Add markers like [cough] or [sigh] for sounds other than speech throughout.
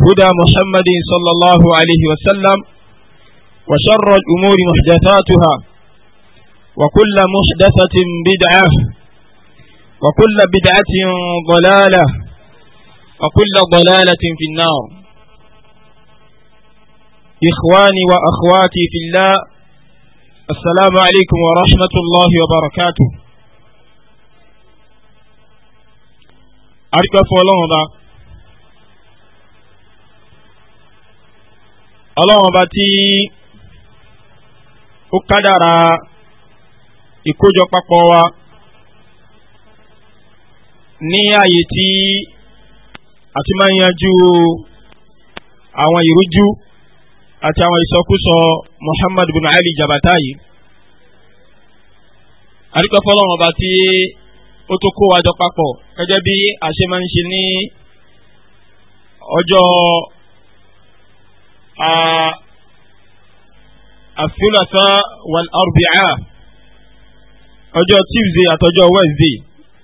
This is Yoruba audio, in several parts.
هدى محمد صلى الله عليه وسلم وشر الأمور محدثاتها وكل محدثة بدعة وكل بدعة ضلالة وكل ضلالة في النار إخواني وأخواتي في الله السلام عليكم ورحمة الله وبركاته أركف فولون ọlọ́run ọba tí ó kádàrá ìkójọ papọ̀ wa ní ààyè tí a ti máa ń yanjú àwọn ìrújú àti àwọn ìsọkúsọ Muhammad bin Ali Jabata yìí àdúgbò fọlọ́run ọba tí ó tó kó wa papọ̀ gẹ́gẹ́ bí a ṣe máa ń ṣe ní ọjọ́ àfúlàtà wàlárùbíà ọjọ́ tuesday àtọjọ́ wednesday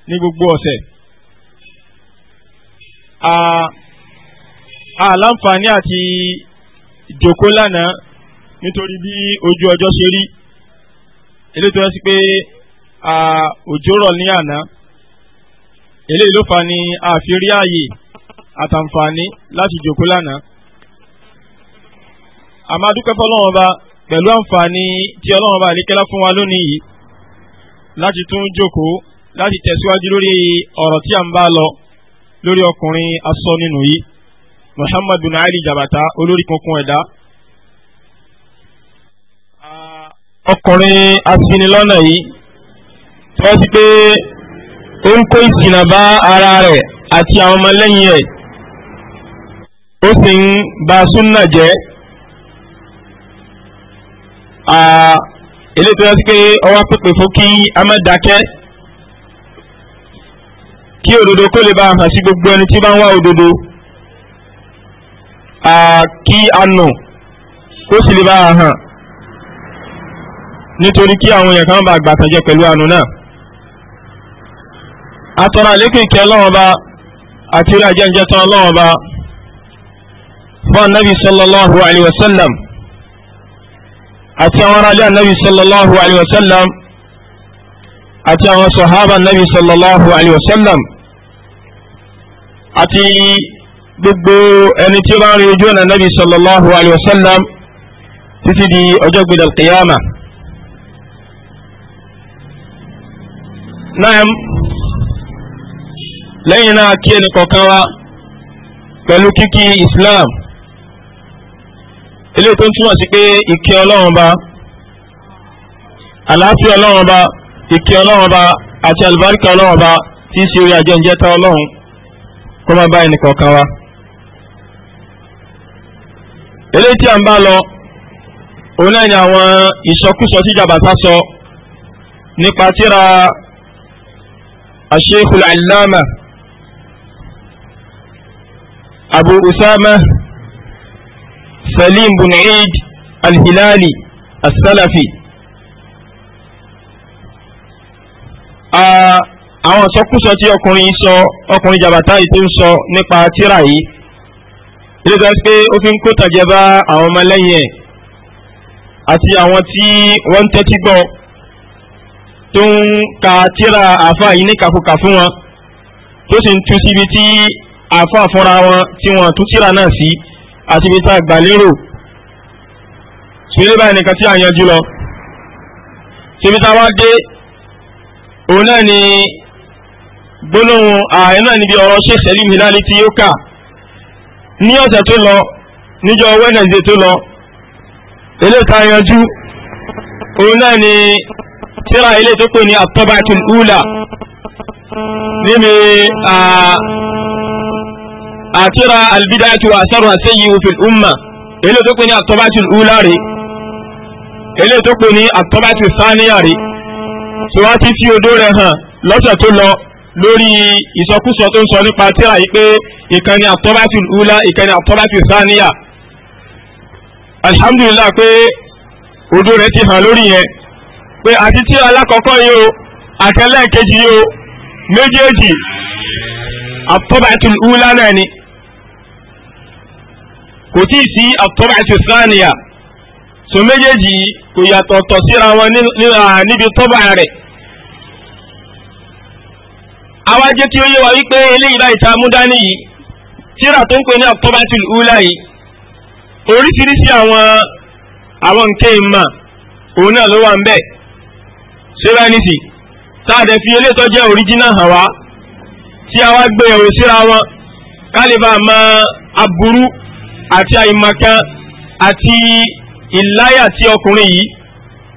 ní gbogbo ọ̀sẹ̀. àlàǹfààní àti jòkó lánàá nítorí bí ojú ọjọ́ ṣe rí eléyìí tó yẹ sí pé òjò rọ̀ ní àná eléyìí ló fà ní àfi rí ààyè àtàǹfààní láti jòkó lánàá àmọ́ adúpẹ́ fọlọ́wọ́n ba pẹ̀lú àǹfààní tí ọlọ́wọ́n ba àlékẹ́lá fún wa lónìí yìí láti tún jókòó láti tẹ̀síwájú lórí ọ̀rọ̀ tí a ń bá lọ lórí ọkùnrin asọ nínú yìí Muhammad bin Ali Jabata olórí kunkun ẹ̀dá. ọkùnrin asinilọ́nà yìí tí wọ́n ti pé ó ń kó ìsìnà bá ara rẹ̀ àti àwọn ọmọlẹ́yìn ẹ̀ ó sì ń ba súnà jẹ́ ilé tó yẹ sí ọwọ́ pípé fún kí a má dákẹ́ kí òdodo kó lè bá a hàn sí gbogbo ẹni tí bá ń wá òdodo kí a nù kó sì lè bá a hàn nítorí kí àwọn èèyàn kan bá gbàtànjẹ pẹ̀lú àánú náà atọ́ra lékè ìkẹ́ ọlọ́wọ́n bá àti orí ajẹ́njẹ́ tán ọlọ́wọ́n bá fún anabi sallallahu alayhi wa sallam. أتي أنا رجاء النبي صلى الله عليه وسلم أتي أنا صحابة النبي صلى الله عليه وسلم أتي دبو أن تيران النبي صلى الله عليه وسلم تسدي أجوب إلى القيامة نعم لينا كين قوكاوا كالوكيكي إسلام eléyìí tó ń túmọ̀ sí pé ìkẹ́ ọlọ́run ba àlàáfíà ọlọ́run ba ìkẹ́ ọlọ́run ba àti àlùbáríkà ọlọ́run ba tí í ṣe orí ajẹ́njẹ́ tá ọlọ́run kó má bá ẹnìkọ̀ọ̀kan wa. eléyìí tí a ń bá lọ òun náà ni àwọn ìsọkúsọ tí jàbàtà sọ nípa tíra Asheikhul Allama Abu Usama. سليم bin eid alhilali asalafi àwọn sọkúsọ tí ọkùnrin sọ ọkùnrin jàbátá yìí tó ń sọ nípa tírà yìí ilé tó ń pé ó fi ń kó tàjẹ bá àwọn ọmọlẹ́yìn ẹ̀ àti àwọn tí wọ́n ń tẹ́tí tó ń ka tírà àáfàá yìí ní fún wọn tó sì ń tú síbi tí àáfàá fúnra wọn tí wọ́n tú tírà náà sí àti ibi tá a gbà lérò sílẹ̀ báyìí nìkan tí a yanjú lọ síbi tá a wá dé òun náà ni gbólóhùn ààrẹ náà níbi ọ̀rọ̀ Sheikh Salim Hilali tí yóò kà ní ọ̀sẹ̀ tó lọ níjọ́ Wednesday tó lọ eléyìí tá a yanjú òun náà ni tíra eléyìí tó pè ní àtọ́bàtún ula níbi àtúrà albidayatu wa asarwa sayyi'u fil umma eléyìí tó pè ní àtọ́bátì ula rè eléyìí tó pè ní àtọ́bátì sáníyà rè tí wọ́n ti fi odó rẹ̀ hàn lọ́sẹ̀ tó lọ lórí ìsọkúsọ tó ń sọ nípa tíra yìí pé ìkànnì àtọ́bátì ula ìkànnì àtọ́bátì sáníyà alhamdulillah pé odó rẹ̀ ti hàn lórí yẹn pé àti tíra alákọ̀ọ́kọ́ yìí o àtẹlẹ́ẹ̀kejì yìí o méjèèjì àtọ́bátì ula náà ni kò tí ì sí àtọ́bà ti sáàníyà so méjèèjì kò yàtọ̀ tọ̀ síra wọn níbi tọ́bà rẹ̀ àwa jẹ́ kí ó yé wa wípé eléyìí báyìí tá a mú dání yìí tíra tó ń pè ní àtọ́bà ti yìí oríṣiríṣi àwọn àwọn nǹkan ìmọ̀ òun náà ló wà ń bẹ̀ ṣé ní sí tá a dẹ̀ fi eléyìí tó jẹ́ original hàn wá tí a wá gbé ẹ̀rù síra wọn ká lè aburú àti àìmọ̀kan àti ìláyà tí ọkùnrin yìí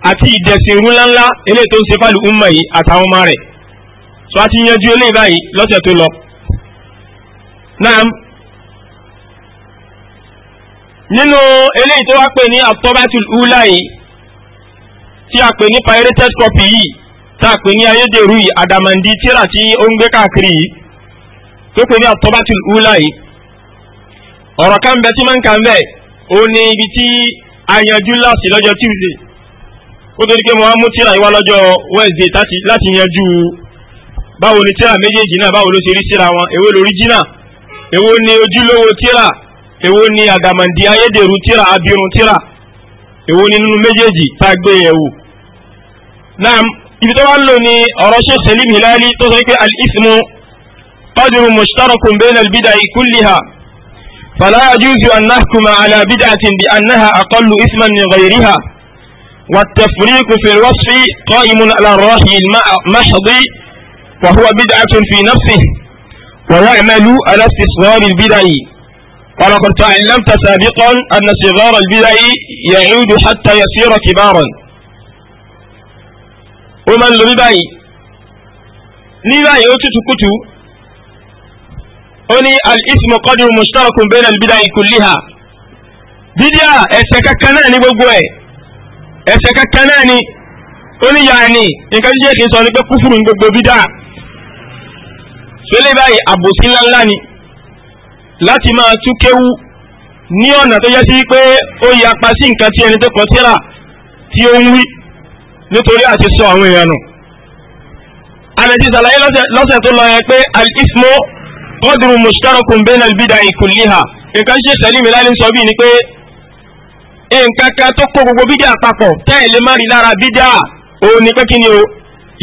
àti ìdẹ̀sìn ìrú ńláńlá eléyìí tó ń ṣe fáàlù umma yìí àtàwọn ọmọ rẹ̀ so a ti yanjú eléyìí báyìí lọ́sẹ̀ tó lọ. naam nínú eléyìí tó wá pè ní atọ́bátìl ula yìí tí a pè ní pirated copy yìí tá a pè ní ayédèrú yìí àdàmàndí tíra tí ó ń gbé káàkiri yìí tó pè ní atọ́bátìl ula ọ̀rọ̀ kan bẹ tí máa ń kà ń bẹ̀ ó ní ibi tí a yanjú láti lọ́jọ́ tuesday ó torí pé mo wá mú tíra ìwá lọ́jọ́ wednesday láti yanjú báwo ni tíra méjèèjì náà báwo ló ṣe rí síra wọn èwo lórí jìnnà èwo ni ojúlówó tíra èwo ni àdàmàndì ayédèrú tíra abirun tíra èwo ni nínú méjèèjì tá a gbé yẹ̀wò. náà ibi tó wá ń lò ní ọ̀rọ̀ ṣe Salim Hilali tó sọ pé al-ismu qadru mushtarakun bayna al-bidai kulliha. فلا يجوز أن نحكم على بدعة بأنها أقل إثما من غيرها والتفريق في الوصف قائم على الرأي المحض وهو بدعة في نفسه ويعمل على استصغار البدع ولقد تعلمت سابقا أن صغار البدع يعود حتى يصير كبارا ومن البدع لذا يوتي تكتو ó ní al-ismu qadru mushtarakun bayna al-bidai kulliha bídíà ẹ̀ṣẹ̀ kankan náà ní gbogbo ẹ̀ ẹ̀ṣẹ̀ kankan náà ní ó ní yaani nǹkan jíjẹ́ kì í sọ ní pé kúfùrù ní gbogbo bídíà sọlẹ́ báyìí àbòsí ńláńlá ni láti máa tú kéwú ní ọ̀nà tó yẹ sí pé ó yapa sí nǹkan tí ẹni tó kọ síra tí ó ń wí nítorí àti sọ àwọn èèyàn nù. àlẹ́ ti sàlàyé lọ́sẹ̀ tó lọ yẹn pé al qadru mushtarakun bayna al-bid'i kulliha nǹkan ṣe sẹ́límì lálẹ́ sọ bíi ni pé nǹkan kan tó kó gbogbo bídà àpapọ̀ táyẹ̀ lè má rí lára bídà òun ni pé kí ni o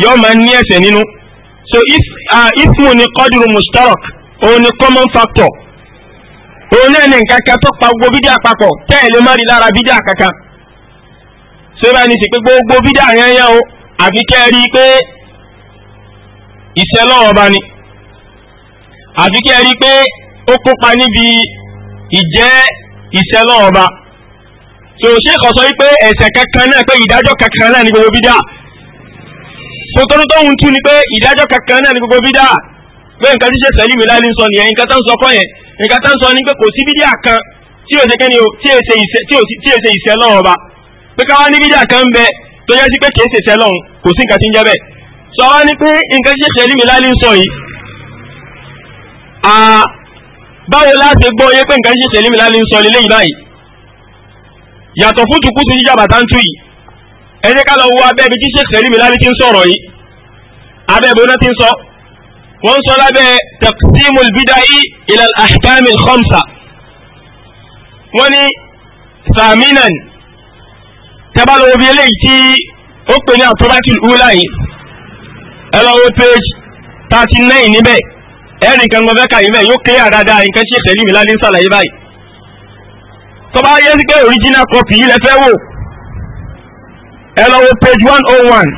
yọ máa ní ẹ̀ṣẹ̀ nínú so ah, ismu ni qadru mushtarak òun ni common factor òun náà ni nǹkan kan tó pa gbogbo bídà àpapọ̀ táyẹ̀ lè má rí lára bídà kankan so báyìí ni sì pé gbogbo ìṣẹ́ lọ́wọ́ bá ni àfi kí ẹ rí i pé ó kópa níbi ìjẹ́ ìṣẹ́lọ́ ọba tó ṣe kọ́ sọ wípé ẹ̀sẹ̀ kankan náà pé ìdájọ́ kankan náà ní gbogbo bídà tuntun tó ń tú ni pé ìdájọ́ kankan náà ní gbogbo bídà pé nǹkan tí ṣe sẹ́lí mi láì ń sọ nìyẹn nǹkan tá ń sọ kọ́ yẹn nǹkan tá ń sọ ni pé kò sí bídà kan tí o ṣe kẹ́ni o tí èsè ìṣẹ́ lọ́wọ́ ọba pé káwá ní bídà kan bẹ tó yẹ sí pé kì í ṣèṣẹ́ lọ́hùn kò sí nǹkan tí ń jẹ́ bẹ́ẹ̀ sọ wá ní pé nǹkan tí ṣe sẹ́lí mi láì ń sọ yìí báwo láti gbọ́ yé pé nǹkan ṣiṣẹ́ lémi láti ń sọ lélẹ́ yìí báyìí yàtọ̀ fún tukutu jíjà bàtà ń tú yìí ẹ jẹ́ ká lọ wo abẹ́ tí ṣiṣẹ́ lémi láti ti ń sọ̀rọ̀ yìí abẹ́ ibi ti ń sọ wọ́n ń sọ lábẹ́ taqsimul bidai ila al-ahkamil khamsa wọ́n ní saminan tẹ́bálò obi eléyìí tí ó pè ní àtúbátì ula yìí ẹ lọ wo page thirty nine níbẹ̀ ẹ̀rì nǹkan gbọ́n fẹ́ kà yín bẹ́ẹ̀ yóò kéyà dáadáa nǹkan ṣe tẹ̀lé mi lálé ń sàlàyé báyìí tó bá yẹ sí pé original copy yìí lẹ fẹ́ wò ẹ lọ wo page one oh one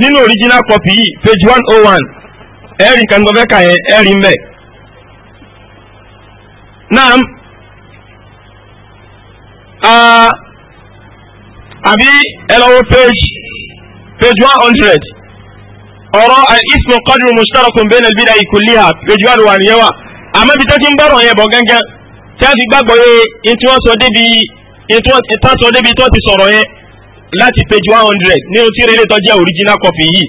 nínú original copy yìí page one oh one ẹ̀rì nǹkan gbọ́n fẹ́ kà yẹn ẹ̀rì ń bẹ̀. àbí ẹ lọ wo page page one hundred ọ̀rọ̀ al-ismu eh, qadru mushtarakun bayna al-bidai kulliha lójú àdùwà nìyẹn wà àmọ́ ibi tó ti ń bọ̀rọ̀ yẹn bọ̀ gángan tí a fi gbàgbọ́ yé ntí wọ́n sọ débi ntí wọ́n sọ débi tí wọ́n ti sọ̀rọ̀ yẹn láti page one hundred nínú tí rere tó jẹ́ original copy yìí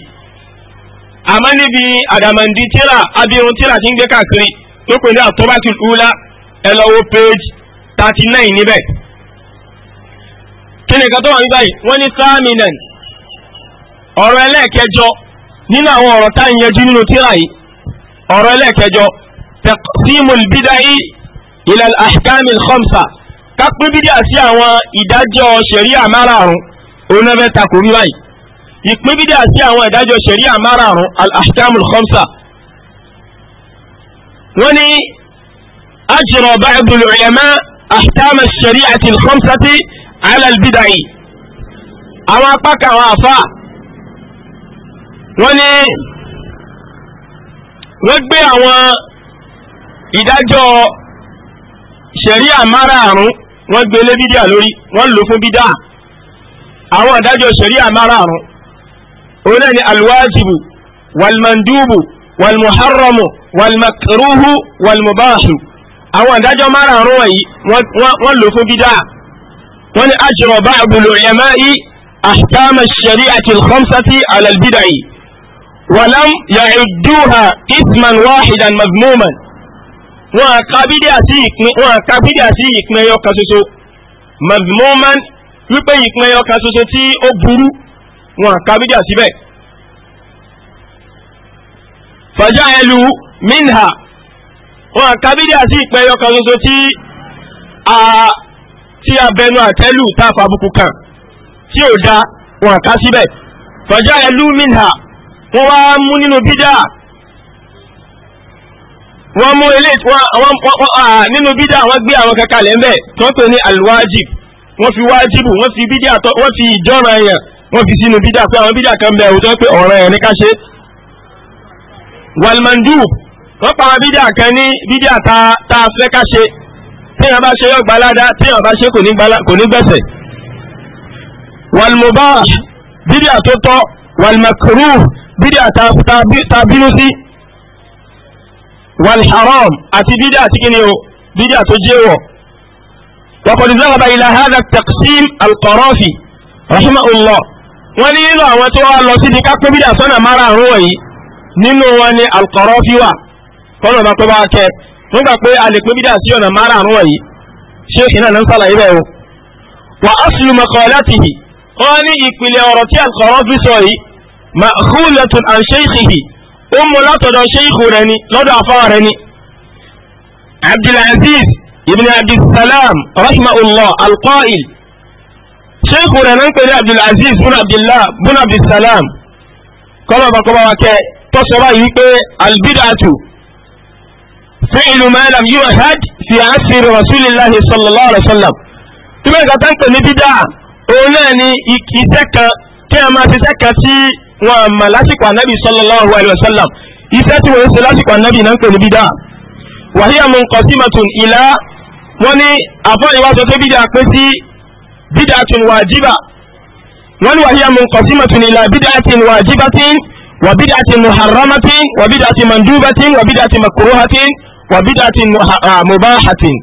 àmọ́ níbi àdàmàndí tíra abirun tíra ti ń gbé káàkiri ló pè ní àtọ́bátì ula ẹ lọ page thirty nine níbẹ̀ kí ni nǹkan tó wà ní báyìí wọ́n ní sáàmìnàn ọ̀rọ̀ ẹlẹ́ẹ̀kẹjọ nínú àwọn ọ̀rọ̀ tá à ń yẹjú nínú tíra yìí ọ̀rọ̀ ẹlẹ́ẹ̀kẹjọ taqsimul bidai ila al-ahkamil khamsa kápẹ́ bídí àti àwọn ìdájọ́ ṣẹ̀ríà márààrún onáfẹ́ takò rí báyìí ìpín bídí àti àwọn ìdájọ́ ṣẹ̀ríà márààrún al-ahkamil khamsa wọ́n ní ajra ba'd al-ulama ahkam ash-shari'ati al-khamsati wọ́n ní wọ́n gbé àwọn ìdájọ́ ṣẹ̀ríà márààrún wọ́n gbé lé bídíà lórí wọ́n lò fún bídà àwọn ìdájọ́ ṣẹ̀ríà márààrún òun náà ni alwajibu walmandubu walmuharramu walmakruhu walmubahu àwọn ìdájọ́ márààrún wọ̀nyí wọ́n lò fún bídà wọ́n ní ajra ba'du ulama'i ahkam ash-shari'ati al-khamsati ala al-bid'i wàlám ya'udduha isman wahidan mazmuman wọn àkábídé àti ìpín wọn àkábídé àti ìpín ẹyọ kan ṣoṣo mazmuman wípé ìpín ẹyọ kan ṣoṣo tí ó burú wọn àkábídé àti bẹ́ẹ̀. faja'alu minha wọn àkábídé àti ìpín ẹyọ kan ṣoṣo tí a tí a bẹnu tá a fàbùkù kan tí ò da wọn àká síbẹ̀ faja'alu minha wọ́n wá mú nínú bídà wọ́n mú ilé ah, nínú bídà wọ́n gbé àwọn kankan lẹ́ńbẹ̀ tó ń pè ní alwajib wọ́n fi wájìbù wọ́n fi bídà tọ́ wọ́n fi ìjọ́ra yẹn wọ́n fi sínú bídà pé àwọn bídà kan bẹ̀ òótọ́ pé ọ̀rọ̀ yẹn ní ká ṣe. walmandu wọ́n pa àwọn bídà kan ní bídà tá a fẹ́ ká ṣe téèyàn bá ṣe yọ gbalada téèyàn bá ṣe kò ní gbẹ̀sẹ̀. walmubah bídà tó tọ́ walmakruh bídíà ta bínú sí wal haram àti bídíà tí kí o bídíà tó jẹ́ wọ̀. وقد ذهب إلى هذا التقسيم القرافي رحمه الله wọ́n ní nínú àwọn tó wá lọ sí di kápẹ́ bídà sọ́nà márààrún wọ̀nyí nínú wọn ni alkọ̀rọ́fì wà kọ́nà bá tó bá kẹ́ wọ́n gbà pé alèpé bídà sí ọ̀nà márààrún wọ̀nyí ṣé ìná ló ń sàlàyé bẹ́ẹ̀ o. wà á sùn mọ̀kọ́ láti yìí wọ́n ní ìpìlẹ̀ ọ̀rọ̀ tí alkọ̀rọ́fì sọ yìí ma'khulatun an shaykhihi ó mú látọ̀dọ̀ sheikhu rẹ̀ ni lọ́dọ̀ afáwà rẹ̀ ni abdulaziz ibn abdulsalam rahmaullah alqa'il sheikhu rẹ̀ náà ń pèrè abdulaziz bun abdullah bun abdulsalam kọ́mọ̀ bá kọ́mọ̀ wá kẹ́ tọ́sọ̀rọ̀ yìí pé albidatu fi'lu ma lam yu'had fi asiri rasulillahi sallallahu alaihi wa sallam tí wọ́n ń gbà tán pè ní bídà òun náà ni ìkìsẹ́ kan kí a máa ṣiṣẹ́ kan sí wọn àmà lásìkò ànábì sallallahu alaihi wasallam iṣẹ́ tí wọ́n ń ṣe lásìkò ànábì náà ń pè ní bídà wàhíà munqasimatun ìlà wọ́n ní àfọ́yìnwá sọ pé bídà pé sí bídà tún wàjíbà wọ́n ní wàhíà munqasimatun ìlà bídà tún wàjíbà tí wà bídà tún muharramati wà bídà tún mandubati wà bídà tún makruhati wà bídà tún mubahati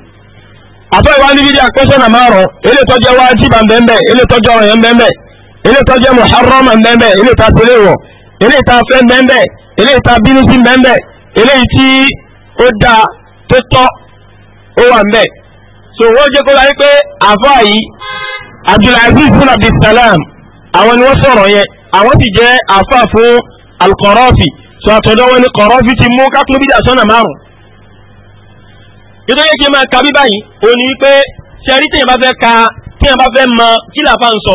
àfọ́yìnwá ní bídà pé sọ́nà márùn-ún elétọ́jọ́ wàjíbà bẹ́ẹ̀ bẹ́ẹ̀ elétọ́jọ́ ọ̀rọ̀ bẹ́ẹ̀ bẹ́ẹ̀ ilé tó jẹ́ muharram mbẹ́mbẹ́ ilé ta tẹ̀lé wọ̀ ilé ta fẹ́ mbẹ́mbẹ́ ilé ta bínú sí mbẹ́mbẹ́ ilé tí ó da tó tọ́ ó wà mbẹ́ so wọ́n jẹ́ kó láyé pé àfáà yìí abdulaziz bin abdulsalam àwọn ni wọ́n sọ̀rọ̀ yẹn àwọn ti jẹ́ àfáà fún alkọ̀rọ́fì so àtọ̀dọ̀ wọn ni kọ̀rọ́fì ti mú kápẹ́ bídà sọ́nà márùn-ún nítorí kí n máa ka bí báyìí òní pé ṣe àrí téèyàn bá fẹ́ ka téèyàn bá fẹ́ mọ kí làfa ń sọ. So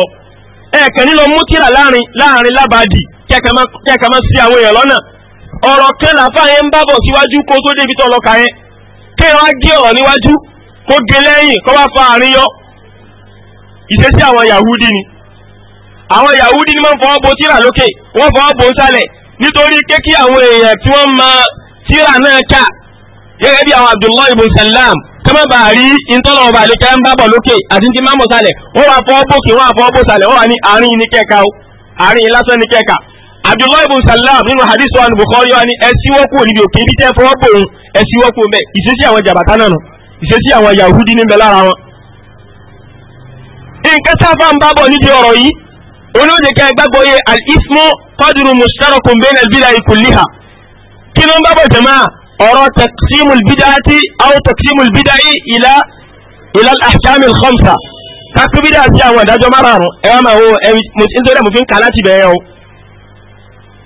e ke mú tíra láàrin láàrin lábàdì kẹ́ẹ̀kẹ́ máa sí àwọn èèyàn lọ́nà ọ̀rọ̀ kan làfà yẹn ń bábọ̀ síwájú kó tó débi tó lọ́ka yẹn kí wọ́n á gé ọ̀rọ̀ níwájú kó gé lẹ́yìn fa àárín yọ ìṣesí àwọn Yahudi ni àwọn Yahudi ni wọ́n fọwọ́ bo tíra lókè wọ́n fọwọ́ bo nsàlẹ̀ nítorí pé kí àwọn èèyàn tí wọ́n máa tíra náà kà gẹ́gẹ́ bí àwọn Abdullahi Salam kẹ́mọ́ bá rí ìtọ́lọ̀ ọba àlekẹ́ ń bábọ̀ lókè àti ti máa mọ̀ sálẹ̀ wọ́n wà fọ́ bókè wọ́n wà fọ́ bó sálẹ̀ wọ́n wà ní àárín ní kẹ́ka o àárín lásán ní kẹ́ka Abdullahi ibn Salam nínú hadith wa Bukhari wa ni ẹ síwọ́ kúrò níbi òkè ibi tẹ́ fọwọ́ pò ń ẹ síwọ́ kúrò bẹ́ẹ̀ ìṣesí àwọn jàbátá náà nù ìṣesí àwọn Yahudi níbẹ̀ lára wọn. nǹkan sáfà ń bábọ̀ níbi ọ̀rọ̀ yìí olóde ká gbàgbọ́ yẹ al-ismu qadru mushtarakun bayna al ọ̀rọ̀ taqsimul bid'ati aw taqsimul bid'ati ila ila al-ahkam al-khamsa kakú bídà sí àwọn ìdájọ́ márààrún ẹ wá máa wo nítorí ẹ̀ mo fi ń kà láti bẹ̀rẹ̀ o.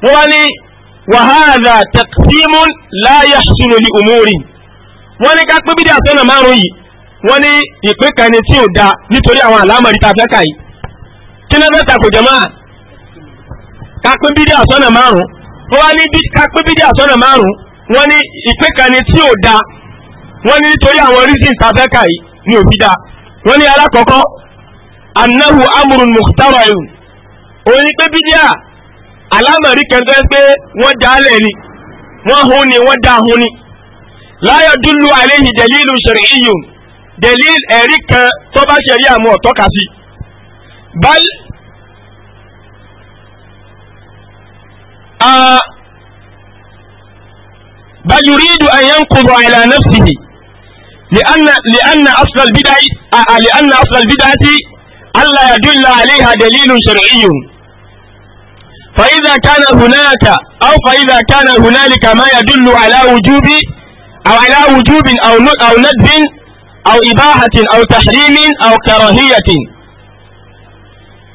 wọ́n wá ní wa hadha taqsimun la yahsunu li umuri wọ́n ní kakú bídà sọ́nà márùn-ún yìí wọ́n ní ìpín kan tí ò da nítorí àwọn àlámọ̀rí tá a fẹ́ kà kí ló fẹ́ takò jẹ́ máa wọ́n ní ìpín tí ò da wọ́n ní nítorí àwọn reason tàbẹ́kà yìí ni òbí da wọ́n ní alákọ̀ọ́kọ́ anahu amurun muhtara yu òun ni pé bídíà alámọ̀rí kẹfẹ́ pé wọ́n da alẹ̀ ni wọ́n hun ni wọ́n da hun ni láyọ̀ dúlù àléhìn dẹ̀lílù ṣẹ̀ríyù dẹ̀líl ẹ̀rí kan tó bá ṣẹ̀rí àmú ọ̀tọ́ka sí báyìí. بل يريد أن ينقض على نفسه لأن لأن أصل البدع آه، آه، لأن أصل البدعة ألا يدل عليها دليل شرعي فإذا كان هناك أو فإذا كان هنالك ما يدل على وجوب أو على وجوب أو أو ندب أو إباحة أو تحريم أو كراهية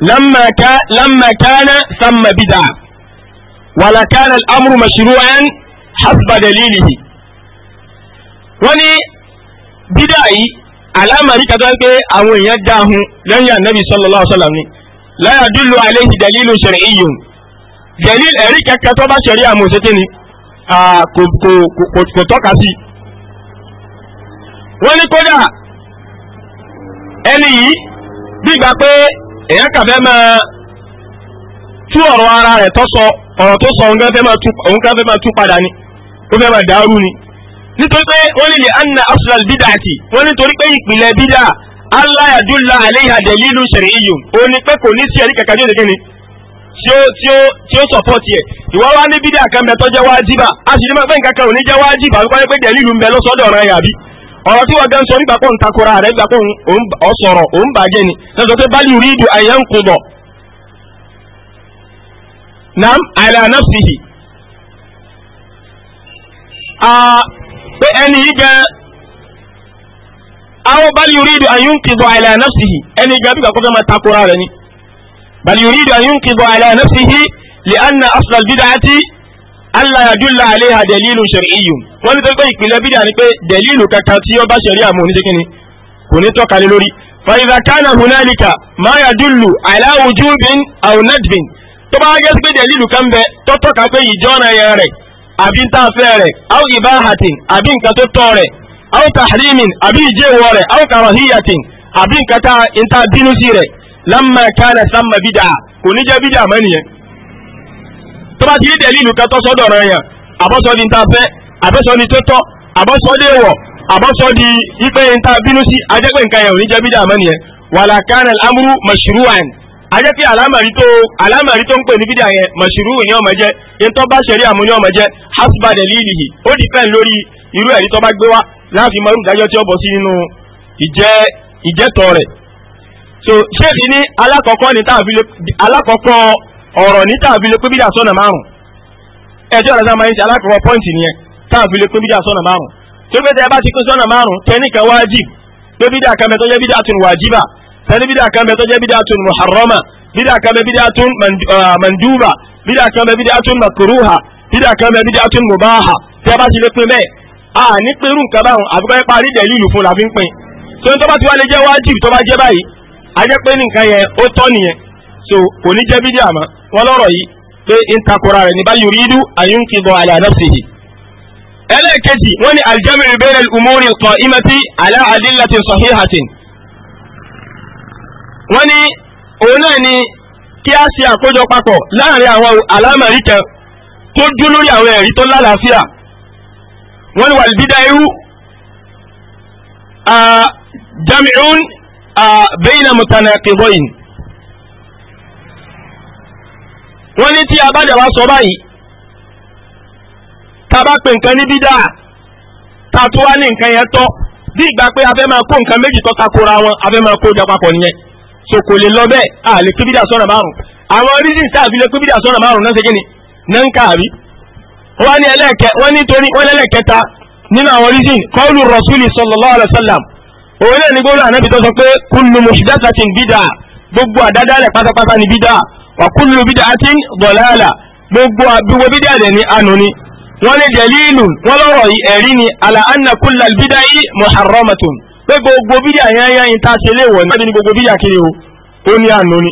لما كان لما كان ثم بدعة ولكان الأمر مشروعا hasba dalilihi wọ́n ní bídà yìí alámàrí kàtó wá pé àwọn èèyàn dáhùn lẹ́yìn ànábì sallallahu alaihi wasallam ni la yadullu alayhi dalilu shar'iyyun dalil ẹ̀rí kẹkẹ tó bá ṣẹ̀rí àmọ́ òṣèké ni kò tọ́ka sí. wọ́n ní kódà ẹni yìí gbígbà pé èèyàn kàfẹ́ máa tú ọ̀rọ̀ ara rẹ̀ tó sọ ọ̀rọ̀ tó sọ òun kan fẹ́ máa tú padà ni ó fẹ́ máa dàrú ni nítorí pé wọ́n lè lè anna asulal bídà àti wọ́n nítorí pé ìpìlẹ̀ bídà aláyàdúlà àléhà dẹ̀lílù ṣẹ̀ríyù ó ní pé kò ní sí ẹ̀rí kankan tí ó ṣe kíni tí ó tí ó tí ó sọ̀pọ̀tì ẹ̀ ìwọ wá ní bídà kan bẹ tó jẹ́ wájibà a sì ní máa pé nǹkan kan ò ní jẹ́ wájibà wípé pé dẹ̀lílù ń bẹ lọ́sọ̀dọ̀ ọ̀ràn yà bí ọ̀rọ̀ tí wọ́n gan sọ nígbà pọ̀ ń takora rẹ̀ nígbà pọ̀ ń sọ̀rọ̀ ò ń bàjẹ́ ni lọ́sọ̀ pé bá lè àyẹ̀ ń kú bọ̀. nam àìlànà fìhì pé ẹni yìí gan àwọn bal yuridu an yunqidu ala nafsihi ẹni gan bí kakọ́ fẹ́ máa takora rẹ̀ ni bal yuridu an yunqidu ala nafsihi li anna asla al-bid'ati alla yadulla alayha dalilun wọ́n ní tó pé bídà ni pé dẹ̀lílù kankan tí ó bá ṣẹ̀rí àmọ́ oníṣẹ́kíni kò ní tọ́ka lé lórí فإذا كان هنالك ما يدل على وجوب أو tó bá jẹ́ pé dẹ̀lílù kan bẹ tó pé ìjọ́ra yẹn rẹ̀ àbí tá a fẹ́ rẹ̀ aw ibahatin àbí nǹkan tó tọ́ rẹ̀ aw tahrimin àbí ìjẹ́wọ́ rẹ̀ aw karahiyatin àbí nǹkan tá n ta bínú sí rẹ̀ lamma kana samma bídà kò ní jẹ́ bídà mọ́ nìyẹn. tó bá ti rí dẹ̀lílù kan tọ́sọ́ dọ̀rọ̀ yẹn àbọ̀sọ́ ni ta fẹ́ àbọ̀sọ́ ni tó tọ́ àbọ̀sọ́ dé wọ̀ àbọ̀sọ́ di ipe n ta bínú sí ajẹ́pẹ̀ nǹkan yẹn ò ní jẹ́ bídà mọ́ nìyẹn wàlà kana al-amru mashru'an ajẹ́ pé alámàrí tó alámàrí tó ń pè ní bídà yẹn mọ̀ṣúrù ní ọmọ jẹ́ yẹn tó bá ṣẹ̀rí àmú ní ọmọ jẹ́ hasba dalilihi ó di fẹ́ lórí irú ẹ̀rí tó bá gbé wá láàfin mọ́rù dájọ́ tí ó bọ̀ sí nínú ìjẹ́tọ̀ rẹ̀. so ṣéèkì ní alákọ̀ọ́kọ́ ní tàbí alákọ̀ọ́kọ́ ọ̀rọ̀ ní tàbí lè pé bídà sọ́nà márùn ẹjọ́ rẹ̀ sáà máa ń ṣe alákọ̀ọ́kọ́ pọ́ǹtì nìyẹn tàbí lè pé bídà sọ́nà márùn tó gbé tẹ́ bá ti pín sọ́nà márùn tani bídà kan bẹ tó jẹ́ bídà tún muharrama bídà kan bẹ bídà tún manduba ah, bídà kan bẹ bídà tún makuruha bídà kan bẹ bídà tún mubaha tí a bá ti lè pin bẹ́ẹ̀ a ní pẹ̀rù nǹkan báwọn àbúkọ́ ẹ̀ parí dẹ̀ lílù fún la fi ń pin tó ń tọ́ bá ti wá lè jẹ́ wájib tó bá jẹ́ báyìí a jẹ́ pé nǹkan yẹn ó tọ́ nìyẹn so kò ní jẹ́ bídà mọ́ wọn lọ́rọ̀ yìí pé ntakura rẹ̀ ní bá yuridu ayúnkìbọ̀ ala nafsihi ẹlẹ́ẹ̀kejì wọ́n ní aljamiu bayna al-umuri al-qa'imati ala adillatin sahihatin wọ́n ní òun náà ni kí a ṣe àkójọ papọ̀ láàrin àwọn àlámọ̀rí kan tó dúró lórí àwọn ẹ̀rí tó lálàáfíà wọ́n ní wàlídídá irú jamiun bẹ́yìnà mutanaqidayn wọ́n ní tí a bá dàbá sọ báyìí ta bá pè nǹkan ní bídà ta tó wá ní nǹkan yẹn tọ́ bí ìgbà pé a fẹ́ máa kó nǹkan méjì tó takora wọn a fẹ́ máa kó jọ nìyẹn so kò lè lọ bẹ́ẹ̀ a lè pé bídà sọ́nà márùn àwọn reasons tá a fi lè pé bídà sọ́nà márùn náà ṣe kí ni náà ń kà àbí. wọ́n ní ẹlẹ́ẹ̀kẹ́ wọ́n ní torí wọ́n lẹ́lẹ́kẹta nínú àwọn reasons kọ́ọ̀lù rasuli sallallahu alayhi ní gbọ́dọ̀ ànábì tó sọ pé ni bídà wa kullu yìí ẹ̀rí ni pé gbogbo bídíà yẹn yẹn yín tá a ṣe léèwọ̀ ní ọdún gbogbo bídíà kiri o ó ní àánú ni.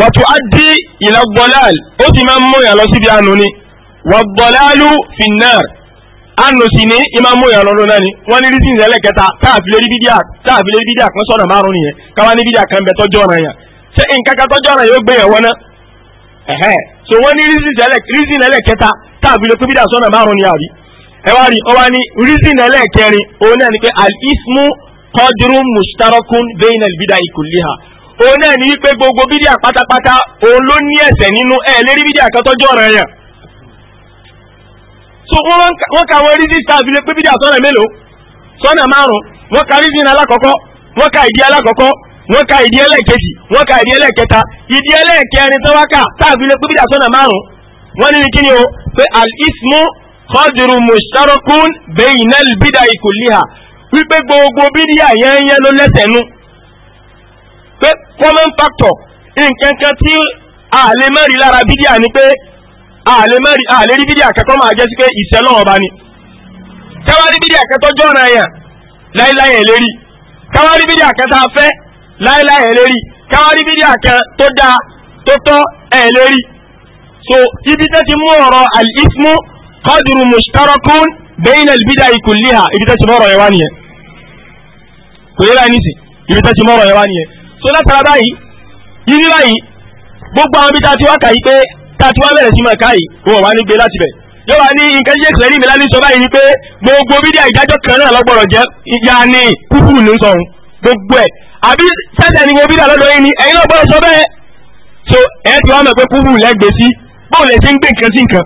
wàtú adé ìlà gbọ́láàl ó sì máa ń mú yàn lọ síbi àánú ni wà gbọ́láàlú finnar àánú sì ní ìmá mú yàn lọ́dún náà ni wọ́n ní rísìn ìrẹ́lẹ̀ kẹta káàfilé bídíà káàfilé bídíà bídíà kan so wọ́n ní rísìn ìrẹ́lẹ̀ kẹta káàfilé pé bídíà sọ̀nà márùn ni àbí ẹ wá rí ọwá ní reason ẹlẹ́ẹ̀kẹrin òun náà ni pé alismu, ismu qadrun mushtarakun bayna al-bida'i òun náà ni wípé gbogbo bídíà pátápátá òun ló ní ẹ̀ṣẹ̀ nínú ẹ̀ lérí bídíà kan tọ́jọ́ ọ̀rọ̀ yẹn. so wọ́n ka àwọn reason tá a fi lè pé bídíà sọ́nà mélòó sọ́nà márùn-ún wọ́n ka reason alákọ̀ọ́kọ́ wọ́n ka ìdí alákọ̀ọ́kọ́ wọ́n ka ìdí ẹlẹ́ẹ̀kejì wọ́n ka ìdí ẹlẹ́ẹ̀kẹta ìdí ẹlẹ́ẹ̀kẹrin tó wá kà tá a fi lè pé bídíà sọ́nà márùn-ún wọ́n ní ní kíni o pé al kọ́dùrú mushtarakun bayna al-bidai kulliha wípé gbogbo bídíà yẹn yẹn ló lẹ́sẹ̀nú pé common factor nǹkan kan tí àlè mẹ́rin lára bídíà ni pé àlè mẹ́rin àlè rí bídíà kẹ́kọ́ máa jẹ́ sí pé ìṣẹ́lọ́ ọba ni káwárí bídíà kẹ́tọ́ jọ́ra yẹn láíláí ẹ̀ lérí káwárí bídíà kẹta fẹ́ láíláí ẹ̀ lérí káwárí bídíà kẹ tó dáa tó tọ́ ẹ̀ lérí so ibi tẹ́ ti mú ọ̀rọ̀ al qadru mushtarakun bayna al-bida'i kulliha ibi tẹ́ ti mọ́rọ̀ yẹn wá nìyẹn kò yẹ báyìí nísìn ibi tẹ́ ti mọ́rọ̀ yẹn wá nìyẹn so látara báyìí yíyí báyìí gbogbo àwọn ibi tá a ti wá kà yí pé tá a ti wá bẹ̀rẹ̀ sí máa ká yìí wọn wá ní gbé láti bẹ̀ yóò wá ní nǹkan jíjẹ́ kìlẹ̀ ní ìmìlá ní sọ báyìí ni pé gbogbo bídíà ìdájọ́ kan náà lọ́gbọ̀rọ̀ jẹ́ ìyá ni kúkúrú ní sọ̀rọ̀ gbogbo ẹ̀ àbí sẹ́sẹ̀ ni gbogbo bídíà lọ́dọ̀ yìí ni ẹ̀yin lọ́gbọ̀rọ̀ sọ bẹ́ẹ̀ so ẹ̀ ti wá mọ̀ pé kúkúrú lẹ́gbẹ̀ẹ́ sí bóun lè ṣe ń gbé nǹkan sí nǹkan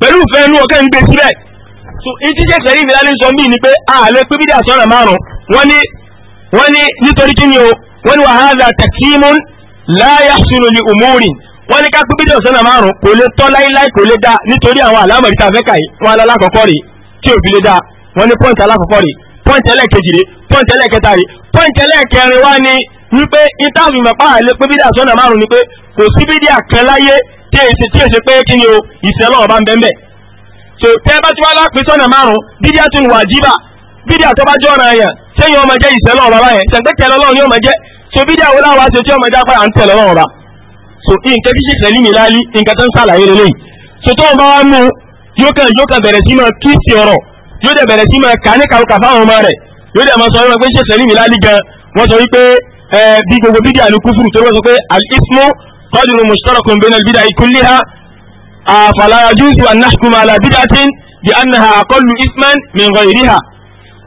pẹ̀lú ìfẹ́ inú ọ̀kẹ́ ń gbé síbẹ̀ so ìdí jẹ́ sẹ́rí ìfìlálẹ́ sọ mí ni pé ààlẹ́ pé bídí àsọ̀nà márùn wọ́n wọ́n ní nítorí kí ni o wọ́n ní wàhálà tẹ̀símù láyà sùnù ní òmùrìn wọ́n ní ká pé bídí àsọ̀nà márùn kò lè tọ́ láíláí kò lè dá nítorí àwọn àlámọ̀ ìta fẹ́ kàí wọn alákọ̀ọ́kọ́ rè tí òbí lè dá wọ́n ní pọ́ǹtì alákọ̀ọ́kọ́ rè pọ́ǹtì ẹlẹ́ẹ̀kejì rè pọ́ǹtì ẹlẹ́ẹ̀kẹta rè pọ́ǹtì ẹlẹ́ẹ̀kẹrin wá ní wípé ìtàfimọ̀pá àlẹ́ pé bídí àsọ̀nà márùn ni pé kò sí bídí àkànláyé tí èsì tí èsì pé kí ni o ìsìn ọlọ́run bá ń bẹ́ẹ̀ so tẹ́ bá ti wá lápin sọ́nà márùn-ún dídí àtún wàjíbà dídí àtọ́ bá jọ́ ọ̀ràn yẹn sẹ́yìn ọmọ jẹ́ ìsìn ọlọ́run bàbá yẹn sẹ́ńtẹ́ kẹlẹ́ ni ọmọ jẹ́ so bídí àwọn aláwa ṣe tí ọmọ jẹ́ apá à ń bá so nǹkan tí ṣèṣẹ́ ní mi láálí nǹkan tó ń sàlàyé lélẹ́yìn so tó ń bá wá mú yóò kàn yóò kàn bẹ̀rẹ̀ sí máa túùsì ọ̀rọ̀ yóò dẹ̀ bẹ̀rẹ̀ sí máa kà ní kàwé kàfá àwọn ọmọ قدر مشترك بين البدع كلها آه، فلا يجوز أن نحكم على بدعة بأنها أقل إثما من غيرها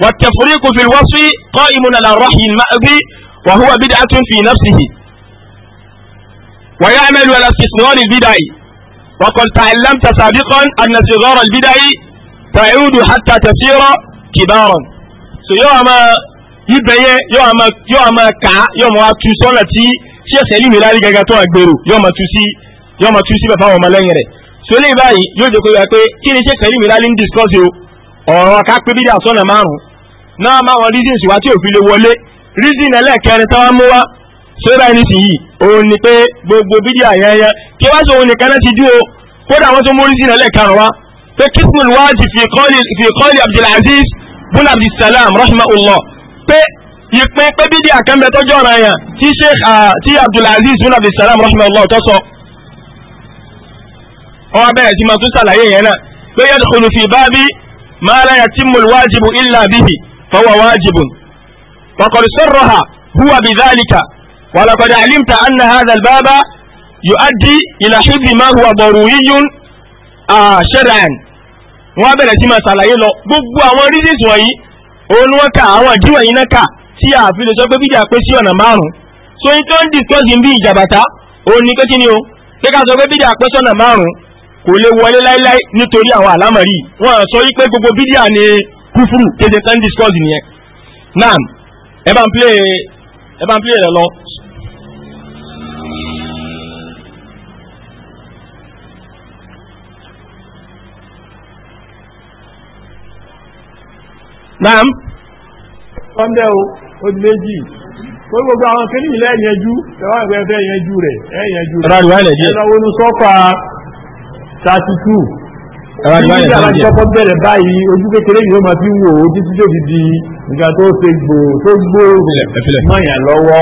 والتفريق في الوصف قائم على الرحي المأذي وهو بدعة في نفسه ويعمل على استثمار البدع وقد تعلمت سابقا أن صغار البدع تعود حتى تصير كبارا سيوما yóò يوما يوما كا يوما تسولتي tí ẹsẹ̀ ìlú mi lárí gẹ́gẹ́ tó àgbèrò yóò máa tú sí yóò máa tú sí bàbá àwọn ọmọlẹ́yìn rẹ̀ so eléyìí báyìí yóò jẹ́ kó yà pé kí ni ṣe pẹ̀lú mi lárí ń discuss o ọ̀rọ̀ aká pé bídà sọ́nà márùn náà máa wọn reasons wá tí òfin lè wọlé reason ẹlẹ́ẹ̀kẹrin táwọn mú wá so báyìí ní sìn yìí òun ni pé gbogbo bídà yẹnyẹ kí wá sọ òun nìkan náà ti dúró kódà wọn tó mú reason ẹlẹ́ẹ̀karùn wá pé kismul wajib fi qawli Abdulaziz bin Abdulsalam rahimahullah pé ìpín pé bídí àkànbẹ tọjọ ọ̀ràn yẹn tí sheikh tí abdulaziz bin abdulsalam rahimahullah tó sọ ọwọ abẹ́rẹ́ tí ma tún ṣàlàyé yẹn náà pé yadkhulu fi bábí ma la yatimmu alwajibu illa bihi fahuwa wajibun wa qad sarraha huwa bidhalika wa laqad alimta anna hadha albaba yuaddi ila hifzi ma huwa daruriyun shar'an wọ́n abẹ́rẹ́ tí ma ṣàlàyé lọ gbogbo àwọn reasons wọ̀nyí òun ni wọ́n ka àwọn ìdíwọ̀nyí náà ka tí a fi lè sọ pé bídíà pé sí ọ̀nà márùn-ún so ní tí wọ́n ń discuss bí ìjàbàtà òun ni pé o pé ká sọ pé bídíà pé sọ̀nà márùn-ún kò lè wọlé láíláí nítorí àwọn àlámọ̀rí wọ́n sọ wípé gbogbo bídíà ni kúfúrú kéde tán discuss nìyẹn naam ẹ bá ń play ẹ bá ń play rẹ lọ. naam. wọ́n bẹ́ẹ̀ o ó di méjì kó gbogbo àwọn kí ní ilẹ̀ ẹ̀yẹjú ẹwà ìgbẹ́fẹ́ ẹ̀yẹjú rẹ̀ ẹ̀yẹjú rẹ̀ ẹ̀lọ́wọ́nú sọ́fà 32 ìjọba bẹ̀rẹ̀ báyìí ojú kékeré yìí ó máa fi wò ó títí tó fi di nǹkan tó ṣe gbò tó gbó mọ̀yàn lọ́wọ́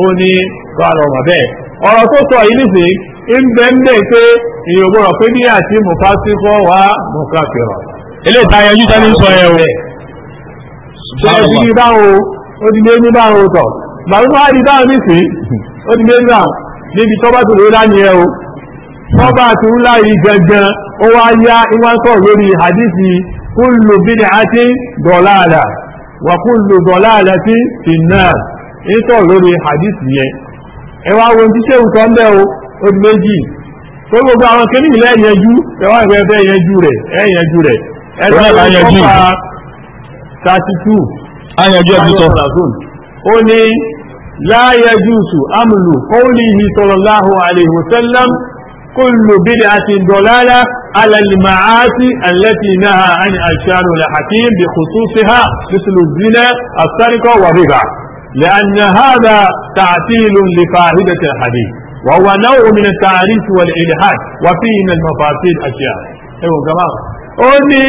ó ní kọ́ àlọ́ ọmọ bẹ́ẹ̀ ọ̀rọ̀ tó sọ yìí nìsín ń bẹ́ ń bẹ́ pé èèyàn wa mọ̀fásífọ́. eléyìí tá a yanjú tá a ní sọ ó ti lé ní dáhùn tọ̀ gbàgbé tó wá di dáhùn nísìn ó ti lé ní dáhùn níbi tọ́ba tó lè lá nìyẹn o tọ́ba tó ń láyé gangan ó wá yá ìwáńkọ̀ lórí hadithi kullu bid'atin dalalah wa kullu dalalatin finnar ìtọ̀ lórí hadithi yẹn ẹwà wo ti ṣe nǹkan bẹ́ẹ̀ o ó di méjì tó gbogbo àwọn kéde ìlẹ̀ ẹ̀yẹjú ẹwà ìfẹ́ ẹ̀yẹjú rẹ̀ ẹ̀yẹjú rẹ̀ ẹ̀yẹjú rẹ̀ ẹ̀yẹjú rẹ̀ 32 ayanjú ẹ̀bí tọ́ ó ní láyẹjúsù amùlù qawlihi sallallahu alaihi wasallam kullu bid'atin dalala ala al-ma'asi allati naha an al-shari al-hakim bi khususiha mithlu az-zina as-sariqa wa riba لأن هذا تعتيل لفاهدة الحديث وهو نوع من التعريف والإلحاد وفيه من المفاسد أشياء أيوة جماعة ó ní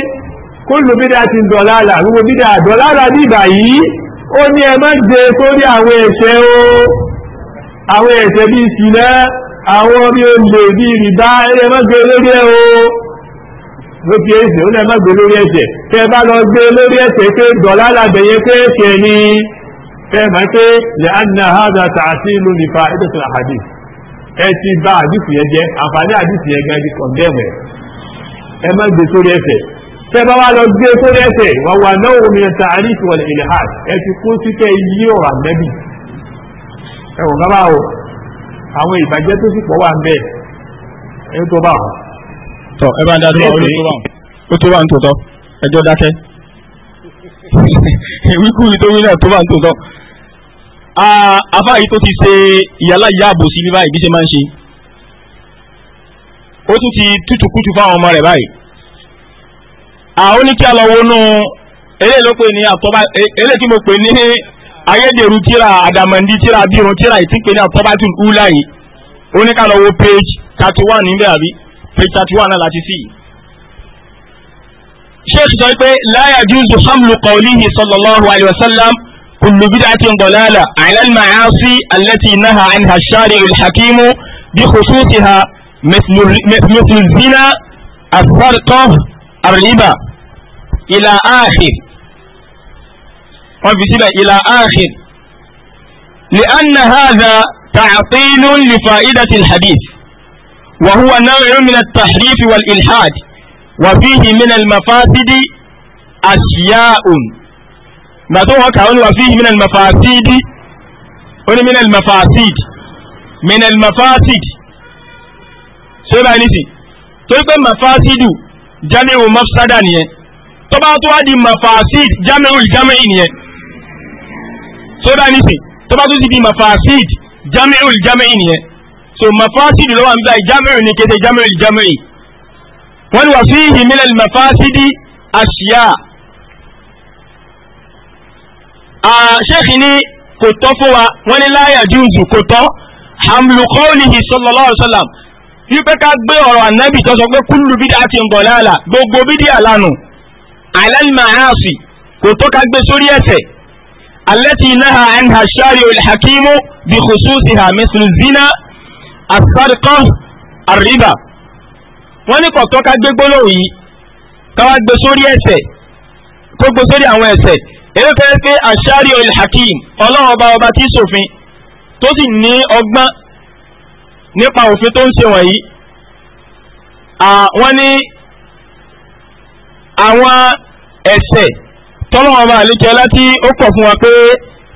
kúlù bídá ti dọ̀lálà gbogbo bídá dọ̀lálà nígbà yìí ó ní ẹ má jẹ sórí àwọn ẹ̀ṣẹ̀ o àwọn ẹ̀ṣẹ̀ bí ìsìnà àwọn orí olè bí ìrìbá ẹ má gbé lórí ẹ o ló fi ẹ̀ṣẹ̀ ó ní ẹ má gbé lórí ẹ̀ṣẹ̀ tẹ bá lọ gbé lórí ẹ̀ṣẹ̀ pé dọ̀lálà bẹ̀yẹ pé ẹ̀ṣẹ̀ ni tẹ má pé lè anna hada tààtì ìlú nípa ẹ̀dẹ̀sẹ̀ àhàdì ẹ ti bá àdìsí yẹn jẹ àǹfààní àdìsí yẹn gan tẹ́bá wá lọ gbé tó e lẹ́sẹ̀ wọ́n wà náà omi ẹ̀ta àríṣì wọ̀lẹ̀ ilhad ẹ ti kún sí kẹ́ yí ọ̀rọ̀ ànẹ́bì ẹ̀wọ̀n gábà o àwọn ìbàjẹ́ tó sì pọ̀ wà ń bẹ̀ ẹ tó bá wọn. tọ ẹ bá ń dájú ọ̀rọ̀ ó tó bá ń tòótọ́ ẹjọ́ dákẹ́ [laughs] wíkúri tó wí náà tó bá ń tòótọ́ afáàyí tó ti ṣe ìyálà ìyá àbòsí bí báyìí bí ṣe máa ń ṣe ó tún ti tútùkútù fáwọn ọmọ rẹ̀ báyìí àwọn ní kí a lọ wọnú eléyìí ló pè ní àtọ́bá e, eléyìí tí mo pè ní ayédèrú tíra àdàmọ̀ndí tíra bírun tíra ìtí pè ní àtọ́bátù ńlá yìí ó ní ká lọ wo page thirty one níbẹ̀ àbí page thirty one náà láti sí yìí. sheikh sọ pé la yajuzu hamlu qawlihi sallallahu alayhi wa sallam kullu bid'atin dalala ala al-ma'asi allati naha anha ash-shari'u al-hakim bi khususiha مثل الزنا السرقة الربا إلى آخر wọ́n إلى آخر لأن هذا تعطيل لفائدة الحديث وهو نوع من التحريف والإلحاد وفيه من المفاسد أشياء ما كون وفيه من المفاسد من المفاسد من المفاسد سيبا نسي تلك المفاسد jamiu mafsada nìyẹn tó bá tó wá di mafasid jamiu jamiu nìyẹn tó dá nísìn tó bá tó ti di mafasid jamiu jamiu nìyẹn so mafasid ló wà nígbà jamiu ní kété jamiu jamiu wọ́n wà sí ìhìnmílẹ̀ mafasidi àṣìyà ṣéèkì ní kò tọ́ fún wa wọ́n ní láyà júùsù kò tọ́ hamlu qawlihi sallallahu alaihi wasallam wípé ká gbé ọ̀rọ̀ ànábì tó sọ pé kúlù bídí àti ngọ̀láàlà gbogbo bídí àlànà alálmàáàsì kò tó ká gbé sórí ẹsẹ̀ alẹ́tì náà ẹnha ṣáàrí olùhàkímù bí kùsùsì hà mẹ́sùlù zina asárikọ́ àríbà wọ́n ní kò tó ká gbé gbólóhùn yìí káwá gbé sórí ẹsẹ̀ kó gbé sórí àwọn ẹsẹ̀ èyí fẹ́ pé aṣáàrí olùhàkímù ọlọ́run ọba ọba tí sòfin tó sì ní ọgbọ́n nípa òfin tó ń ṣe wọ̀nyí wọ́n ní àwọn ẹ̀ṣẹ̀ tọ́lọ́wọ́n bá àlékẹ́ láti ó kọ̀ fún wa pé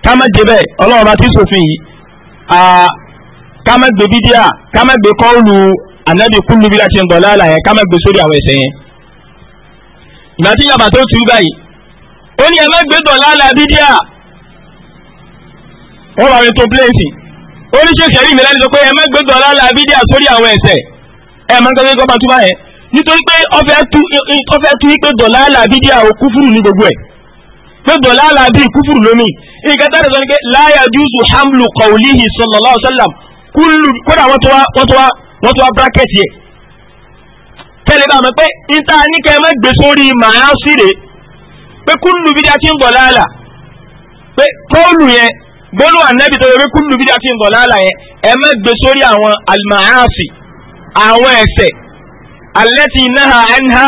ká má jẹ bẹ́ẹ̀ ọlọ́wọ́n bá ti sòfin yìí ká má gbé bídíà ká má gbé kọ́ọ̀lù ànábì kúlù bí láti ń bọ̀ láàlà yẹn ká má gbé sórí àwọn ẹ̀ṣẹ̀ yẹn. ìgbà tí yàbá tó tu báyìí ó ní ẹ má gbé dọ̀ láàlà bídíà wọ́n bá mi tó pléǹsì oníṣẹ́ṣẹ́ rí ìmìlẹ́ni sọ pé ẹ má gbégbé ọ̀la la bídíà sórí àwọn ẹ̀ṣẹ̀ ẹ má gbégbé ọba tó bá yẹn nítorí pé ọfẹ́ tú wípé dọ̀la la bídíà ò kúfùrù ní gbogbo ẹ̀ pé dọ̀la la bí kúfùrù lómi nǹkan tá a sọ ni pé láyà júùsù hamlu kọ̀ọ̀lìhì sallallahu alaihi wasallam kúlù kódà wọ́n tó wá wọ́n tó wá wọ́n tó kẹ́lẹ́ bá mi pé níta ní kẹ́ ẹ má gbé sórí màá síre pé kúlù bídíà ti ń dọ̀la pé kọ́ọ̀lù yẹn gbólú ànábì tó yẹ pé kúlù bídà ti ń bọ̀ lálà yẹn ẹ má gbé sórí àwọn almaasi àwọn ẹ̀ṣẹ̀ allati naha anha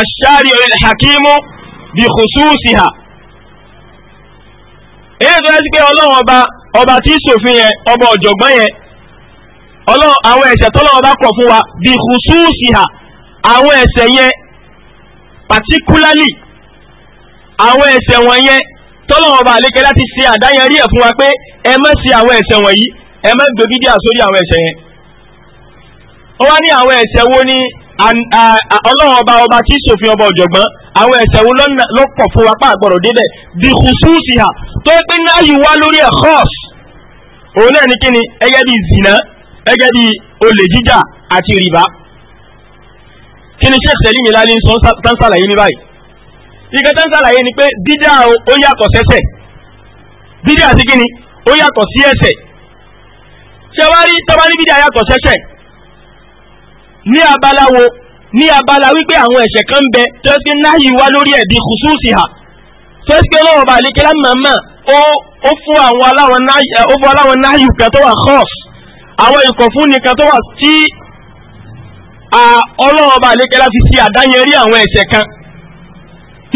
aṣáárí ọ̀rẹ́ hakimu bi khususiha. èyí tó yẹ sí pé ọlọ́run ọba ọba tí í ṣòfin yẹn ọba ọ̀jọ̀gbọ́n yẹn ọlọ́run àwọn ẹ̀ṣẹ̀ tọ́lọ́run ọba kọ̀ fún wa bi khususiha àwọn ẹ̀ṣẹ̀ yẹn particularly àwọn ẹ̀ṣẹ̀ wọn yẹn tọ́lọ́wọ́n ọba àlékẹ́ láti ṣe àdáyẹrí ẹ̀ fún wa pé ẹ má ṣe àwọn ẹ̀ṣẹ̀ wọ̀nyí ẹ má gbé bídíà sórí àwọn ẹ̀ṣẹ̀ yẹn. ó wá ní àwọn ẹ̀ṣẹ̀ wo ni ọlọ́wọ́n ọba ọba tí ṣòfin ọba ọ̀jọ̀gbọ́n àwọn ẹ̀ṣẹ̀ wo ló pọ̀ fún wa pa àgbọ̀rọ̀ débẹ̀ bí kùsùsì hà tó yẹ pé náà yìí wá lórí ẹ̀ họ́ọ̀s òun náà ní kíni ẹgẹ́ bíi zìnà ẹgẹ́ bíi olè jíjà àti rìbá kíni ṣe yìí lálẹ́ ń sọ tán sàlàyé ní báyìí ìgbà tó ń sàlàyé ni pé dídá ó yàtọ̀ sẹ́sẹ̀ dídá àti kíni ó yàtọ̀ sí ẹ̀ṣẹ̀ ṣẹwárí tọ́bárí dídá yàtọ̀ sẹ́sẹ̀ ní abala wo ní abala wípé àwọn ẹ̀ṣẹ̀ kan bẹ tó ṣe náyì wá lórí ẹ̀bí kùsùsì hà tó ṣe lọ́wọ́ bá àlékelá màmá ó fún àwọn aláwọn náyì kan tó wà kọ́ọ̀s àwọn ìkọ̀fúnni kan tó wà tí ọlọ́wọ́ bá àlékelá fi ṣe àdáyẹrí àwọn ẹ̀ṣẹ̀ kan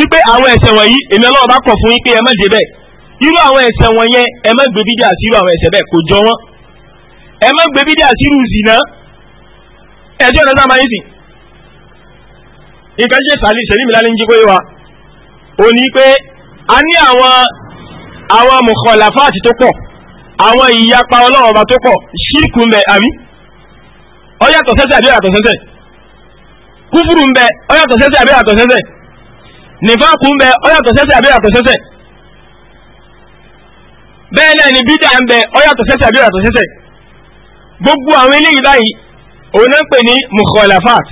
wípé àwọn ẹ̀ṣẹ̀ wọ̀nyí èmi ọlọ́run bá kọ̀ fún yín pé ẹ má dé bẹ́ẹ̀ irú àwọn ẹ̀ṣẹ̀ wọ̀nyẹn ẹ má gbé bídíà sí irú àwọn ẹ̀ṣẹ̀ bẹ́ẹ̀ kò jọ wọ́n ẹ má gbé bídíà sí irú zìnà ẹjọ́ ọ̀nà sábà yín sì nǹkan ṣe sàlì ìṣẹ̀lẹ̀ mi lálẹ́ ń jí kó yé wa ò ní pé a ní àwọn àwọn mùkọ̀láfáàtì tó pọ̀ àwọn ìyapa ọlọ́run tó pọ̀ ṣírkù ń bẹ àbí ó àbí ó yàtọ̀ kúfùrù ń bẹ ó àbí ó yàtọ̀ nìfẹ́ kù ń bẹ ó yàtọ̀ sẹ́sẹ̀ àbí yàtọ̀ sẹ́sẹ̀ bẹ́ẹ̀ náà ni bídà ń bẹ ó yàtọ̀ sẹ́sẹ̀ àbí yàtọ̀ sẹ́sẹ̀ gbogbo àwọn eléyìí báyìí òun náà ń pè ní mukhalafat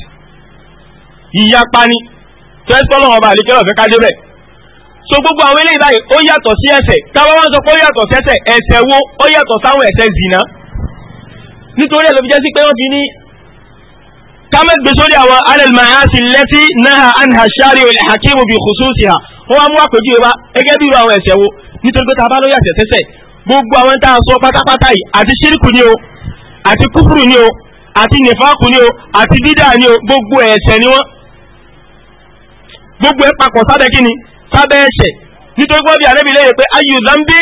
ìyapa ni ọba àlekẹ́lọ́ fẹ́ kájé bẹ́ẹ̀ so gbogbo àwọn eléyìí báyìí ó yàtọ̀ sí ẹ̀ṣẹ̀ káwọn wá sọ pé ó yàtọ̀ sẹ́ṣẹ̀ ẹ̀ṣẹ̀ wo ó yàtọ̀ sáwọn ẹ̀ṣẹ̀ zìnà nítorí ẹ̀ ló fi jẹ́ sí pé wọ́n fi ní kama gbé sórí àwọn alal maasi lẹ́tí náà anha shari olè hakimu bi khususiha wọ́n wá mú àpèjúwe wa gẹ́gẹ́ bí irú àwọn ẹ̀ṣẹ̀ wo nítorí pé tàbá lórí àṣẹ tẹ́sẹ̀ gbogbo àwọn tá a sọ pátápátá yìí àti ṣírìkù ni o àti kúfùrù ni o àti nìfàkù ni o àti dídà ni o gbogbo ẹ̀ṣẹ̀ ni wọ́n gbogbo ẹ̀ papọ̀ sábẹ́ kí ni sábẹ́ ẹ̀ṣẹ̀ nítorí pé bí ànábì lẹ́yìn pé ayu zambi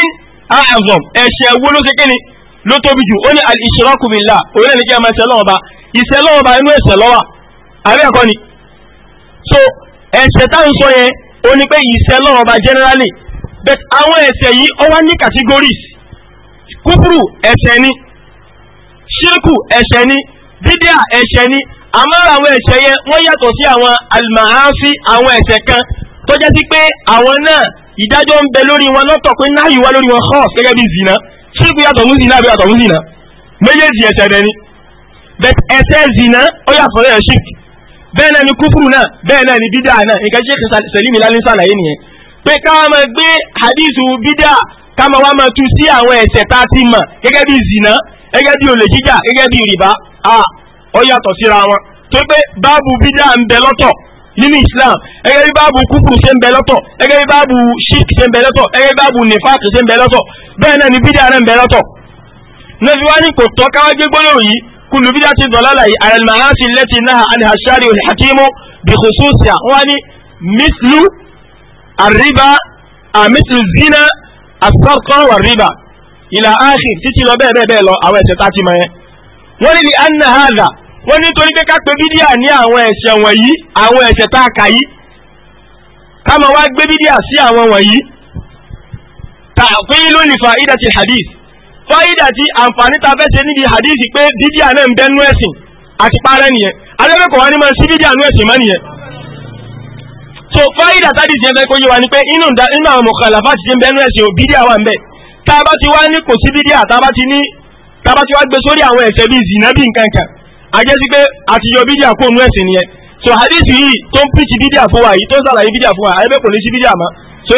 azom ẹ̀ṣẹ̀ ló ṣe kí ni ló tóbi jù ó ní al-ishraku òun náà ní kí a máa ṣe ọlọ́run ọba ìṣẹ́ lọ́wọ́ bá inú ẹ̀ṣẹ̀ lọ́wà àbí ẹ̀kọ́ ni so ẹ̀ṣẹ̀ táwọn sọ yẹn ó ní pé ìṣẹ́ lọ́wọ́ bá generally but àwọn ẹ̀ṣẹ̀ yìí ó wá ní categories kúkúrú ẹ̀ṣẹ̀ ni ṣírkù ẹ̀ṣẹ̀ ni bídíà ẹ̀ṣẹ̀ ni àmọ́ àwọn ẹ̀ṣẹ̀ yẹn wọ́n yàtọ̀ sí àwọn almahasi àwọn ẹ̀ṣẹ̀ kan tó jẹ́ sí pé àwọn náà ìdájọ́ ń bẹ lórí wọn lọ́tọ̀ pé náà yìí wá lórí wọn hàn gẹ́gẹ́ bí zina ṣírkù yàtọ̀ mú zina àbí yàtọ̀ mú zina méjèèjì ẹ̀ṣẹ̀ dẹni bẹ́ẹ̀ ẹ̀ṣẹ̀ zina ó yàtọ̀ lẹ́yìn ṣíkì bẹ́ẹ̀ na, ni kúfùrù náà bẹ́ẹ̀ náà ni bídà náà nǹkan ṣe kí sẹ̀límì lálẹ́ sàlàyé nìyẹn pé ká máa gbé hadith bídà ká máa tu sí àwọn ẹ̀ṣẹ̀ tá a ti mọ̀ zina gẹ́gẹ́ bí olè jíjà gẹ́gẹ́ bí rìbá ó yàtọ̀ síra wọn tó pé báàbù bídà ń nínú islam ẹgẹ́ bí báàbù kúkúrú ṣe ń bẹ lọ́tọ̀ ẹgẹ́ bí báàbù ṣíkì ṣe ń bẹ lọ́tọ̀ ẹgẹ́ bí báàbù nífàkì ṣe ń bẹ lọ́tọ̀ bẹ́ẹ̀ náà ni bídà náà ń bẹ lọ́tọ̀. nọ́ọ̀sì ní kò tọ́ káwá gbólóhùn yìí kullu bid'atin dalalah yìí ala al-ma'asi allati naha anha ash-shari'u al-hakimu bi khususiha wọ́n ní mislu ar-riba mislu zina as-sarqa war-riba ila akhir títí lọ bẹ́ẹ̀ bẹ́ẹ̀ bẹ́ẹ̀ lọ àwọn ẹ̀ṣẹ̀ tá a ti mọ̀ yẹn. wọ́n ní li anna hadha wọ́n ní torí pé ká pé bídíà ní àwọn ẹ̀ṣẹ̀ wọ̀nyí àwọn ẹ̀ṣẹ̀ tá a kà yìí ká máa wá gbé bídíà sí àwọn wọ̀nyí. ta'tilun li fa'idati hadith fáyidà ti àǹfààní ta fẹ́ ṣe níbi hadithi pé bídíà náà ń bẹ ẹ̀sìn àti parẹ́ nìyẹn alẹ́bẹ̀ kọ̀ wá sí so fáyidà tá dìjẹ́ kó yé wa ni pé inú inú àwọn mọ̀kànlá ti ń bẹ ẹ̀sìn o bídíà wà ń bẹ tá a bá ti wá ní kò sí ti ní tá a bá ti wá so yìí tó ń wa yìí tó ń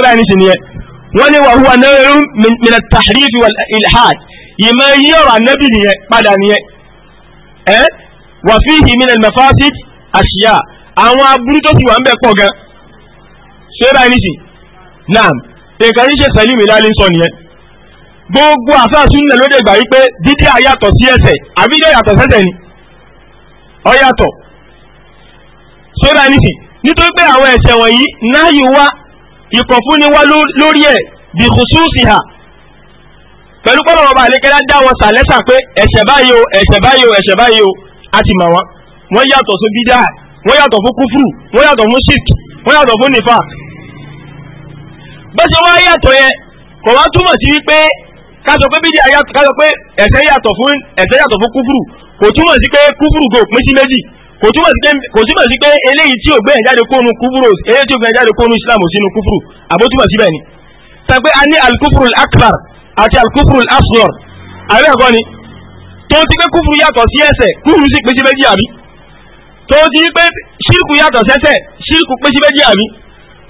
wa ní sí wọ́n ní wàhùwà náírà mìíràn tahrif wal ilhad ìmọ̀ yí ọ̀rọ̀ ànábì nìyẹn padà nìyẹn ẹ́ wà fíhì mìíràn mafasid àṣìyà àwọn aburú tó ti wà ń bẹ̀ pọ̀ gan ṣé báyìí nìsín naam nǹkan yìí ṣe sẹ́lìm ìlàlẹ́ sọ nìyẹn gbogbo àfáàsùn nílẹ̀ lóde ìgbà wípé dídí àyàtọ̀ sí ẹsẹ̀ àbídọ̀ yàtọ̀ sẹ́sẹ̀ ni ọ yàtọ̀ ṣé báyìí nìsín nítorí pé àwọn ẹ̀ṣẹ̀ wọ̀nyí náà yìí wá ìkọ̀fúnni wá lórí ẹ̀ bí kùsùsì ha. pẹ̀lú pọ́nà ọba àlékẹ́lá dá wọn sàlẹ́sà pé ẹ̀ṣẹ̀ báyìí o ẹ̀ṣẹ̀ báyìí o ẹ̀ṣẹ̀ báyìí o a ti mọ̀ wọn wọ́n yàtọ̀ fún bídà wọ́n yàtọ̀ fún kúfùrù wọ́n yàtọ̀ fún shirk wọ́n yàtọ̀ fún nìfà bó ṣe wá yàtọ̀ yẹ kò wá túmọ̀ sí wípé ká pé bídà yàtọ̀ ká pé ẹ̀ṣẹ̀ yàtọ̀ fún ẹ̀ṣẹ̀ kò túmọ̀ sí pé kúfùrù gò pín sí méjì kò túmọ̀ sí pé eléyìí tí ò gbé ẹ̀jáde kónú kúfúrò eléyìí tí ò gbé ẹ̀jáde kónú islam sínú kúfúrò àbótúmọ̀ síbẹ̀ ni. sàgbé a ní alukúfúrò akbar àti alukúfúrò asghar àbẹ́ ẹ̀kọ́ ni tó ti pé kúfúrò yàtọ̀ sí ẹ̀ṣẹ̀ kúfúrò sì pé síbẹ̀ jìyà bí tó ti pé ṣírkù yàtọ̀ sẹ́ṣẹ̀ ṣírkù pé síbẹ̀ jìyà bí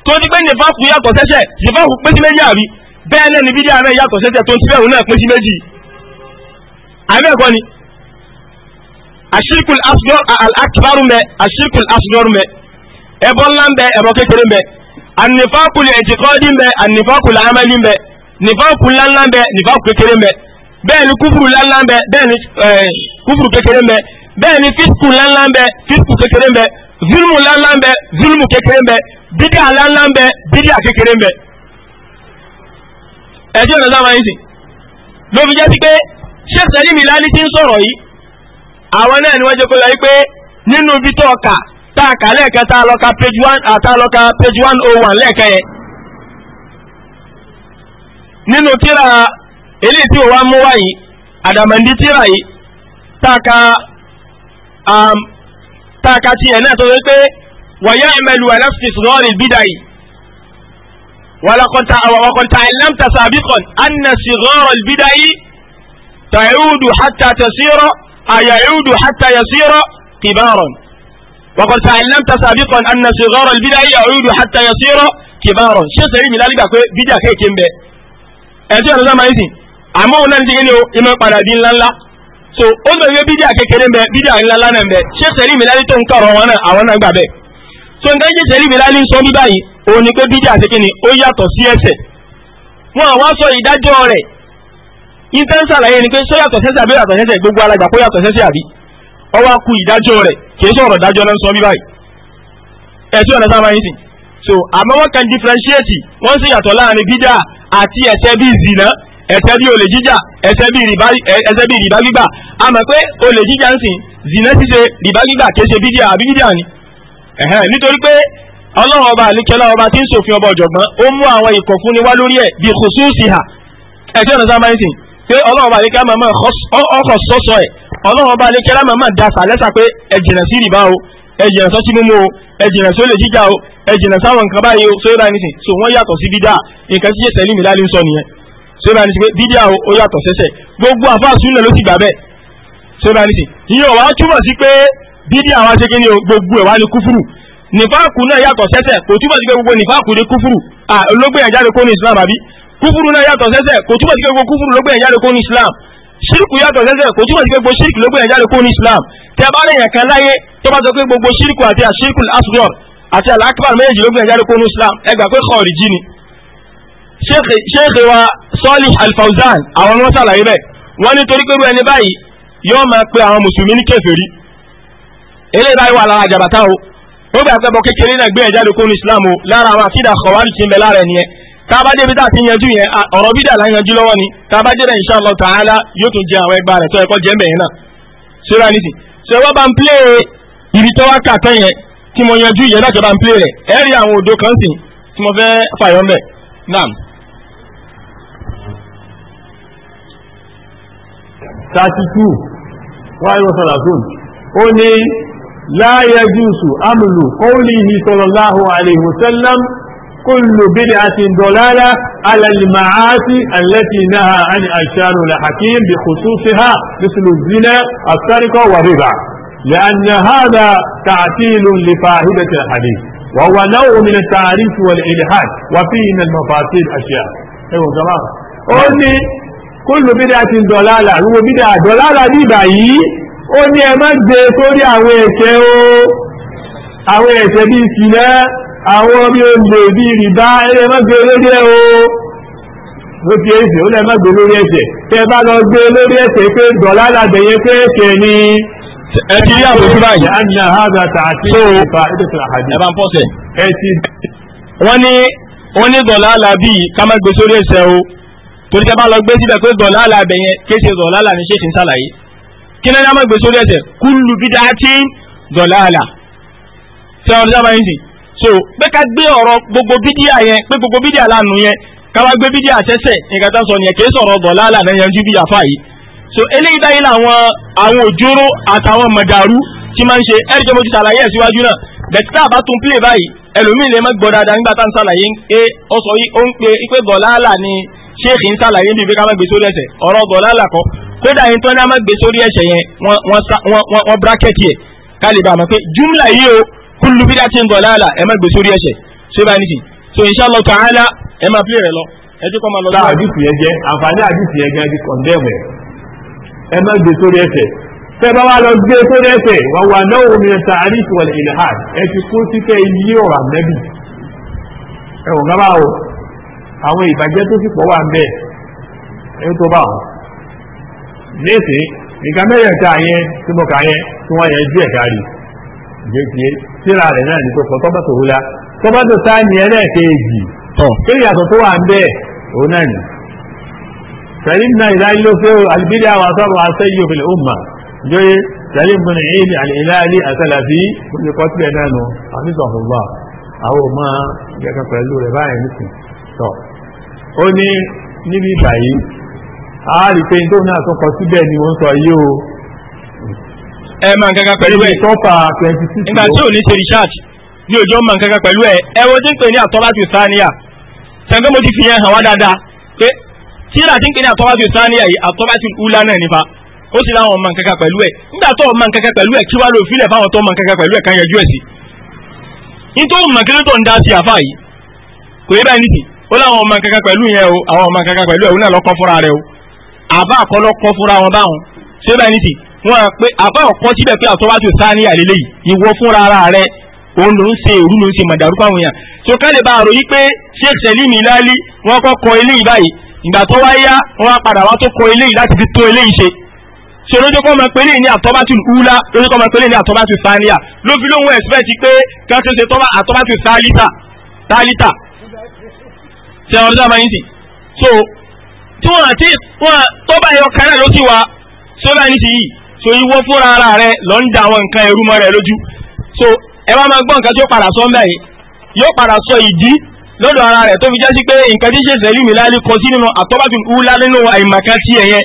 tó ti pé nìfàkù yàtọ̀ sẹ́ṣẹ̀ nìfàkù pé síbẹ̀ jìyà bí bẹ́ẹ̀ náà ni bídíà náà yàtọ̀ sẹ́ṣẹ̀ tó ti bẹ́ẹ̀ òun náà pé síbẹ̀ àbẹ́ ẹ̀kọ́ ni ashirikul asgor al-akbaru mbẹ ashirikul asgor mbẹ ẹbọ ńlá mbẹ ẹbọ kékeré mbẹ anifakul ẹtikọdi mbẹ anifakul amali mbẹ nifakul lanla mbẹ nifakul kékeré mbẹ bẹ́ẹ̀ ni kúfùrù lanla mbẹ bẹ́ẹ̀ ni ẹẹ eh, kúfùrù kékeré mbẹ bẹ́ẹ̀ ni fisku lanla mbẹ fisku kékeré mbẹ zulumu lanla mbẹ zulumu kékeré mbẹ bidia lanla mbẹ bidia kékeré mbẹ ẹdi ọ̀nà si lóbi jẹ́ ti pé sẹ́sẹ̀ mi lálẹ́ ti ń àwọn náà ni wọ́n jẹ́ kó lọ yí pé nínú ibi tó ọkà tá a kà lẹ́ẹ̀kan tá a lọ ka page one àtà lọ ka page one oh one lẹ́ẹ̀kan yẹn nínú tíra eléyìí tí òwa mú wá yìí àdàmọ̀ndí tíra yìí tá a ka um, tá a ka tiẹ̀ náà tó yẹ pé wọ́n yá ẹ̀mẹ́lu ẹ̀lẹ́fìs rọ́ọ̀lì bídà yìí wọ́kọ̀ntà ẹ̀lẹ́mtà sàbíkọ̀n anna sí rọ́ọ̀lì bídà yìí tàyẹ̀wùdù أيعود حتى يصير كبارا وقد تعلمت سابقا أن صغار البدع يعود حتى يصير كبارا ṣé sẹ́yìn mi lálẹ́ gbà pé bíjà kéèké ń bẹ ẹ̀sìn ọ̀dọ́ sáà máa ń sìn àmọ́ òun náà o ìmọ̀ padà di ńláńlá so ó ń bẹ wípé bíjà kékeré ń bẹ bíjà ńláńlá náà ń bẹ ṣé sẹ́yìn mi lálẹ́ so nǹkan ṣe sẹ́yìn mi lálẹ́ ń sọ bí báyìí òun ni pé bíjà ṣe kí ni ó yàtọ̀ sí ẹsẹ̀ wọn àwọn sọ ìdájọ́ rẹ̀ ìtẹ́ ń sàlàyé ni pé sọ yàtọ̀ sẹ́sẹ̀ àbí yàtọ̀ sẹ́sẹ̀ gbogbo alàgbà kó yàtọ̀ sẹ́sẹ̀ àbí ọwọ́ akú ìdájọ́ rẹ̀ kìí sọ̀rọ̀ dájọ́ náà ń sọ bí báyìí ẹ̀sìn ọ̀nà sábà yìí sìn so àmọ́ wọ́n kan differentiate wọ́n sì yàtọ̀ láàrin bídà àti ẹ̀ṣẹ̀ bíi zina ẹ̀ṣẹ̀ bíi olè jíjà ẹ̀ṣẹ̀ bíi rìbá gbígbà a mọ̀ pé olè jíjà ń sìn zina ṣíṣe rìbá gbígbà kìí ṣe bídà àbí bídà ni nítorí pé ọlọ́run ọba àlékẹ́lá ọba tí ń ṣòfin ọba ọ̀jọ̀gbọ́n ó mú àwọn ìkọ̀fúnni wá lórí ẹ̀ bíi kùsùn sí ha ẹ̀sìn ọ̀nà sábà yìí sìn pé ọlọ́run bá lékẹ́ màmá ọkọ̀ sọ́sọ ẹ̀ ọlọ́run bá lékẹ́ màmá da sàlẹ́sà pé ẹ jìnà sí rìbá o ẹ jìnà sọ́sí mímú o ẹ jìnà sí olè jíjà o ẹ jìnà sáwọn nǹkan báyìí o sóyè báyìí nìsín so wọ́n yàtọ̀ sí bídà nǹkan tí yẹtẹ̀ límì dálé ń sọ nìyẹn sóyè báyìí nìsín pé bídà o ó yàtọ̀ sẹ́sẹ̀ gbogbo àfa súnlẹ̀ ló sì gbà bẹ́ẹ̀ sóyè báyìí nìsín ìyẹn wàá túmọ̀ sí pé bídà wa ṣe kí ni o gbogbo ẹ̀ wá ní kúfúrú nìfáàkù náà yàtọ̀ sẹ́sẹ̀ kò túmọ̀ sí pé gbogbo nìfáàkù ní kúfúrú à olóògbé ẹ̀jáde kó ní Islam àbí kúfúrú náà yàtọ̀ sẹ́sẹ̀ kò túmọ̀ sí pé gbogbo kúfúrú ló gbé ẹ̀jáde kó ní islam ṣírìkù yàtọ̀ sẹ́sẹ̀ kò túmọ̀ sí pé gbogbo ṣírìkù ló gbé ẹ̀jáde kó ní islam tí a bá rẹ̀ yàn kan láyé tó bá sọ pé gbogbo ṣírìkù àti àṣírìkù asghar àti alákìbàr méjèèjì ló gbé ẹ̀jáde kó ní islam ẹ gbà pé kọ̀ọ̀rìjì ni. ṣéèkì wa Salih Al-Fawzan àwọn ni wọ́n ṣàlàyé bẹ́ẹ̀ wọ́n ní torí pé irú ẹni báyìí yóò máa pe àwọn mùsùlùmí ní kèfèrí eléyìí báyìí wà islam o lára àwọn àkídà kọ̀wárì ti ń bẹ lára tába débi tá a ti yanjú yẹn ọ̀rọ̀ bídà la yanjú lọ́wọ́ ni tába débẹ̀ insha Allah ta'ala yóò tún jẹ àwọn ẹgbà rẹ̀ tó ẹ̀kọ́ jẹ́ mẹ́yìn náà ṣéra ní sí ṣé wọ́n bá ń plé ibi tó wá kà tán yẹn tí mo yanjú yẹn láti bá ń plé rẹ̀ ẹ rí àwọn odò kan sìn tí mo fẹ́ fàyọ́ mbẹ̀ naam. thirty two wáyé sọ̀rọ̀ àtún ó ní la yajuzu amlu qawlihi sallallahu alayhi wa sallam كل بدعة ضلالة على المعاصي التي نهى عن الشارع الحكيم بخصوصها مثل الزنا السرقة والربا لأن هذا تعتيل لفاهدة الحديث وهو نوع من التعريف والإلحاد وفيه من المفاصيل أشياء أيوة جماعة أولي كل بدعة ضلالة هو بدعة ضلالة دي بأي ó ní ẹ má gbé àwọn bí o lè bí ìrìbá ẹlẹ́ mọ́gbé lórí ẹ̀ o ó ti ẹ̀sẹ̀ ó lẹ́ mọ́gbé lórí ẹ̀sẹ̀ tẹ́ bá lọ gbé lórí ẹ̀sẹ̀ pé dọ̀lá làbẹ̀yẹ pé ẹ̀sẹ̀ ni ẹ ti rí àbòjú báyìí. ẹ bá ń pọ̀sẹ̀. wọ́n ní wọ́n ní dọ̀lá làbí ká má gbé sórí ẹ̀sẹ̀ o torí tẹ́ bá lọ gbé síbẹ̀ pé dọ̀lá làbẹ̀yẹ kéṣe dọ̀lá là ní ṣèṣì ń ṣàlàyé kí náà má gbé sórí ẹ̀sẹ̀ kúlù bídà tí dọ̀lá là. sẹ́wọ̀n ní sábà yín sìn so pé ká gbé ọ̀rọ̀ gbogbo bídíà yẹn pé gbogbo bídíà lánàá yẹn ká wá gbé bídíà sẹ́sẹ̀ nǹkan tá a sọ nìyẹn kì í sọ̀rọ̀ bọ̀ lálà náà yẹn ju bídíà fà yìí so eléyìí báyìí làwọn àwọn òjòrò àtàwọn mọ̀dàrú ti máa ń ṣe ẹ̀rí tó mo ti ṣàlàyé ẹ̀ síwájú náà bẹ̀tí tá a bá tún plé báyìí ẹlòmíì lè má gbọ́ dáadáa nígbà tá à ń ṣàlàyé pé ó sọ yìí ó ń pe ipe bọ̀lálà ni ṣéèkì ń ṣàlàyé bíi pé ká má gbé sórí ẹsẹ̀ ọ̀rọ̀ bọ̀lálà kọ́ kódà yìí tó ní a má gbé sórí ẹsẹ̀ yẹn wọ́n bracket yẹ ká lè bá a mọ̀ pé júmùlà yìí o kullu bid'atin dalalah ẹ má gbé sórí ẹ̀ṣẹ̀ ṣé bá nìyí so inshallah ta'ala ẹ má pílẹ̀ rẹ lọ ẹ jẹ́ kọ́ máa lọ. láwọn àdìsí yẹn jẹ àǹfààní àdìsí yẹn gan ti kọ̀ndẹ́mù ẹ má gbé sórí ẹ̀ṣẹ̀ tẹ́ bá wà lọ gbé sórí ẹ̀ṣẹ̀ wà wà náà omi ẹ̀ta àdìsí wal ilhad ẹ ti kún sí kẹ́ yí ọ̀rọ̀ ànábì ẹ̀wọ̀n gábà o àwọn ìbàjẹ́ tó sì pọ̀ wà ń bẹ́ẹ̀ tó bá wọn nísìnyí nǹkan mẹ́rẹ̀ẹ̀ta yẹn tí mo kà yẹn tí wọ́n yẹn jù ẹ̀ kárí jẹ́jẹ́ síra rẹ̀ náà ní kókó tọ́bà tó hula tọ́bà tó sáà ní ẹlẹ́ẹ̀kejì kí ìyàtọ̀ tó wà ń bẹ́ẹ̀ òun náà ni. سلمنا إلى يوسف البدع وأثر السيء في الأمة جوي سليم بن عيد الهلالي السلفي كل قتل نانو حفظه الله أو ما جاك فلو رباعي مثل تو أني níbi ìbàyí a rí pé tó náà tó kọ síbẹ̀ ni wọ́n sọ yìí o ẹ máa ń kankan pẹ̀lú ẹ̀ nígbà tí ò ní ṣe research ní òjò máa ń kankan pẹ̀lú ẹ̀ ẹ wo tí ń pè ní àtọ́bátù sáníyà sẹ́ńkẹ́ mo ti fi yẹn hàn wá dáadáa pé tíra tí ń pè ní àtọ́bátù sáníyà yìí àtọ́bátù ula náà nípa ó sì láwọn máa ń kankan pẹ̀lú ẹ̀ nígbà tó máa ń kankan pẹ̀lú ẹ̀ kí wá ló filẹ̀ fáwọn tó máa ń kankan pẹ̀lú ẹ̀ kan yẹjú ẹ̀ sí nítorí màkìrì tó ń yẹ wọn à pé àbá ọ̀kan síbẹ̀ pé àtọ́wájú sáni àlélẹ́ yìí ìwọ fúnra ara rẹ òun ló ń ṣe òru ló ń ṣe mọ̀dàrú fáwọn èèyàn tó kálí bá àròyìn pé Sheikh Salim Ilali wọn kọ́ kọ eléyìí báyìí ìgbà tó wá yá wọn á padà wá tó kọ eléyìí láti fi tó eléyìí ṣe ṣe lójú kọ́ máa pélé ní àtọ́bátù ula lójú kọ́ máa pélé ní àtọ́bátù sáníà ló fi lóhun ẹ̀sìpẹ́ ti pé kẹ́sẹ̀ ṣe tọ́ba àtọ́bátù sálítà sálítà ṣe ọ̀rọ̀ sábà yín sí. so tí wọ́n àti wọ́n tọ́ba ẹ̀yọ kan náà ló ti wá sólà ní ti yìí tó ìwọ fúnra ara rẹ lọ ń da àwọn nǹkan ẹrú mọ́ rẹ lójú so ẹ wá máa gbọ́ nǹkan tí ó padà sọ mbẹ́ yóò padà sọ ìdí lọ́dọ̀ ara rẹ̀ tó fi jásí pé nǹkan tí ṣèṣẹ́ ìlú mi láàlú kọ sí nínú àtọ́bátù wúlá nínú àìmọ̀kan tí ẹ̀yẹn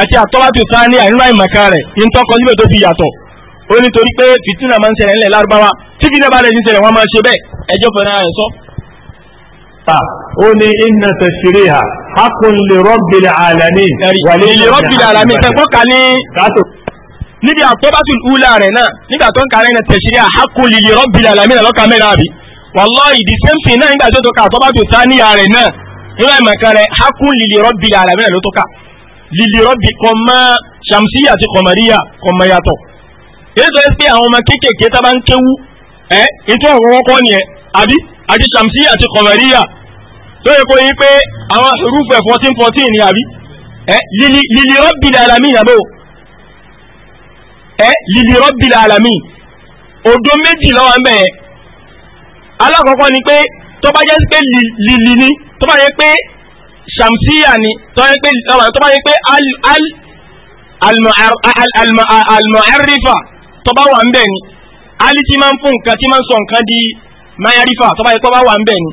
àti àtọ́bátù tá ní àìnú àìmọ̀kan rẹ̀ nǹkan kan síbẹ̀ tó fi yàtọ̀ ó ní torí pé fìtínà máa ń ṣẹlẹ̀ ńlẹ̀ lárúbáwá tí fìtínà bá rẹ̀ ń wọ́n máa ṣe bẹ́ẹ̀ ẹjọ́ fẹ́ràn rẹ̀ sọ. ó ní iná tẹ̀sírí ha hakùn lè rọ́bìlì àlàní. wàlẹ́ ilé rọ́bìlì àlàní tẹ̀kọ́ ka ní níbi àtọ́bátù ìhùlà rẹ̀ náà nígbà tó ń kàrẹ́ ní tẹ̀sírí àhákò lìlì rọ́bìlì àlàmínà lọ́ka mẹ́rin àbí wallahi the same thing náà nígbà tó tó ka àtọ́bátù sáníyà rẹ̀ náà nínú àìmọ̀ká rẹ̀ hákò lìlì rọ́bìlì àlàmínà ló tó ka lìlì rọ́bì kọ̀mọ́ sàmsíyà àti kọ̀mọ̀ríyà kọ̀mọ̀ yàtọ̀ èyí tó yẹ pé àwọn ọmọ kéékèèké tá bá ń kéwú ẹ ètò ọ̀wọ́n kọ́ ni ẹ àbí fourteen fourteen ni àbí ẹ lìlì rọ́bìlì àlàmínà ẹ́ eh, lílì rọ́bìlà àlàmì odó méjì lọ́wọ́ ń bẹ̀rẹ̀ alákọ̀ọ́kọ́ ni pé tó bá jẹ́ pé lílì ni tó bá jẹ́ pé shamsiya ni tó bá jẹ́ pé tó bá jẹ́ pé almu'arrifa tó bá wà ń bẹ̀ ni alì tí máa ń fún nǹkan tí máa ń sọ nǹkan di mayarifa tó bá jẹ́ pé ó bá wà ń bẹ̀ ni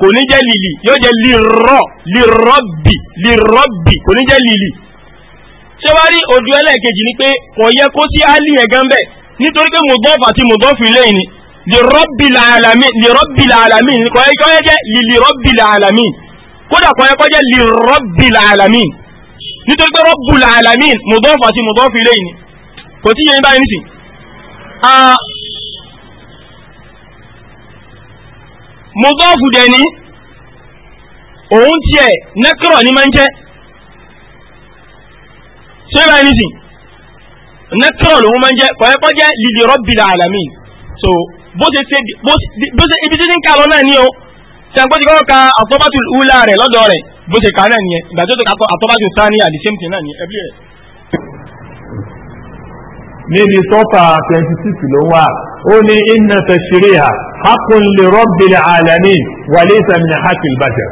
kò ní jẹ́ lílì yóò jẹ́ lirọ́ lirọ́bì lirọ́bì kò ní jẹ́ lílì ṣé wá rí ojú ẹlẹ́ẹ̀kejì ni pé kò yẹ kó sí áálì yẹn bẹ́ẹ̀ nítorí pé mọ̀gọ́fù àti mọ̀gọ́fù ilé ni lirọ́bìlà alamin ni kò yẹ kó yẹ jẹ́ lirọ́bìlà alamin kódà kò yẹ kó jẹ́ alamin nítorí pé rọ́bùlà alamin mọ̀gọ́fù àti mọ̀gọ́fù ilé yìí ni kò tí yẹn báyìí nìsín. mọ̀gọ́fù dẹ̀ ni òun tiẹ̀ nẹ́kírọ̀ ni máa ń jẹ́ ṣé báyìí nìsí nẹ́kírọ̀ lòun máa ń jẹ́ kọ̀ẹ́kọ́ jẹ́ lìlì rọ́bìlà àlàmì so bó ṣe ṣe bó ṣe ibi títí ń kà lọ náà ní o ṣàǹkó ti ka àtọ́bátù wúlà rẹ̀ lọ́dọ̀ rẹ̀ bó ṣe kà náà nìyẹn ìgbà tó ti kakọ́ àtọ́bátù sáni àdì same náà nìyẹn ẹbí ẹ̀. níbi sọ́fà twenty six ló wà ó ní inna tashriha haqqun li rabbil alamin wa laysa min haqqil bashar.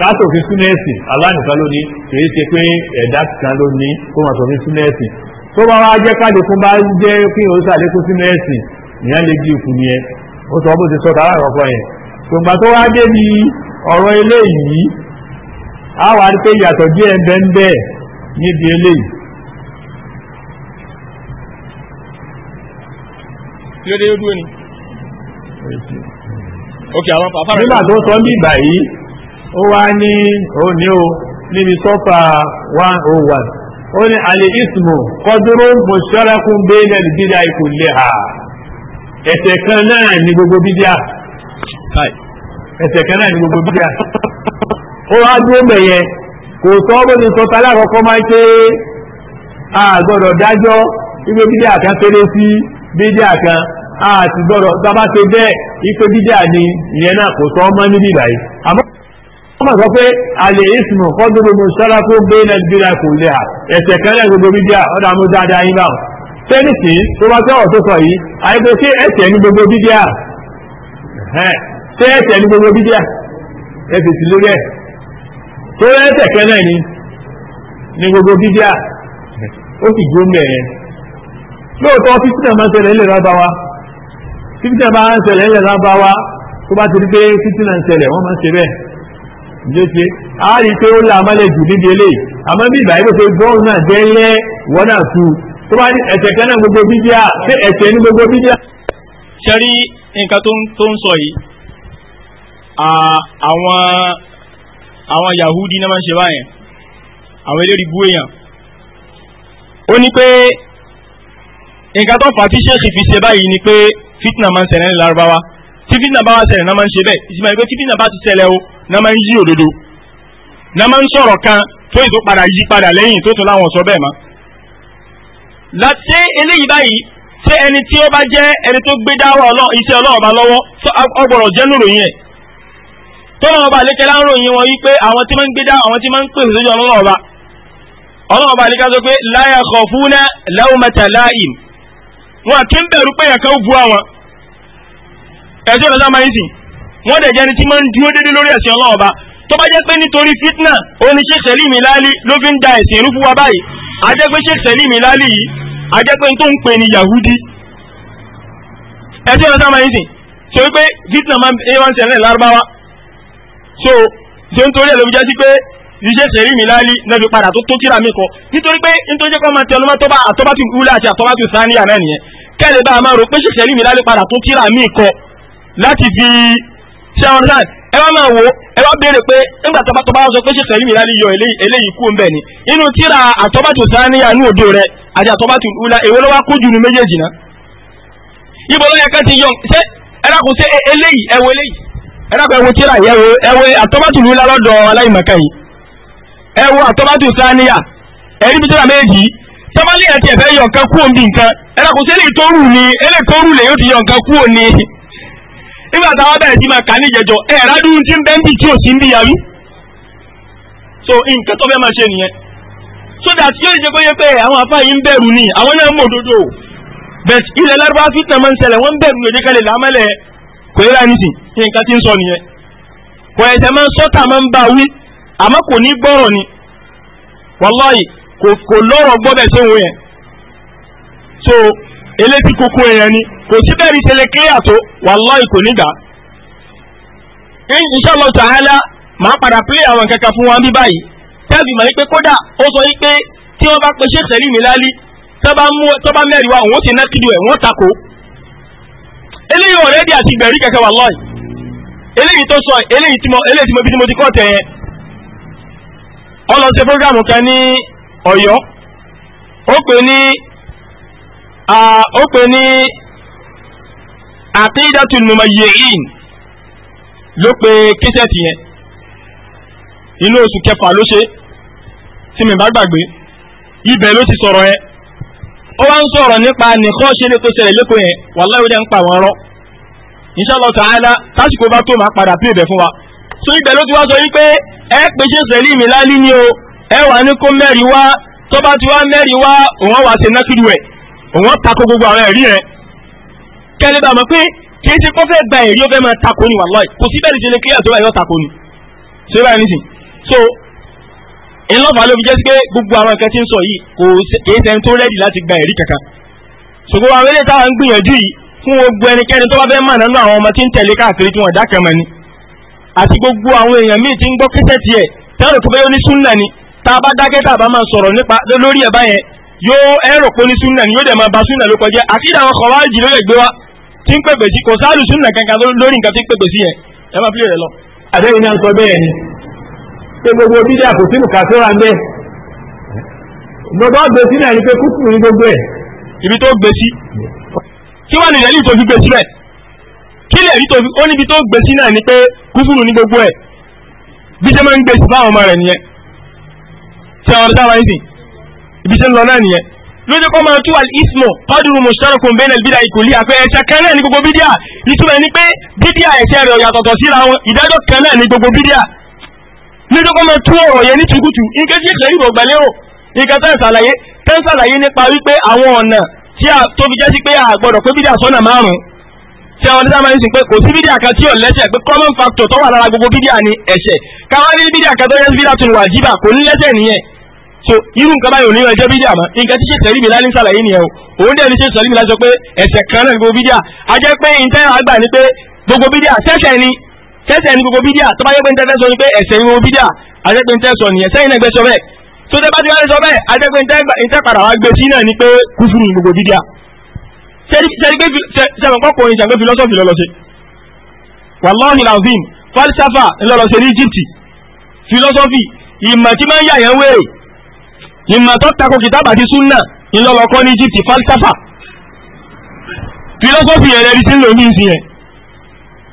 kásòfin súnẹ́ẹ̀sì aláìníkan lónìí kìí ṣe pé ẹ̀dá kan lónìí tó máa sòfin súnẹ́ẹ̀sì tó bá wá jẹ́ káàdì fún bá jẹ́ kí o ṣàlékún súnẹ́ẹ̀sì ìyá lè di ìkù yẹn ó sọ bó ti sọ dára ọ̀pọ̀ yẹn ṣùgbà tó wá dé ní ọ̀rọ̀ eléyìí á wà pé ìyàtọ̀ díẹ̀ ń bẹ ń bẹ níbi eléyìí ó wá ní òní o níbi sọ́fà 101 ó ní alẹ́ kọ́dúró mọ̀ṣọ́lákún bẹ́ẹ̀lẹ̀ bídá ikú léha kan náà ní gbogbo bídá kan náà ní gbogbo ó wá dúró kò sọ a dájọ́ ibi kan sí kan a gbọ́dọ̀ tábà ṣe bẹ́ẹ̀ ni ìyẹn náà kò wọ́n sọ pé àlè ìsìnmọ̀ kọ́dúró mo sọ́ra tó gbé nàìjíríà kò lè à ẹ̀sẹ̀ kẹlẹ́ gbogbo bíbíà ọ̀dà mo dáadáa yín báwọn tẹ́nìsì tó bá tẹ́wọ̀ tó sọ yìí àìpé ṣé ẹ̀sẹ̀ ní gbogbo bíbíà ṣé ẹ̀sẹ̀ ní gbogbo bíbíà ẹ̀sẹ̀ sì lórí ẹ̀ tó ẹ̀sẹ̀ kẹlẹ́ ni ní gbogbo bíbíà ó sì gbó mẹ́ ẹ̀ lóòótọ́ fífitì máa ń ṣẹlẹ̀ ńlẹ̀ lábáwá fífitì máa ń jẹ́sẹ̀ a rí pé ó là mọ́lẹ̀ jù níbi eléyìí àmọ́ bí ìbáyé pé bọ́ọ̀lù náà dẹ́lẹ́ wọ́n náà tu tó bá ní ẹ̀ṣẹ̀ kan náà gbogbo bídíà pé ẹ̀ṣẹ̀ ní gbogbo bídíà. sẹ́rí nǹkan tó ń sọ yìí àwọn Yahudi náà máa ń ṣe báyẹn àwọn eléré ibú èèyàn ó ní pé nǹkan tó fà á tí sèkì fi ṣe báyìí ni pé fitna máa ń ṣẹlẹ̀ ní Lárúbáwá tí fitna bá wà ṣẹlẹ̀ náà máa ń ṣe bẹ́ẹ̀ ìsìnkú pé fitna bá ti ṣẹlẹ̀ o náà máa ń yí òdodo náà máa ń sọ̀rọ̀ kan tó ètò padà yí padà lẹ́yìn tó tún láwọn sọ bẹ́ẹ̀ mọ́. láti eléyìí báyìí ṣé ẹni tí ó bá jẹ́ ẹni tó gbé dáwọ́ iṣẹ́ Ọlọ́run bá lọ́wọ́ ọgbọ̀rọ̀ jẹ́ nù ròyìn ẹ̀ tọ́nà ọba àlékẹ́ láńrò yín wọn wípé àwọn tí máa ń gbé dá àwọn tí máa ń pè sójú ọlọ́run ọba ọlọ́run ọba sọ pé láyà kọ̀ fún ná lẹ́wọ̀mẹ̀tà láìm wọn kì í bẹ̀rù pé yẹn ó bu àwọn ẹjọ́ lọ́sàn máa ń sìn wọ́n dẹ̀ jẹ́ni tí máa ń dúró dédé lórí ẹ̀sìn ọlọ́run ọba tó bá jẹ́ pé nítorí fitna òní Sheikh Salim Ilali ló fi ń da ẹ̀sìn irú fún wa báyìí a jẹ́ pé Sheikh yìí a tó ń pè ní Yahudi ẹ̀sìn ọ̀sán máa ń sìn so wípé fitna máa ń ṣẹlẹ̀ lárúbáwá so ṣe ń torí ẹ̀ ló fi jẹ́ sí pé iṣẹ́ ṣẹ̀rí mi láàlí náà fi padà tó tó kíra mi kọ nítorí pé nítorí jẹ́ kó máa tẹnu máa tọ́ba àtọ́bátì wúlẹ̀ àti àtọ́bátì sáníyà náà ṣé àwọn ọ̀dọ́ ẹ wá máa wò ó ẹ wá béèrè pé nígbà tó bá tó bá sọ pé ṣèṣẹ́ yìí láti yọ eléyìí kú ńbẹ ni inú tíra àtọ́bàtò sáníyà ní òde rẹ àti àtọ́bàtò ìwúlá èwo ló wá kó jù ní méjèèjì náà ibo ló yẹ ká ti yọ ṣé ẹ dákun ṣe eléyìí ẹ wo eléyìí ẹ dákun ẹ wo tíra yẹ wo ẹ wo àtọ́bàtò ìwúlá lọ́dọ̀ aláìmọ̀ká yìí ẹ wo àtọ́bàtò sáníyà ẹ rí bíjọ́ra méjì tọ́mọ́lé ẹ̀ tiẹ̀ fẹ́ yọ nǹkan kú òǹbí nígbà táwọn bẹ̀rẹ̀ sí máa kà ní ìjẹjọ ẹ̀ rádùn tí ń bẹ́ tí ò sí ń bí so nǹkan tó fẹ́ máa ṣe nìyẹn so that yóò ṣe pé pé àwọn afá yìí ń bẹ̀rù ni àwọn náà mọ̀ òdodo but ilẹ̀ lárúbá fitna máa ń ṣẹlẹ̀ wọ́n ń bẹ̀rù ní òjẹ́kẹ́lẹ̀ lámẹ́lẹ̀ kò yẹ́ra nìsín kí nǹkan ti ń sọ nìyẹn kò ẹ̀sẹ̀ máa ń sọ́tà máa ń bá wí àmọ́ kò ní gbọ́rọ̀ ni wàláyì kò lọ́rọ̀ gbọ́dọ̀ ṣéwọ̀n yẹn so eléyìí kókó yẹn ni kò sí bẹ́ẹ̀ ni ṣe lè clear tó wallahi kò ní gbà. insha Allah ta'ala máa padà play àwọn kankan fún wọn bí báyìí kódà ó sọ wípé tí wọ́n bá pe ṣé mi lálí tó wa òun ti ná kílò ẹ̀ wọ́n takò. eléyìí ọ̀rẹ́dì àti ìgbẹ̀rí kẹ̀kẹ́ wallahi eléyìí tó sọ eléyìí tí mo ti kọ́ tẹ̀ lọ aqidatul mumayyi'in ló pe kíṣẹ́ẹ̀tì yẹn inú oṣù kẹfà ló ṣe tí mi bá gbàgbé ibẹ̀ ló ti sọ̀rọ̀ yẹn ó wá ń sọ̀rọ̀ nípa nìkan ṣe lè tó ṣẹlẹ̀ lẹ́kọ̀ọ́ yẹn wallahi ó dẹ̀ ń pa àwọn ọ̀rọ̀ inshallah ta'ala tásìkò bá tó máa padà pé ibẹ̀ fún wa so ibẹ̀ ló ti wá sọ wípé ẹ pé ṣe sẹ̀lí mi lálí ni o ẹ wà ní kó mẹ́rin wá tó bá ti wá mẹ́rin wá òun wá ṣe nákìlú ẹ̀ òun tako gbogbo àwọn ẹ̀rí yẹn kẹ́lẹ́ bá mọ̀ pé kì í ṣe kó fẹ́ gba èrè ó fẹ́ máa takoni ni wàláì kò sí bẹ́ẹ̀ ṣe lè kílíà tó bá yọ tako ni ṣé báyìí nìsín so ńlọ́fà ló fi jẹ́ sí pé gbogbo àwọn nǹkan tí ń sọ yìí kò kì í ṣẹni tó rẹ́dì láti gba èrè kankan ṣùgbọ́n àwọn eléyìí táwọn ń gbìyànjú yìí fún gbogbo ẹnikẹ́ni tó bá fẹ́ mọ̀ nínú àwọn ọmọ tí ń tẹ̀lé káàkiri tí wọ́n dákẹ́ mọ́ ni àti gbogbo àwọn èèyàn míì tí ń gbọ́ kẹ́sẹ̀ tiẹ̀ tẹ́rù pé ní súnà ni yóò dẹ̀ máa ba súnà ló kọjá àkídà àwọn kọ̀wáàjì ló lè gbé wa tí ń pèpè sí kò sáàlù súnà kankan lórí nǹkan tí ń pèpè sí yẹn ẹ máa fi rẹ lọ. àbẹ́yìn náà sọ bẹ́ẹ̀ ni pé gbogbo bídíà kò sínú kàtóra ń bẹ́ gbogbo gbé sí náà ni pé kúkú ní gbogbo ẹ̀. ibi tó gbé sí kí wàá nìyẹn ní ìtòfi gbé síbẹ̀ kí lè rí tòfi níbi tó gbé sí náà ni pé kúkúrú ní gbogbo ẹ̀ bí sẹ́ máa ń gbé sí fáwọn ọmọ rẹ̀ nìyẹn tí àwọn ọ̀dọ́ táwọn ẹ̀ sìn ibi lójú kọ́ máa tú al-ismu qadru mushtarakun bayna al-bid'a al-kulliyya àpẹ ẹ̀ṣẹ̀ kan náà ní gbogbo bídíà ìtumọ̀ ẹni pé bídíà ẹ̀ṣẹ̀ rẹ̀ ọ̀yàtọ̀tọ̀ síra wọn ìdájọ́ kan náà ní gbogbo bídíà lójú kọ́ máa tú ọ̀rọ̀ yẹn ní tukutu nǹkan tí ìṣẹ̀lẹ̀ ìrọ̀gbà lérò nǹkan tẹ́ ń ṣàlàyé tẹ́ ń ṣàlàyé nípa wípé àwọn ọ̀nà tí a tó fi jẹ́ sí pé a gbọ́dọ̀ pé bídíà sọ́nà márùn-ún tí àwọn ọdún sábà ń sìn pé kò sí bídíà kan tí ò lẹ́sẹ̀ pé common factor tó wà lára gbogbo bídíà ni ẹ̀ṣẹ̀ káwá ní bídíà kan tó yẹ sí bídíà tó wà kò ní lẹ́sẹ̀ nìyẹn so irú nǹkan báyìí ò ní ọjọ́ bídíà mọ́ nǹkan tí ṣe tẹ̀lé mi láyé sàlàyé nìyẹn o òun dẹ̀ ní ṣe sọ̀rọ̀ mi lájọ pé ẹ̀sẹ̀ kan náà ní gbogbo bídíà a jẹ́ pé ìtẹ́ àgbà ni pé gbogbo bídíà sẹ́sẹ̀ ni sẹ́sẹ̀ ni gbogbo bídíà tó bá yẹ pé ń tẹ́tẹ́ sọ ni pé ẹ̀sẹ̀ ni gbogbo bídíà a jẹ́ pé ń tẹ́ sọ nìyẹn sẹ́yìn náà gbé sọ bẹ́ẹ̀ tó tẹ́ bá ti wá sọ bẹ́ẹ̀ a jẹ́ pé ń tẹ́ padà wá gbé sí náà ni pé kúfùrù ni gbogbo bídíà sẹ́rìnkọ́kọ́ ìṣàgbé philosophy lọ́lọ́sẹ̀ wàláhì làzim falsafa ńlọ́lọ́sẹ̀ ní Egypt philosophy ìmọ̀ tí máa ń yàyàn wéèrè ìmọ̀ tó tako kìtàbà ti súnà ńlọ́lọ́kọ́ ní Egypt falsafa philosophy yẹn lẹ́ni tí ń lò ní ìsìn yẹn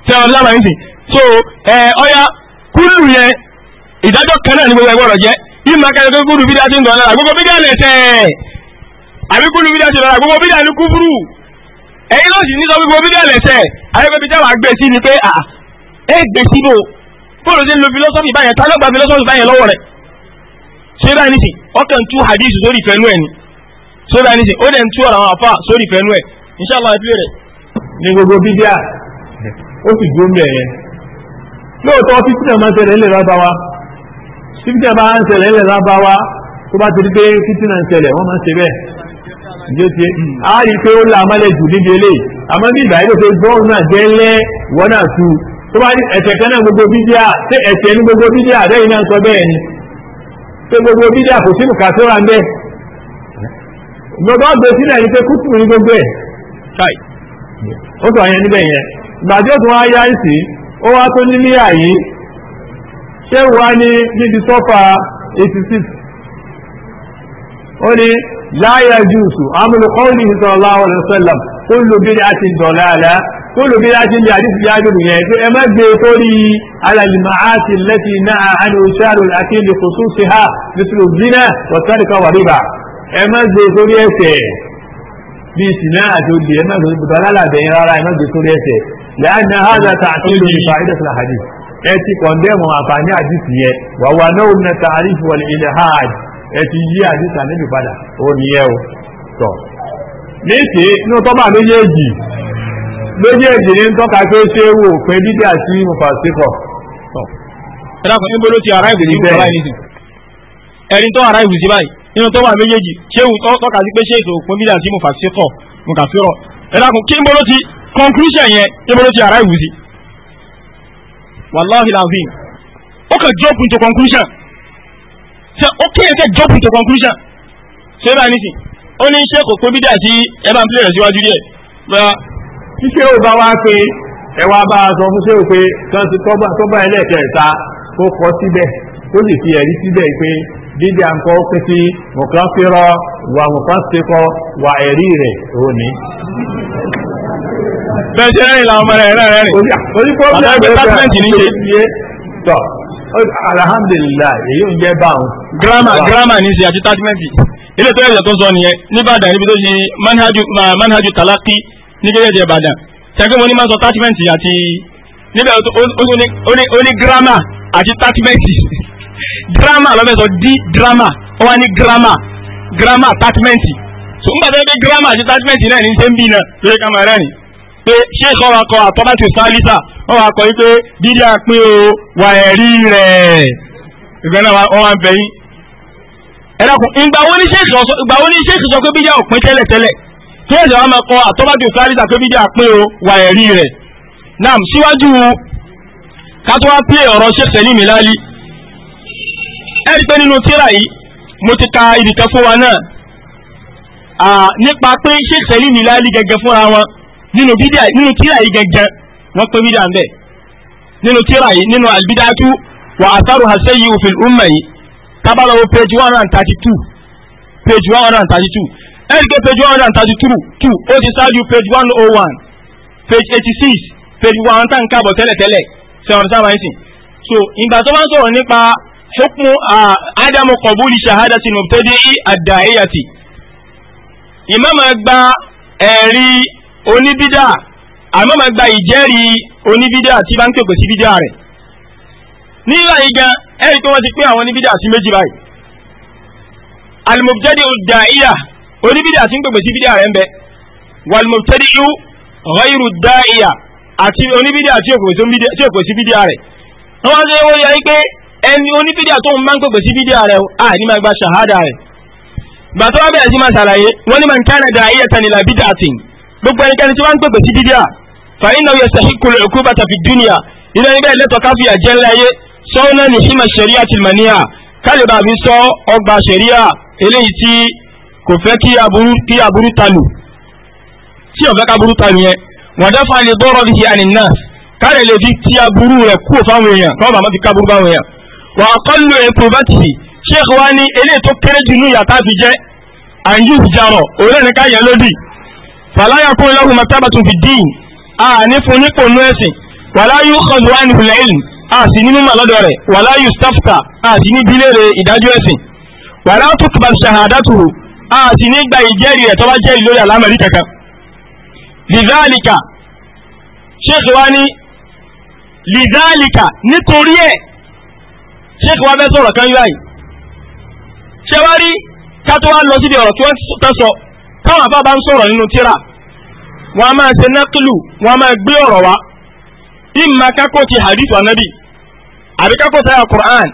tẹ́ ọ lábàá ìsìn so ọya kúlù yẹn ìdájọ́ kan náà ní gbogbo ẹgbọ́rọ̀ jẹ́ ìmọ̀ akẹ́kẹ́ pé kúlù bídíà ti ń dọ̀ lára gbogbo bídíà lẹ̀ tẹ̀ àbí kúlù bídíà ti lọ́ra gbogbo bídíà ní kúfúrú ẹ̀yin ló sì ní sọ gbogbo bídíà lẹ̀ tẹ̀ ayẹ́pẹ́bí tẹ́wà gbé sí ni pé à ẹ gbé fóònù ti ń lo philosophy báyẹn tá ló báyẹn lọ́wọ́ rẹ̀ sódà ní sìn ọkàn tú hadith sórí ìfẹ́nú ẹ̀ ni sódà ní sìn ó dẹ̀ ń tú ọ̀rọ̀ àwọn àfa sórí ìfẹ́nú ẹ̀ inṣàlá ìpínlẹ̀ rẹ̀. ní gbogbo bíbíà ó sì dúró mbẹ yẹn lóòótọ́ fífitì máa ń ṣẹlẹ̀ ńlẹ̀ lábáwá fífitì máa ń ṣẹlẹ̀ ńlẹ̀ lábáwá tó bá ti rí pé fífitì náà ń ṣẹlẹ̀ wọ́n máa ń ṣe bẹ́ẹ̀ ǹjẹ́ tiẹ̀ hmm, á rí i pé ó la amálẹ̀ jù níbi eléyìí pé gbogbo bídí àkòsínú kà tó ra ń gbogbo ọgbẹ́ sílẹ̀ ní pé kútù ní gbogbo ẹ̀ ó sọ yẹn níbẹ̀ yẹn gbàdí ó tún wá yá ìsì ó wá tó ní níyà yìí ṣé ní níbi sọ́fà 86 ó ní láyà jùùsù amúlùkọ́ ní kóòlù bí láti ń bí àdìsí bí ájúrù yẹn tori ala má gbé e sórí alàlìmáàtì lẹ́tì ha nítorí zina wọ̀tánìkà wà ríbà ẹ má gbé e sórí ẹsẹ̀ bí ìsìnà àti òdì ẹ má gbé bùtọ́ e alálàbẹ̀ yẹn rárá ẹ má gbé sórí ẹsẹ̀ lẹ́yìn àhàzà tààtúndì ìfàìdà sílẹ̀ àdì ẹ lójú ẹ̀jẹ̀ ní tọ́ka pé ṣé wò pé dídí àti mufasifọ̀. ẹ̀dàkùn níbo ló ti aráìbù sí báyìí nìsín ẹ̀rí tó aráìbù sí báyìí nínú tó wà méjèèjì ṣéwù tọ́ka sí pé ṣé ètò òpin dídí àti mufasifọ̀ mufasifọ̀ ẹ̀dàkùn kí níbo ló ti conclusion yẹn níbo ló ti aráìbù sí. wàláhi làǹfìn ó kàn jump into conclusion ṣe ó kéèyàn kẹ́ jump into conclusion ṣé báyìí nìsín ó ní ṣé kò pé dídí àti ẹ tí ṣé ò bá wá pé ẹwà bá a sọ fún ṣé ò pé kan ti tọ́gbà ẹlẹ́ẹ̀kẹta tó kọ síbẹ̀ tó sì fi ẹ̀rí síbẹ̀ pé dídí àǹkọ́ pín sí mọ̀kánfírọ́ wà mọ̀kánfíkọ́ wà ẹ̀rí rẹ̀ òní. bẹ́ẹ̀ ṣe rẹ́yìn làwọn ọmọ rẹ̀ rẹ̀ rẹ̀ rìn. orí pọ́blẹ́mì ní ṣe. tọ́ alhamdulillah èyí ò ń jẹ́ báwọn. gírámà gírámà ní ṣe àti tátímẹ́ǹtì ilé tó yẹ ní kéde ìbàdàn tẹ́gbẹ́ mo ní máa sọ attachment àti níbẹ̀ ó ní grammar àti attachment drama [laughs] lọ́bẹ̀ sọ di drama ó wá ní grammar grammar attachment so ń gbàdúrà pé grammar àti attachment náà ní ṣe ń bí náà lórí kàmá rẹ̀ ni pé ṣé kọ́ wa kọ àtọ́bàtì sálísà wọ́n wa kọ wípé dídí àpín o wà ẹ̀rí rẹ̀ ìgbẹ́ náà wọ́n wá ń bẹ̀ yín. ẹ dákun ìgbà wo ni ṣéèkì sọ pé bíjà òpin tẹ́lẹ̀tẹ́lẹ̀ tó ẹ̀jẹ̀ wa máa kọ àtọ́bájú sáríta pé bídíà pé o wà ẹ̀rí rẹ̀ náà síwájú kátó wá pé ọ̀rọ̀ ṣe tẹ̀lé mi lálí ẹ̀rí pé nínú tíra yìí mo ti ka ibìkan fún wa náà nípa pé ṣe tẹ̀lé mi lálí gẹ́gẹ́ fúnra wọn nínú bídíà nínú tíra yìí gẹ́gẹ́ wọ́n pé bídíà ń nínú tíra yìí nínú àlbídájú wà àtàrò àṣẹyìí òfin umma yìí tábàlọ́wọ́ page one hundred and thirty two page one hundred and thirty two ẹ̀ríkẹ́ page one hundred and thirty two two ó ti ṣáájú page one oh one page eighty six page one hundred and kábọ̀ tẹ́lẹ̀tẹ́lẹ̀ seven seven nine six so ìgbà tó bá ń sọ̀rọ̀ nípa hukmu uh, ádámù kọ̀bùlì ṣahada sínú tẹ́dí àdáyàtì ìmọ̀mọ̀ gba ẹ̀rí oníbídà àmọ́mọ̀ gba ìjẹ́rìí oníbídà tí bá ń pèpè sí bídà rẹ̀ nígbà yìí gan ẹ̀rí tó wọ́n ti pín àwọn oníbídà sí méjì báyìí alimobjadi ọ̀dà ìyá oníbídà tí ń pèpè sí bídà rẹ̀ ń bẹ walmubtadi'u ghayru da'iya àti oníbídà tí ò pèsè bídà rẹ̀ wọ́n wá sí owó yẹ pé ẹni oníbídà tó ń máa ń pèpè sí bídà rẹ̀ à ní máa gba ṣàhádà rẹ̀ gbà tó wá bẹ̀rẹ̀ sí máa ṣàlàyé wọ́n ní man kana da'iyatan ila bid'atin gbogbo ẹnikẹ́ni tí wọ́n ń pèpè sí bídà fa innahu yastahiqqu al-'uqubata fi dunya ilé ẹgbẹ́ ìlẹ́tọ̀ káfíà jẹ́ ńláyé sọ́ọ́nà ní hima sharia tìlmaniya kálíbà mi sọ ọgbà sharia eléyìí tí kò fẹ́ kí aburú kí aburú talù tí ó fẹ́ ká aburú talù yẹn wọ́n dáfà lè bọ́rọ̀ bí i àní náà káàrẹ̀ lè fi ti aburú rẹ̀ kú fáwọn èèyàn kọ́ bàmá fi káburú báwọn èèyàn wọ́n àkọlù èpò sheikh wa ní eléyìí tó kéré jù ní yàtá fi jẹ́ àyù jarọ̀ òun ẹ̀ní ká yẹn lódì fàlàyà kó lọ́hùn mọ́tàbà tó fi dín a ní fún ní pò nọ́ẹ̀sìn wàláyù kọ̀dùwà ní ilẹ̀ ìlú a a sì ní gba ìjẹ́rìí rẹ̀ tó bá jẹ́rìí lórí àlámọ̀rí kankan lidhalika sheikh wa ni lidhalika nítorí ẹ̀ sheikh wa fẹ́ sọ̀rọ̀ kan yí báyìí ṣé wá rí kátó wá lọ síbi ọ̀rọ̀ tí wọ́n fẹ́ sọ káwọn afá bá ń sọ̀rọ̀ nínú tíra wọn a máa ṣe nákìlù wọn a máa gbé ọ̀rọ̀ wá ìmọ̀ kákó ti hadith wa nabi àbíkákó sáyà Qur'an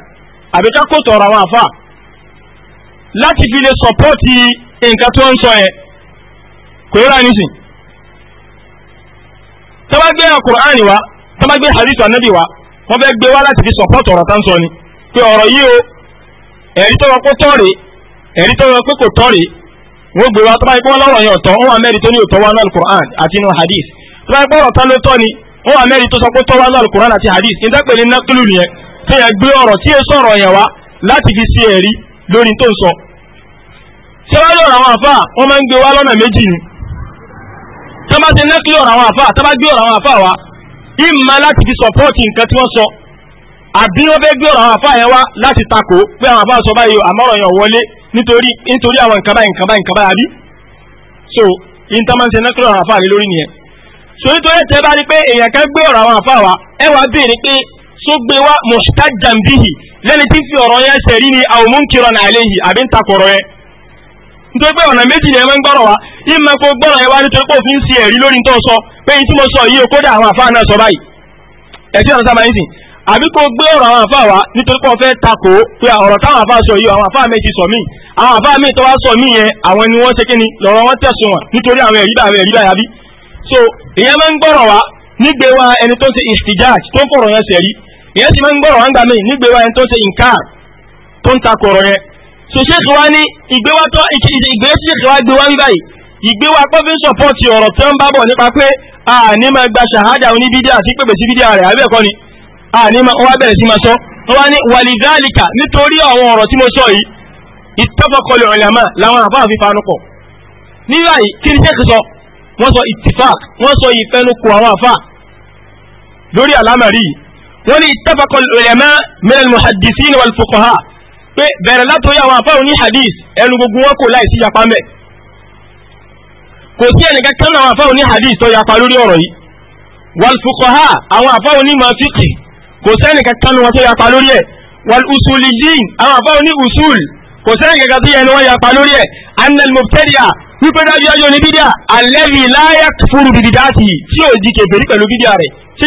àbíkákó tọ̀rọ̀ àwọn afá láti fi lè sọ̀pọ́ọ̀tì nǹkan tó ń sọ yẹn kò yóò rà nísìn tọ́ba gbé Al-Qur'ani wa tọ́ba gbé hadith anabi wa wọ́n fẹ́ gbé wá láti fi sọ̀pọ́ọ̀tì ọ̀rọ̀ tá ń sọ ni pé ọ̀rọ̀ yìí o ẹ̀rí tó wọn kó tọ́ rèé ẹ̀rí tó wọn pé kò tọ́ rèé wọ́n gbé wa tọ́ba yìí lọ́rọ̀ yẹn ọ̀tọ̀ wọ́n mẹ́rin tó ní òtọ́ wa náà Al-Qur'an àti inú hadith tọ́ba yìí pé ọ̀rọ̀ tá ló tọ́ ni wọ́n Al-Qur'an àti hadith ní dápẹ́ ní nákúlù nìyẹn tó yẹ gbé lórí tó ń sọ tí a bá lọ́rọ̀ àwọn àfà wọ́n máa ń gbé wá lọ́nà méjì ni tí a bá ti nẹ́kílì ọ̀rọ̀ àwọn àfà tí a bá gbé ọ̀rọ̀ àwọn àfà wa ìmọ̀ láti fi sọ̀pọ́ọ̀tì nǹkan tí wọ́n sọ àbí wọ́n fẹ́ gbé ọ̀rọ̀ àwọn àfà yẹn wá láti takò pé àwọn àfà sọ báyìí àmọ́rọ̀ yẹn wọlé nítorí nítorí àwọn nǹkan báyìí nǹkan báyìí nǹkan báyìí àbí so yìí tá máa ń ṣe ọ̀rọ̀ àwọn àfà lé lórí nìyẹn so nítorí tẹ́ bá rí pé èèyàn kan gbé ọ̀rọ̀ àwọn àfà wa ẹ wá bèèrè pé tó gbé wá muhtajjan bihi lẹ́ni tí fi ọ̀rọ̀ yẹn ṣẹ̀rí ni aw munkiran alayhi àbí ń takọ̀rọ̀ yẹn nítorí pé ọ̀nà méjì lè máa ń gbọ́rọ̀ wá ìmọ̀ kó gbọ́rọ̀ yẹn wá nítorí pé òfin ṣe ẹ̀rí lórí tó sọ pé yìí tí mo sọ yìí kódà àwọn àfáà náà sọ báyìí ẹ̀sìn ọ̀nà sábà yìí sìn àbí kó gbé ọ̀rọ̀ àwọn ni wọ́n ṣe kí ni lọ́rọ̀ wọ́n tẹ̀sùn wọn nítorí àwọn ẹ̀rí so ìyẹn máa ń gbọ́rọ̀ wá nígbè wa ẹni tó ń ṣe ìsìjáàj tó ń fọ̀rọ̀ yẹn sẹ̀rí ìyẹn sì máa ń gbọ́rọ̀ wá ń gbà mí nígbèwá ẹni tó ń ṣe nǹka tó ń ta kọ̀rọ̀ yẹn so ṣéèkì wa ní ìgbéwá tó ìgbé ṣéèkì wa gbé wá ń báyìí ìgbéwá pọ́ fi ń sọ̀pọ́ọ̀tì ọ̀rọ̀ tó ń bá bọ̀ nípa pé àní máa gba ṣàhádà oníbídíà sí pèpè sí bídíà rẹ̀ àbí ni àní wá bẹ̀rẹ̀ sí máa sọ wọ́n wá ní wàlìdáàlìkà nítorí àwọn ọ̀rọ̀ tí mo sọ yìí ìtọ́fọkọlẹ̀ ni ṣéèkì sọ wọ́n sọ ìtìfà wọ́n sọ ìfẹnukù àwọn àfáà lórí àlámàrí wọ́n ní ittafaqa al-ulama min al-muhaddithin wal-fuqaha pé bẹ̀rẹ̀ látọ̀rí àwọn àfáà ní hadith ẹnu gbogbo wọn kò láìsí yapa mẹ́ kò sí ẹnìkan kan àwọn àfáà ní hadith tó yapa lórí ọ̀rọ̀ yìí wal-fuqaha àwọn àfáà ní mafiki kò sí ẹnìkan kan wọn tó yapa lórí ẹ̀ wal-usuliyyin àwọn àfáà ní usul kò sí ẹnìkan kan tó yẹ ni wọ́n yapa lórí ẹ̀ annal mubtadi'a wípé dájú ayọ̀ ní bídíà alladhi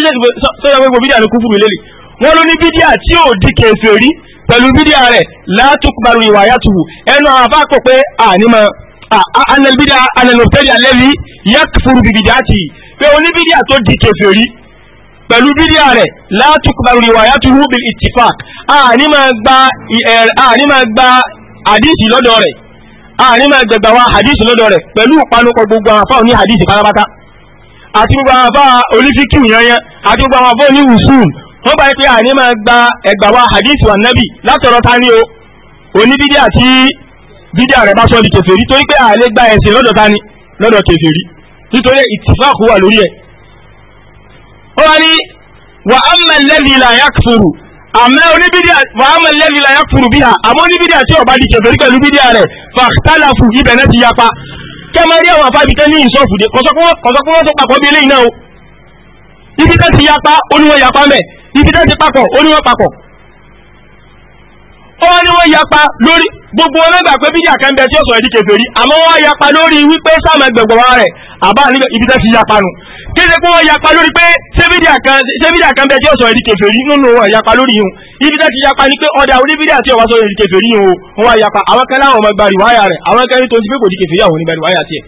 ṣéṣe sọ́dọ̀ pé gbogbo bídíà ni kúfùrù lélẹ̀ wọ́n ló ní bídíà tí ò di kèfèrí pẹ̀lú bídíà rẹ̀ látùkùbàrù ìwà yàtùwù ẹnu àwọn afá kò pé ànímọ̀ anàlbídíà anàlùfẹ́rì alẹ́rí yàtùfùrù bìbìdíà tì pé oníbídíà tó di kèfèrí pẹ̀lú bídíà rẹ̀ látùkùbàrù ìwà yàtùwù bil ittifaq ànímọ̀ gba àdìsí lọ́dọ̀ rẹ̀ ànímọ̀ gbẹgbà wa àdìsí lọ́dọ̀ rẹ̀ pẹ̀lú ìpanupọ̀ gbogbo àwọn afáwọn ní àdìsí pátápátá àti gbogbo àwọn àbá onífíkìwù yanyan àti gbogbo àwọn àbá oníwùsùn wọ́n bá yẹ pé àní máa gba ẹgbà wa hadith wa nabi látọ̀rọ̀ ta ni o oníbídí àti bídí àrẹ bá sọ di kèfèrí torí pé àlè gba ẹ̀sìn lọ́dọ̀ ta ni lọ́dọ̀ kèfèrí nítorí ìtìfáàkù wà lórí ẹ̀. ó wá ní wà á mẹ lẹ́bi là yà kúrú àmẹ́ oníbídí wà á mẹ lẹ́bi là yà kúrú bí i hà àmọ́ oníbídí àti ọ̀bá di kèfèrí bídí àrẹ fàtàlàfù kẹ́ máa rí àwọn àfáàbí tẹ́ ní ìṣọ́ọ̀fù dé kọ̀sọ́kún wọ́n tó papọ̀ bí eléyìí náà o ibi tẹ́ ti yapa oníwọ̀n yapa mẹ́ ibi tẹ́ ti papọ̀ oníwọ̀n papọ̀ ó wá ní wọ́n yapa lórí gbogbo ọlọ́gbà pé bíjà kan bẹ tí ó sọ ìdíkẹfẹ́ rí àmọ́ wọ́n yapa lórí wípé sáàmù ẹgbẹ̀gbọ̀n rẹ̀ àbá ibi tẹ́ ti yapa nù kéde pé wọ́n yapa lórí pé sẹ́bídìà kan sẹ́bídìà kan bẹ́ẹ̀ tí ó sọ èdè kèfèrí nínú wọn yapa lórí yìí ibi tó ti yapa ni pé ọ̀dà oníbídìà tí ọba sọ èdè kèfèrí yìí wọn wá yapa àwọn kan láwọn ọmọ gba rìwáyà rẹ̀ àwọn kan tó ti pé kò di kèfèrí àwọn onígbà rìwáyà tiẹ̀.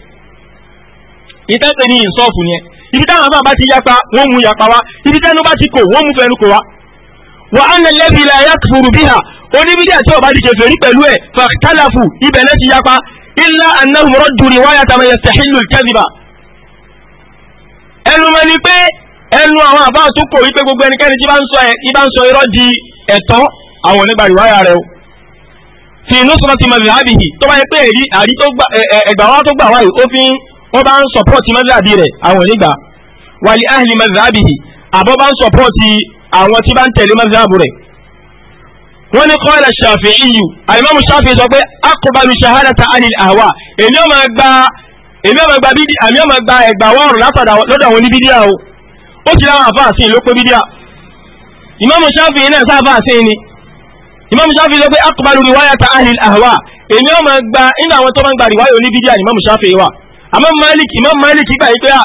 ìtẹ́sẹ̀ ni ìsọ́ọ̀fù yẹn ibi táwọn afáàbá ti yapa wọ́n mú yapa wá ibi tẹ́nu bá ti kò wọ́n mú fẹnu kò wá. wà ẹnu mọ́ ni pé ẹnu àwọn àbá tó kò wípé gbogbo ẹnikẹ́ni tí bá ń sọ irọ́ di ẹ̀tọ́ àwọn onígbà ìwáyà rẹ o fi inú sọ̀rọ̀ ti mọ̀lẹ́ àbìyí tó bá yẹ pé èyí àrí tó gbà ẹ̀gbà wa tó gbà wáyé ó fi wọ́n bá ń sọ̀pọ̀tì mọ̀lẹ́ àbí rẹ̀ àwọn onígbà wàlí ahli mọ̀lẹ́ àbìyí àbọ̀ bá ń sọ̀pọ̀tì àwọn tí bá ń tẹ̀lé mọ̀lẹ́ àbú rẹ̀. wọ́n ní kọ́lá Shafi'i yìí àlùmọ́mù Shafi'i anil ahwa èyí ó máa èmi ọmọ gba bídí àmì ọmọ gba ẹgbà wọ́ọ̀rùn látọ̀dà lọ́dọ̀ àwọn oníbídíà o ó ti láwọn àfáà sí ló pé bídíà ìmáàmù ṣáfì iná sáfàá sí ni ìmáàmù ṣáfì ló pé akọbalù riwayata ahlil ahwa èmi ọmọ gba inú àwọn tó máa gba riwaya oníbídíà ni ìmáàmù ṣáfì wà àmọ́ malik ìmáàmù malik gbà yí pé à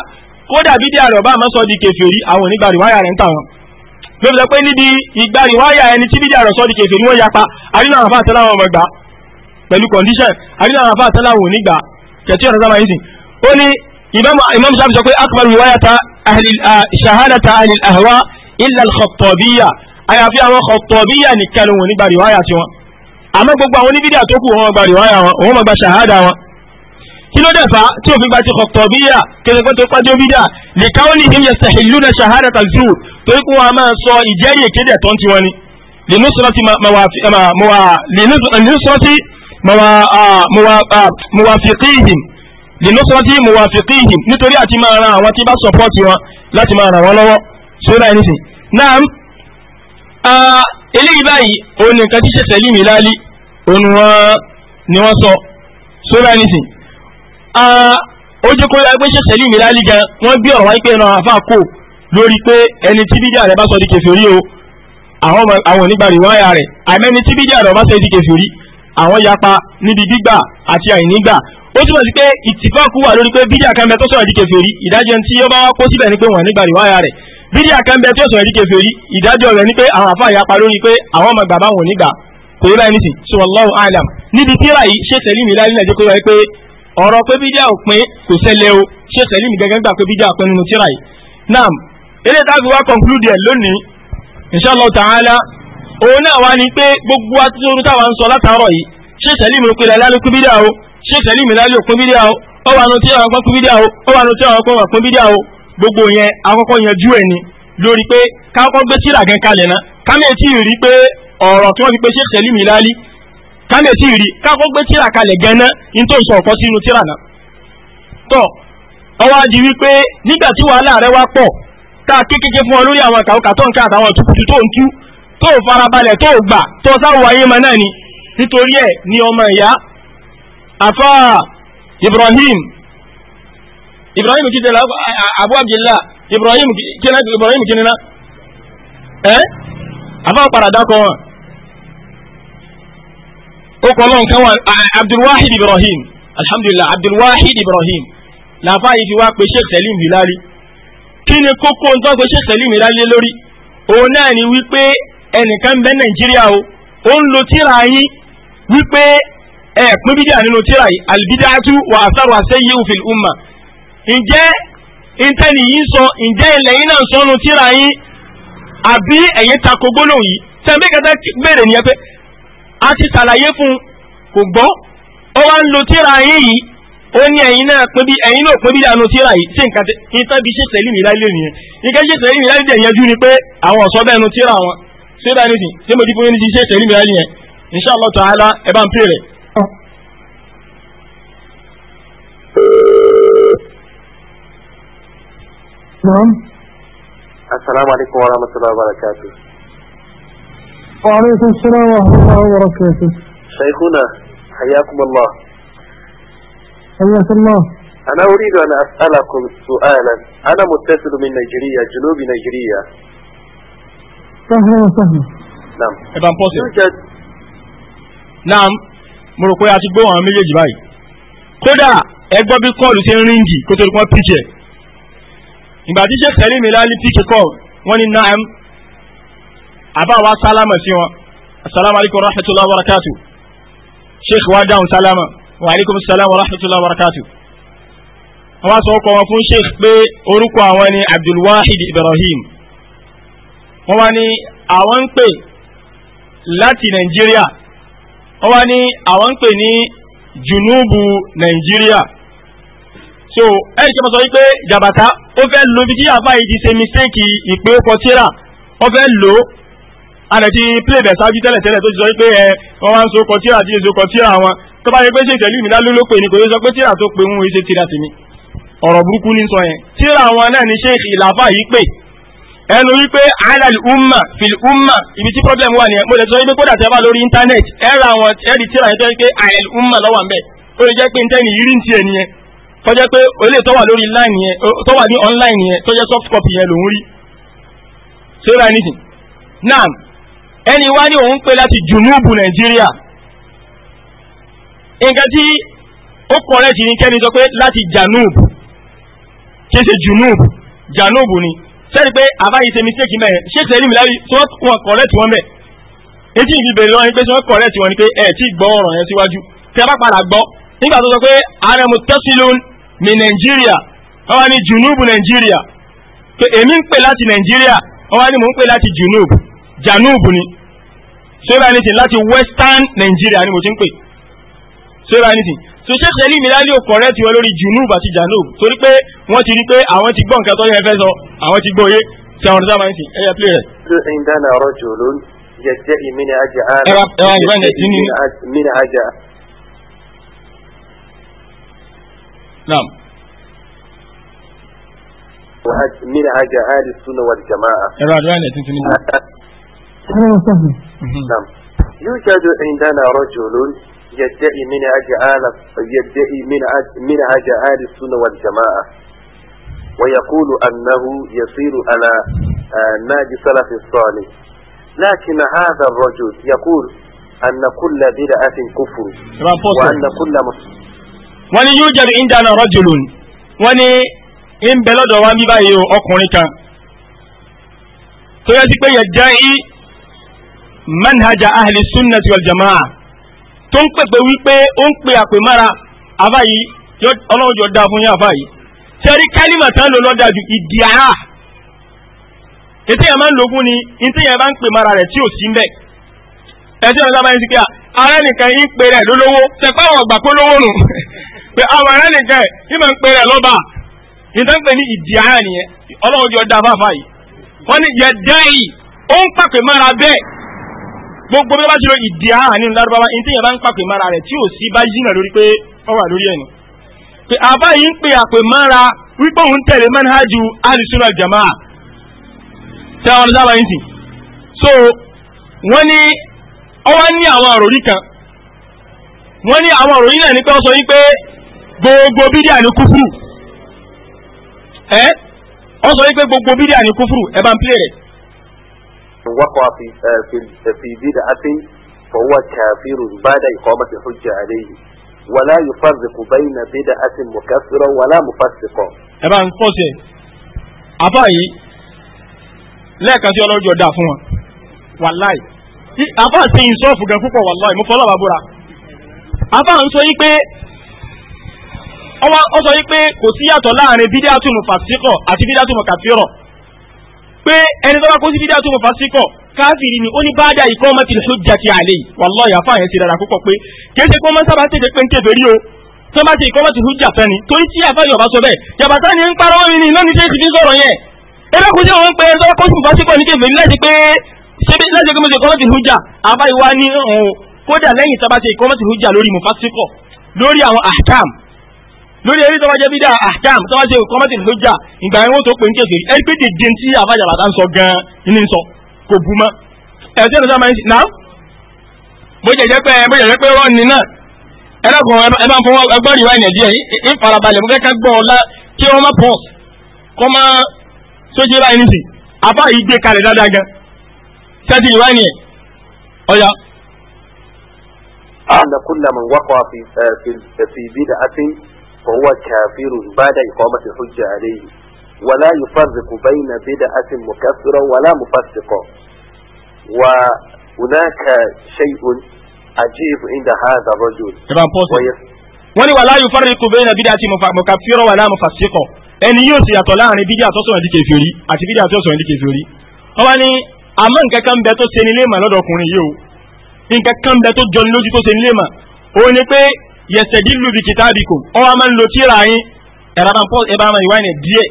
kódà bídíà rẹ̀ ọba àmọ́ sọ di kèfèrí àwọn onígbà riwaya rẹ̀ ń tà wọn ló fi sọ pé níbi ìgbà riwaya ẹni gbà pẹ̀lú ṣètí ọ̀nà sábà yìí sìn ó ní imam shafi sọ pé akbar riwayata shahadata ahlil ahwa illa al-khattabiya àyàfi àwọn khattabiya nìkan ni wọn nígbà riwaya tiwọn àmọ́ gbogbo àwọn oníbídíà tó kù wọn gba riwaya wọn òun ma gba shahada wọn kí ló dẹ̀fà tí òfin gba ti khattabiya kẹsẹ̀kọ́ tó pàdé bídíà likawnihim yastahilluna shahadata zuur torí kí wọn máa sọ ìjẹ́rìí èkéde ẹ̀tọ́ tiwọn ni linusrati muwafiqihim linusrati muwafiqihim nítorí àti máa ran àwọn tí bá sọpọ́ọ̀tì wọn láti máa ràn wọ́n lọ́wọ́ sórí àyìn nísìn náà eléyìí báyìí òun nìkan tí ṣẹ̀ṣẹ̀ límì lálí òun ni wọ́n sọ sórí àyìn nísìn ó jẹ́ kó yá pé ṣẹ̀ṣẹ̀ límì lálí gan wọ́n gbé o àwọn onígbàrí wọ́n yà rẹ̀ àmẹ́ni tí bíjà rẹ̀ bá sọ di àwọn yapa níbi gbígbà àti àìnígbà ó túmọ̀ sí pé ìtìfáàkù wà lórí pé bídíà kan bẹ tó sọ̀rọ̀ di kèfèrí ìdájọ́ tí ó bá wá kó síbẹ̀ ni pé wọ́n nígbà rìwáyà rẹ̀ bídíà kan tó sọ̀rọ̀ di kèfèrí ìdájọ́ rẹ̀ ni pé àwọn àfa yapa lórí pé àwọn ọmọ bàbá wọn nígbà kò yẹ báyìí nìsín sọ wallahu alam níbi tíra yìí ṣe tẹ̀lé mi láyé nàìjíríà kó yẹ pé ọ̀rọ̀ pé bídíà òpin kò ṣẹlẹ̀ o ṣe tẹ̀lé mi gẹ́gẹ́ gbà pé bídíà òpin nínú tíra yìí naam eré táàbí wá conclude ẹ̀ lónìí inshallah ta'ala òun náà wá ní pé gbogbo atúnṣorú táwa ń sọ látàárọ̀ yìí ṣé tẹ̀lé mi òpin lálẹ́ òpin bídíà o ṣé tẹ̀lé mi lálẹ́ òpin bídíà o ó wà nù tí àwọn kan pín bídíà o ó wà nù tí àwọn kan wà pín bídíà o gbogbo yẹn akọ́kọ́ yanjú ẹ̀ ni lórí pé kákọ́ gbé síra gan kalẹ̀ náà kámẹ́tì rí pé ọ̀rọ̀ tí wọ́n fi pé ṣé tẹ̀lé mi lálẹ́ kámẹ́tì rí kákọ́ gbé síra kalẹ̀ gan tó farabalẹ̀ tó gbà tó sáwọ ayé ma náà ni nítorí ẹ̀ ni ọmọ ìyá afa Ibrahim Ibrahim kí jẹ́ Abu Abdillah Ibrahim kí ní Ibrahim kí ní ná ẹ́ afa padà dákọ̀ wọn ó kọ́ lọ́n kan Abdulwahid Ibrahim alhamdulillah Abdulwahid Ibrahim làfáà yìí fi wá pé Sheikh Salim Hilali kí ni kókó ń tọ́ pé Sheikh Salim Hilali lórí òun náà ni wípé ẹnìkan bẹ nàìjíríà o ó ń lo tíra yín wípé ẹ pín bídíà nínú tíra yìí àlùbídàtú wà àṣàrò àṣẹyé òfin umma ǹjẹ́ ìtẹ́ni yìí sọ ǹjẹ́ ilẹ̀ yìí náà sọnù tíra yín àbí ẹ̀yin tako gbólóhùn yìí tẹ̀mí kẹta béèrè nìyẹn pé a ti ṣàlàyé fún kò gbọ́ ó wá ń lo tíra yín yìí ó ní ẹ̀yin náà pín bí ẹ̀yin náà pín bí dànù tíra yìí sí nǹkan tí nǹkan bí ṣe tẹ̀lé mi láyé nìyẹn nǹkan ṣe tẹ̀lé mi láyé dẹ̀ yẹn ni pé àwọn ọ̀sọ́ bẹ́ẹ̀ nu tíra wọn say that anything. Say my people anything. Say tell me anything. Inshallah to Allah, I'm praying. السلام عليكم ورحمة الله وبركاته وعليكم السلام ورحمة الله وبركاته شيخنا حياكم الله حياك الله أنا أريد أن أسألكم سؤالا أنا متصل من نيجيريا جنوب نيجيريا sọ́hún sọ́hún. ẹ bá ń pọ̀ sí. náà mo rò pé a ti gbọ́ àwọn méjèèjì báyìí. kódà ẹ gbọ́ bí kọ́ọ̀lù ṣe ń ríǹgì kó tó di pọ́n píkẹ̀. ìgbà tí sèkè rí mi láàlí píkẹ̀ kọ́ wọ́n ní náà àbá wa sálámà sí wọn asalaamu alaykum wa rahmatulahi wa barakatu sheikh wa dáhùn sálámà wa alaykum salaam wa rahmatulahi wa barakatu wọ́n sọ ọkọ̀ wọn fún sheikh pé orúkọ àwọn ni abdulwahid ibrahim wọ́n wá ní àwọn ń pè láti nàìjíríà wọ́n wá ní àwọn ń pè ní junubu nàìjíríà so ẹ ṣe mọ̀ sọ wípé jàbàtà ó fẹ́ lo bí kí àbá yìí ti ṣe mistake ìpè ó kọ síra ó fẹ́ lò ó àdàtí play bẹ̀ ṣáájú tẹ́lẹ̀ tẹ́lẹ̀ tó ti sọ wípé ẹ wọ́n wá ń so kọ síra àti èso kọ síra wọn tó bá yẹ pé ṣe ìtẹ̀lú ìmìlá ló ló pè ní kò yẹ sọ pé tíra tó pe òun ṣe tíra tèmi ọ̀rọ̀ burúkú ní sọ yẹn tíra wọn náà ní ṣe ìlàfà yìí pè ẹnu wípé alal umma fil umma ibi tí problem wà nìyẹn mo lè sọ wípé kódà tí a bá lórí internet ẹ̀rọ àwọn ẹ̀rí tíra yẹn tó yẹ umma lọ́wọ́ mbẹ́ ó lè jẹ́ pé ntẹ́ni yìí rí ti ẹ̀ nìyẹn tó pé olè tó wà lórí line yẹn tó wà ní online yẹn tó soft copy yẹn lòún rí ṣé ra anything náà ẹni wá ní òun pé láti jùnúùbù nàìjíríà nǹkan tí ó kọ̀rẹ́ sí ni kẹ́ni sọ pé láti janúùbù kí ṣe jùnúùbù janúùbù ni sẹ́ni pé àbáyé ṣe mistake mẹ́rin ṣé ṣe elim láyé tí wọ́n correct wọn bẹ̀ etí ìfi bèrè lọ́rin pé tí wọ́n correct wọn ni pé ẹ̀ tí gbọ́ ọ̀ràn yẹn síwájú tẹ́ bá padà gbọ́ nígbà tó sọ pé ààrẹ mo tẹ́sílùn ní nàìjíríà wọ́n wá ní junubu nàìjíríà pé èmi ń pè láti nàìjíríà wọ́n wá ní mò ń pè láti junubu janubu ni ṣé báyìí nìsín láti western nàìjíríà ni mo ti ń pè ṣé báyìí nìsín so ṣé sẹ́lí mi láyé ò correct tiwọn lórí junub àti janub torí pé wọ́n ti rí pé àwọn ti gbọ́ nǹkan tó yẹ fẹ́ sọ àwọn ti gbọ́ yé tí àwọn ọ̀dọ́ máa ń sìn ẹ̀yà play rẹ̀. ṣé ìdáná ọ̀rọ̀ jù ló ń jẹ́jẹ́ ìmìnira àjà ààrẹ ìmìnira àjà. naam. ìmìnira àjà ààrẹ sunna wal jamaa. ẹ̀rọ àdúrà ní ẹ̀sìn tuntun. naam. yóò ṣàjọ ìdáná ọ̀rọ̀ jù lónìí. يدعي من أجعال يدعي من من أجعال السنة والجماعة ويقول أنه يصير على آه، ناج سلف الصالح لكن هذا الرجل يقول أن كل بدعة كفر وأن كل مسلم wani yóò jẹ́ indiana rọ́jùlù wọ́n ní ń bẹ lọ́dọ̀ wa ní báyìí ọkùnrin kan tó yẹ sí tó ń pèpè wípé ó ń pè àpè mára àfáyí ọlọ́run jọ dáa fún yín àfáyí kálímà tán ló ìdí yẹn máa ń lògùn ni yẹn bá ń pè mára rẹ̀ tí ò sí mbẹ́ ẹjọ́ ìjọba yẹn ti ara nìkan yín pe rẹ̀ lólówó àwọn ọ̀gbà lówó nù [laughs] pé àwọn nìkan yín máa ń rẹ̀ lọ́ba ní ìdí àá nìyẹn ọlọ́run jọ da fún wọ́n ní gbogbo bí wọ́n bá ti lo ìdí ahàn nínú lárúbáwá ní bá ń pàpè mára rẹ̀ tí ò sí bá jìnnà lórí pé ó wà lórí ẹ̀nu. pé àbá yìí ń pè àpè mára wípé òun tẹ̀lé àwọn so wọ́n ní ọwọ́ ní àwọn àròrí kan wọ́n ní àwọn àròrí náà ní gbogbo bídíà kúfùrù ẹ́ gbogbo bídíà kúfùrù إن وقع في في بدعة فهو كافر بعد إقامة الحجة عليه ولا يفرق بين بدعة مكفرة ولا مفسقة. ẹ̀rọ à ń fọ́sẹ̀ àbá yìí lẹ́ẹ̀kan tí ọlọ́jọ́ dà fún wa wàláì àbá ṣe ìṣọ́ọ̀fù gan púpọ̀ wàláì mo fọlọ́ bàbúrà àbá ń sọ yí pé ó sọ yí pé kò síyàtọ̀ láàrin bídíàtùmù fàṣíkọ̀ àti bídíàtùmù kàfírọ̀ pé ẹni tó bá kó sí bídà tó mọ̀ fásikọ̀ káfíìrì ni ó ní báàdà ikọ́ ọmọ ti lè so jàti àlè wàlláhì àfa yẹn ti dára púpọ̀ pé kéde kó mọ́ sábà tètè pé ń tètè rí o tó bá ti ikọ́ ọmọ ti hujjà fẹ́ ni torí tí àfa yóò bá sọ bẹ́ẹ̀ yàbàtà ni ń parọ́ mi ni lónìí tẹ́ ti fi sọ̀rọ̀ yẹn ẹlẹ́kùn sí òun pé ẹni tó bá kó sí fásikọ̀ lórí eré tọ́wọ́ jẹ́ bí dáa àkàm tọ́wọ́ jẹ́ ló jà ìgbà yẹn wọ́n tó pè ń kéde ẹni pé tí sọ gan ní sọ kò bu mọ́ náà bó jẹ̀jẹ̀ pé bó jẹ̀jẹ̀ pé wọ́n ní náà ẹ ẹgbọ́n ìwà ń farabalẹ̀ gbọ́ ọ̀la kí wọ́n má kọ́ má sójú ìwà yìí gbé kalẹ̀ dáadáa gan sẹ́tì ìwà ọ̀ya. فهو كافر بعد إقامة الحجة عليه ولا يفرق بين بدعة مكفرة ولا مفسقة وهناك شيء عجيب عند هذا الرجل wọ́n ní wàlá yóò fárẹ̀ bẹ́ẹ̀ na bídíà tí mo kà fírọ̀ wàlá ẹni yóò sì yàtọ̀ láàrin bídíà tó sọ̀rọ̀ di àti bídíà tó sọ̀rọ̀ di wọ́n wá ní àmọ́ nǹkan kan bẹ tó ṣe nílé mà lọ́dọ̀ ọkùnrin yìí o nǹkan kan bẹ tó jọ ní lójú tó ṣe nílé mà òun ni pé yẹsẹ̀dílù bí kìtàbíkù ọwọ́ máa ń lo tíra yín ẹ̀rọ máa ń pọ̀ ẹ̀bá máa ìwá yẹn díẹ̀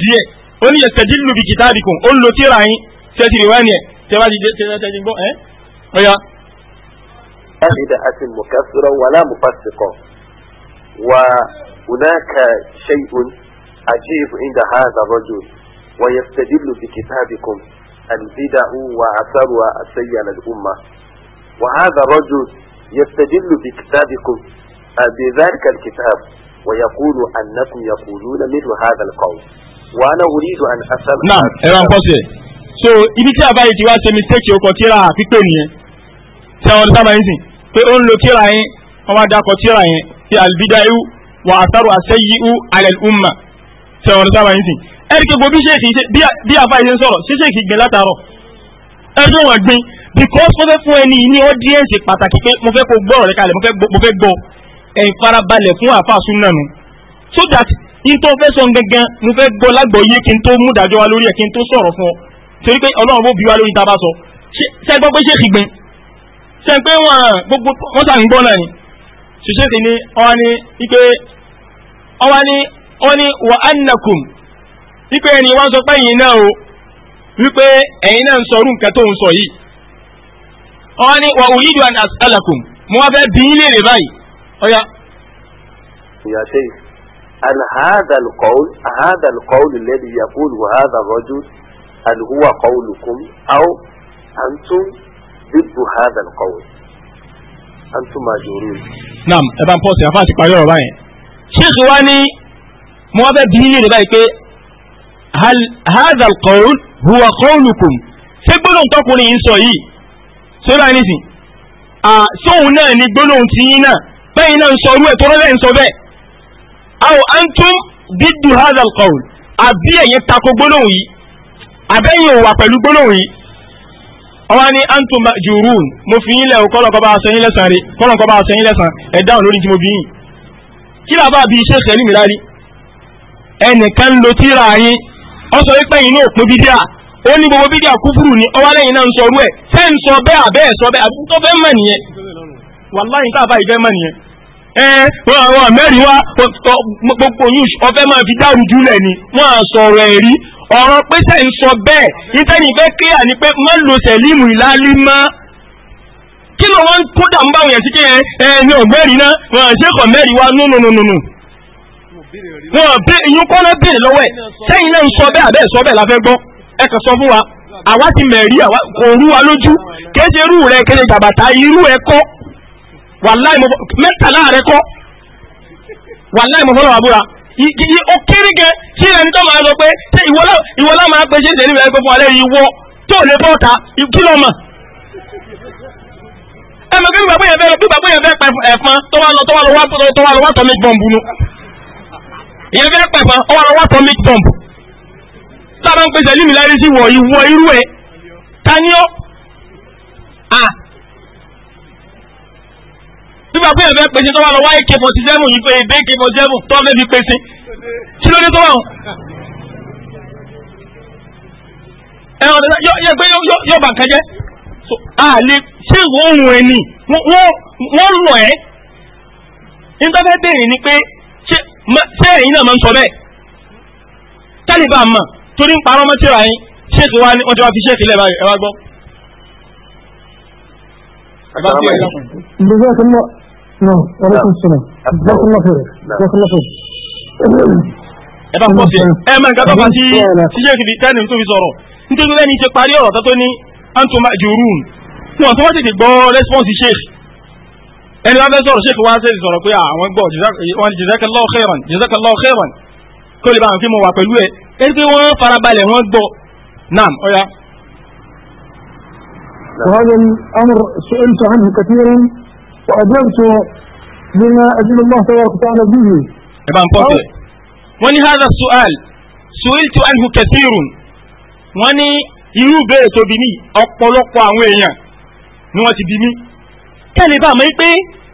díẹ̀ ó ní yẹsẹ̀dílù bí kìtàbíkù ó ń lo tíra yín tẹ́tì ìwá yẹn tẹ́wá ti tẹ́tì gbọ́ ẹ́ ọ̀yà. ẹ̀rìndà àti mùkásírọ̀ wà láàmúfàsíkọ̀ wà hunaka shay'un ajib inda hadha rajul wa yastadillu bi kitabikum al-bid'u wa atharuha asayyan umma wa hadha rajul يستدل بكتابكم بذلك الكتاب ويقول أنكم يقولون مثل هذا القول وأنا أريد أن أسأل نعم إيران قصير so ibi tí a bá yìí ti wá ṣe mistake ọkọ̀ tíra pípé nìyẹn tí àwọn ọ̀dọ́ máa ń sìn pé ó ń lo tíra yẹn wọ́n máa dákọ̀ tíra yẹn ti albidaiu wà àtàrò àṣẹyíu alẹ́lùmà tí àwọn ọ̀dọ́ máa ń sìn ẹ̀rí kí gbogbo bí ṣèkì bí àfáà yìí ń sọ̀rọ̀ ṣíṣèkì gbin látàárọ̀ ẹ̀rí wọn gbin because mo fẹ́ fún ẹni ní ọ́díẹ̀nsì pàtàkì pé mo fẹ́ kó gbọ́ ọ̀rẹ́ kalẹ̀ mo fẹ́ gbọ́ ẹ̀yìn farabalẹ̀ fún àfàṣù náà nu so that in tó fẹ́ sọ gangan mo fẹ́ gbọ́ lágbọ̀ọ́yé kí n tó mú dájọ́ wa lórí ẹ̀ kí n tó sọ̀rọ̀ fún ọ torí pé ọlọ́run bó bí wa lórí tábà sọ ṣe gbọ́ pé ṣé kì gbin ṣe pé wọn gbogbo wọn sà ń gbọ́ náà ni ṣiṣẹ́ ti ní ọwá ní ipe ọwá ní ọ ní wà annakum ipe ẹni wọn sọ pé ẹ̀yin náà o wípé ẹ̀yin náà ń sọ orú nǹkan tó ń sọ yìí wọ́n ní wà òyìnbó àti asalakum mo wá fẹ́ bí í léèrè báyìí ọ̀yà. ìyá sẹ́yìn an hadha alqawl hadha alqawl alladhi yaqulu hadha rajul hal huwa qawlukum aw antum diddu hadha alqawl antum majurun. naam ẹ bá ń pọ̀ sí àfa àti parí ọ̀rọ̀ báyìí sheikh wa ni fẹ́ bí í léèrè báyìí pé hal hadha alqawl huwa qawlukum ṣé gbọ́dọ̀ tọkùnrin yìí sọ yìí ṣé bá ní sìn sóhun náà ni gbólóhùn ti yín náà bẹ́yìn náà ń sọ orú ẹ̀ tó rọ́lẹ́ ń sọ bẹ́ẹ̀ aw antum diddu hadha alqawl àbí ẹ̀yin tako gbólóhùn yìí àbẹ́yìn ò wà pẹ̀lú gbólóhùn yìí ọwọ́ ni antum majurun mo fi yín lẹ̀ o kọ́lọ̀ kọ́ba aṣọ yín lẹ́sàn rí kọ́lọ̀ kọ́ba aṣọ lẹ́sàn ẹ̀ dáhùn tí mo bí yín kí là bí iṣẹ́ sẹ́ni mi rárí ẹnìkan lo tíra yín ọ sọ wípé yín náà pín bídíà ó ní gbogbo bídíà kúfúrú ni ọwọ́ lẹ́yìn náà ń sọ orú ẹ̀ ṣé ń sọ bẹ́ẹ̀ àbẹ́ ẹ̀ sọ bẹ́ẹ̀ àbúkọ́ fẹ́ mọ̀ nìyẹn wàláyìn tá a bá ìfẹ́ mọ̀ nìyẹn. ẹ wọn àwọn mẹ́rin wá gbogbo yìí ọfẹ́ máa fi dárú júlẹ̀ ni wọ́n á sọ̀rọ̀ ẹ̀ rí ọ̀rọ̀ pé ṣé ń sọ bẹ́ẹ̀ nítẹ́ni fẹ́ kíyà ni pé má lo sẹ̀límù ìlálí mọ́ kí ló wọ́n kó dà ń bá òyìn síkẹ́ ẹ ní ọ̀gbẹ́rì náà wọn à ṣe kọ̀ mẹ́rin wá nùnùnùnùnù wọn bẹ ìyókọ́ náà bèrè lọ́wọ́ ẹ̀ sẹ́yìn náà ń sọ bẹ́ẹ̀ àbẹ́ẹ̀ sọ bẹ́ẹ̀ la fẹ́ gbọ́. ẹ kàn sọ fún wa àwa ti mẹ̀rí kò rú wa lójú kéṣe irú rẹ kéṣe jàbàtà irú ẹ kọ́ wàláì mo mẹ́tàlá rẹ kọ́ wàláì mo fọ́nà wà búra ó kéré gẹ máa sọ pé ṣé ìwọ máa pe ṣe ìṣẹ̀lẹ̀ ìbẹ̀rẹ̀ fún alẹ́ yìí wọ tó lè bọ́ ta kí ló mọ̀ ẹ mọ̀ kí gbàgbé yẹn fẹ́ tá a bá ń pèsè límì lárí sí wọ̀ ìwọ irú ẹ̀ ta ni ó à nígbà pé ẹ̀fẹ́ pèsè tó bá lọ wá ak forty seven yìí pé èdè ak forty seven tó fẹ́ fi pèsè kí ló dé tó wà hàn. ẹ̀rọ ọ̀dọ̀ yẹ pé yóò bà kẹjẹ́ àlè ṣé ìwọ ohun ẹ̀ ni wọ́n lọ ẹ́ nígbà fẹ́ bèèrè ni pé ṣé ẹ̀yin náà máa ń sọ bẹ́ẹ̀ tálíbà máa torí ń parọ́ mọ́tíra yín ṣéèkì wá ní wọ́n ti wá fi ṣéèkì lẹ́ẹ̀ báyìí ẹ wá gbọ́. ẹ bá pọ̀ sí ẹ mọ nǹkan tó bá ti ṣíṣe kìdí kẹ́ni tó fi sọ̀rọ̀ nítorí bẹ́ẹ̀ ni ṣe parí ọ̀rọ̀ tó tó ní antoma jurun wọn tó wá tètè gbọ́ rẹ́spọ́nsì ṣéèkì ẹni wá fẹ́ sọ̀rọ̀ ṣéèkì wá ṣe sọ̀rọ̀ pé ah, àwọn gbọ́ jazakallahu khairan jazakallahu khairan kó lè bá àwọn fíìmù wà pẹ̀lú ẹ̀ ẹni pé wọ́n farabalẹ̀ wọ́n gbọ́ naam ọ̀ya. وهذا الأمر سئلت عنه كثيرا وأجبت بما أجل الله تبارك وتعالى به. السؤال سئلت عنه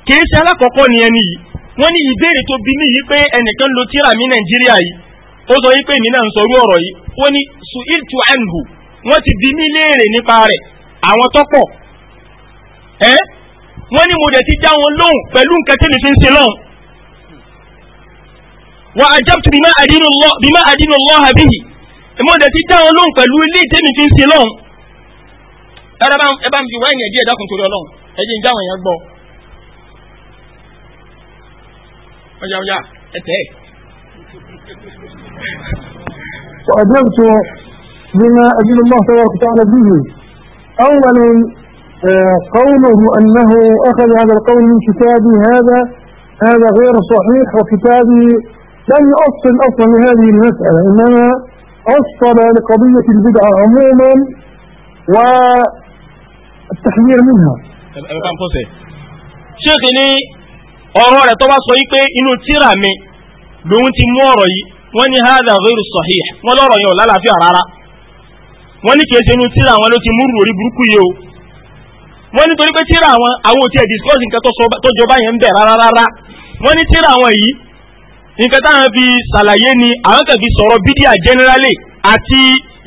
ṣe alákọ̀ọ́kọ́ ni ẹni yìí ó sọ yìí pé èmi náà ń sọrú ọ̀rọ̀ yìí ó ní suhiltu anhu wọ́n ti di mí léèrè nípa rẹ̀ àwọn tọ́pọ̀ ẹ́ wọ́n ní mo dẹ̀ ti já wọn lóhùn pẹ̀lú nǹkan tí mi fi ń ṣe lọ́hùn. wa ajabtu bima adinu Allah bima adinu Allah bihi mo dẹ̀ ti dá wọn lóhùn pẹ̀lú ilé tí mi fi ń ṣe lọ́hùn. ẹ̀rọ ẹ bá mi fi wáìnì ẹ̀jẹ̀ ẹ̀dá kan torí ọlọ́run ẹ̀jẹ̀ ń já wọn yẹn gbọ́. ọjà ọjà ẹ̀tẹ́ ẹ̀. وأجبت بما أجل الله تبارك وتعالى به أولا آه، قوله أنه أخذ هذا القول من كتابي هذا هذا غير صحيح وكتابي لم يؤصل أصلا لهذه المسألة إنما أصل لقضية البدعة عموما والتحذير منها شيخ ni ọ̀rọ̀ rẹ̀ tó bá sọ yí pé inú tíra mi lòun ti mú ọ̀rọ̀ yìí wọ́n ní hadha ghairu sahih wọ́n lọ́rọ̀ yẹn ò lálàáfíà rárá wọ́n ní kìí ṣe inú tíra àwọn ló ti múrù orí burúkú yìí o wọ́n ní torí pé tíra àwọn àwọn òtí ẹ̀ discuss nǹkan tó jọba yẹn ń bẹ̀ rárá wọ́n ní tíra àwọn yìí nǹkan táwọn fi ṣàlàyé ni àwọn kan fi sọ̀rọ̀ bídíà generally àti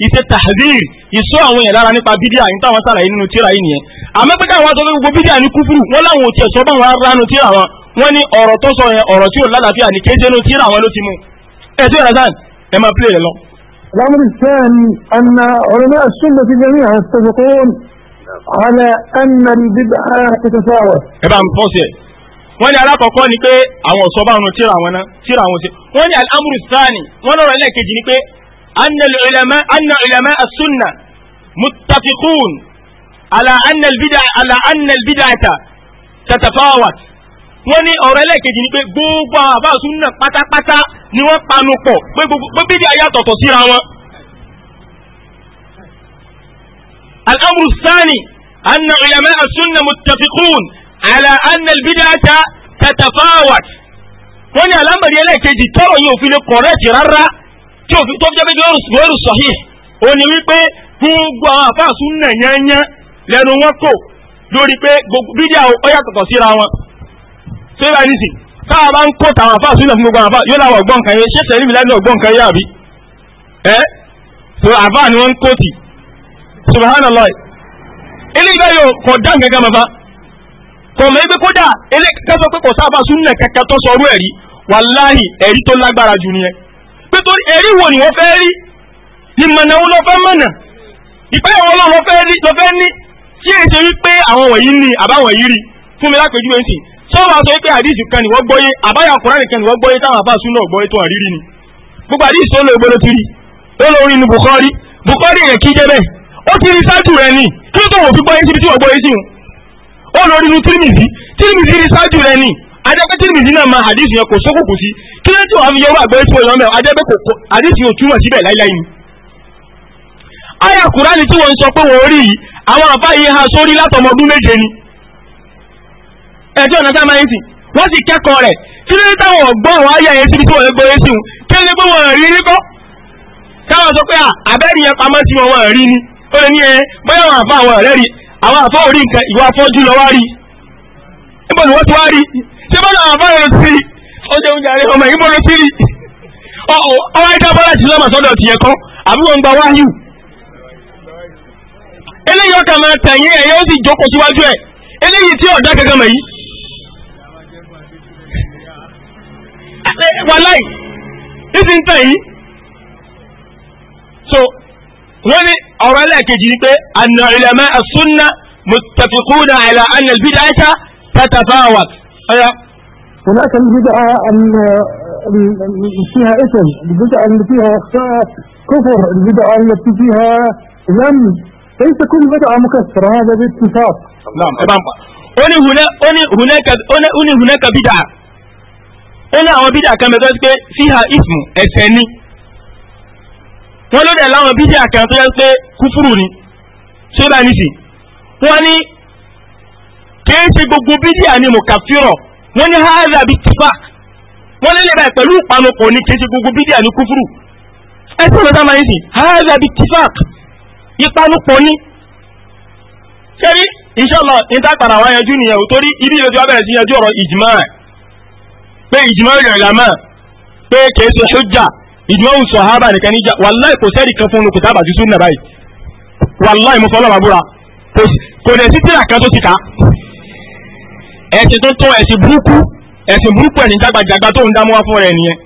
ìṣe tahzir ìṣó àwọn yẹn lára nípa bídíà ní táwọn ṣàlàyé nínú tíra yìí nìyẹn àmọ́ pé káwọn sọ pé gbogbo bídíà ní kúfúrú wọ́n láwọn òtí ẹ̀ sọ báwọn ránu tíra wọn wọ́n ní ọ̀rọ̀ tó sọ yẹn ọ̀rọ̀ tí ò lálàáfíà ní kéjẹ́nu tíra wọn ló ti mú ẹ tí ọ̀rọ̀ sáà ẹ máa pílẹ̀ rẹ lọ. الأمر الثاني أن علماء السنة جميعا يتفقون على أن البدعة تتفاوت. إبا مفوسي wọ́n ní alákọ̀ọ́kọ́ ni pé àwọn ọ̀sọ́ bá wọn tíra àwọn náà tíra àwọn ṣe wọ́n ní al-amru thani wọ́n lọ́rọ̀ ẹlẹ́ẹ̀kejì ni pé anna ulama anna ulama ala anna al tatafawat wọ́n ní ọ̀rọ̀ ẹlẹ́ẹ̀kejì ni pé gbogbo àwọn àbá súnà pátápátá ni wọ́n panu pọ̀ pé bídíà yàtọ̀tọ̀ síra wọn. al-amru thani anna ulama as-sunna muttafiqun ala anna bidata tatafawat wọ́n ní alámbàrí ẹlẹ́ẹ̀kejì tọ́rọ̀ yóò fi lè kọ̀rẹ́ẹ̀tì rárá tó fi jẹ́ méjì sọ̀hí ó ní wípé gbogbo àwọn àfáà súnà yányán lẹ́nu wọn kò lórí pé gbogbo bídíà ó síra wọn. ṣé bá ní sí tá a bá ń kó tàwọn àfáà sínú fún gbogbo àfáà yóò láwọ̀ gbọ́n kan yẹn ṣé sẹ́yìn láti kan yẹn àbí ẹ́ so àfáà ni wọ́n ń kó tì subhanallah eléyìí yóò kọ̀ dá nǹkan kan mọ́fà kọ̀ mọ́ ẹgbẹ́ kódà eléyìí kan sọ pé kò sábà súnmọ́ kankan tó sọ ọrú ẹ̀rí wàláhì ẹ̀rí tó lágbára jù nìyẹn pé torí ẹ̀rí wo ni wọ́n fẹ́ rí ni mọ̀nà wọn lọ fẹ́ mọ̀nà fẹ́ ní tí èsè wípé àwọn wọ̀nyí ní àbáwọn rí fún mi tó wàá sọ pé àdìsí kan ni wọ́n gbọ́yé àbáyà Kùránì kan ni wọ́n gbọ́yé táwọn àfáàsù náà gbọ́yé tó hàn ni gbogbo àdìsí tó lọ ìgbóló ti rí tó lọ orí ni Bukhari Bukhari yẹn kí jẹ́ bẹ́ẹ̀ ó ti rí rẹ ni kí ló tó wọ́n fi gbọ́yé síbi tí wọ́n gbọ́yé sí wọn rẹ ni náà ma àdìsí yẹn kò sí kí ló tó fi ẹ̀jọ́ ọ̀nà sáà máa ń sìn wọ́n sì kẹ́kọ̀ọ́ rẹ̀ kí ló táwọn ọ̀gbọ́n ayé síbi tí wọ́n gbóyè sí wọn kí ló dé rí kọ́ káwọn sọ pé àbẹ́rì yẹn pamọ́ sí wọn rí ni ni wọ́n ti wá rí ṣé bọ́lá àwọn yẹn sí oúnjẹ eléyìí ọkà máa tẹ̀yìn ẹ̀yẹ́ ó sì jókòó síwájú wàláì títí ń tẹ̀ so wọ́n ní ọ̀rọ̀ ẹlẹ́ẹ̀kejì ni pé àna ana متفقون على أن البدعة تتفاوت هناك البدعة اللي فيها إثم البدعة اللي فيها كفر البدعة التي فيها لم ليس كل بدعة مكسرة هذا باتفاق نعم هنا هناك هناك بدعة ó ní àwọn bídíà kan mẹ́tọ́ sí pé fíhà ìfún ẹ̀ṣẹ̀ ni wọ́n ló dẹ̀ láwọn bídíà kan tó yẹ pé kúfúrú ni ṣé bá nìsí wọ́n ní kìí ṣe gbogbo bídíà ni mùkàfírọ̀ wọ́n ní hàrà bíi tìfà wọ́n lé lẹ́bàá pẹ̀lú ìpanupọ̀ ní kìí ṣe gbogbo bídíà ni kúfúrú ẹ̀ṣẹ̀ ló sábà nìsí hàrà bíi tìfà ìpanupọ̀ ni ṣé rí inshallah ìtàkàrà wa nìyẹn ò torí ibi ìrètí ọ̀rọ̀ ìjìmá rẹ̀ pé ìjùmọ̀ ìrẹ̀lámà pé kìí ṣe ṣójà ìjùmọ̀ òsò àhábà nìkan níjà wàláì kò sẹ́ẹ̀dì kan fún un kò tábà ti súnà báyìí wàláì mo fọlọ́ màbúra kò lè sí tíra kan tó ti kà á ẹ̀sìn tó tọ́ ẹ̀sìn burúkú ẹ̀sìn burúkú ẹ̀sìn jágbajàgba tó ń dá mọ́wá fún rẹ̀ nìyẹn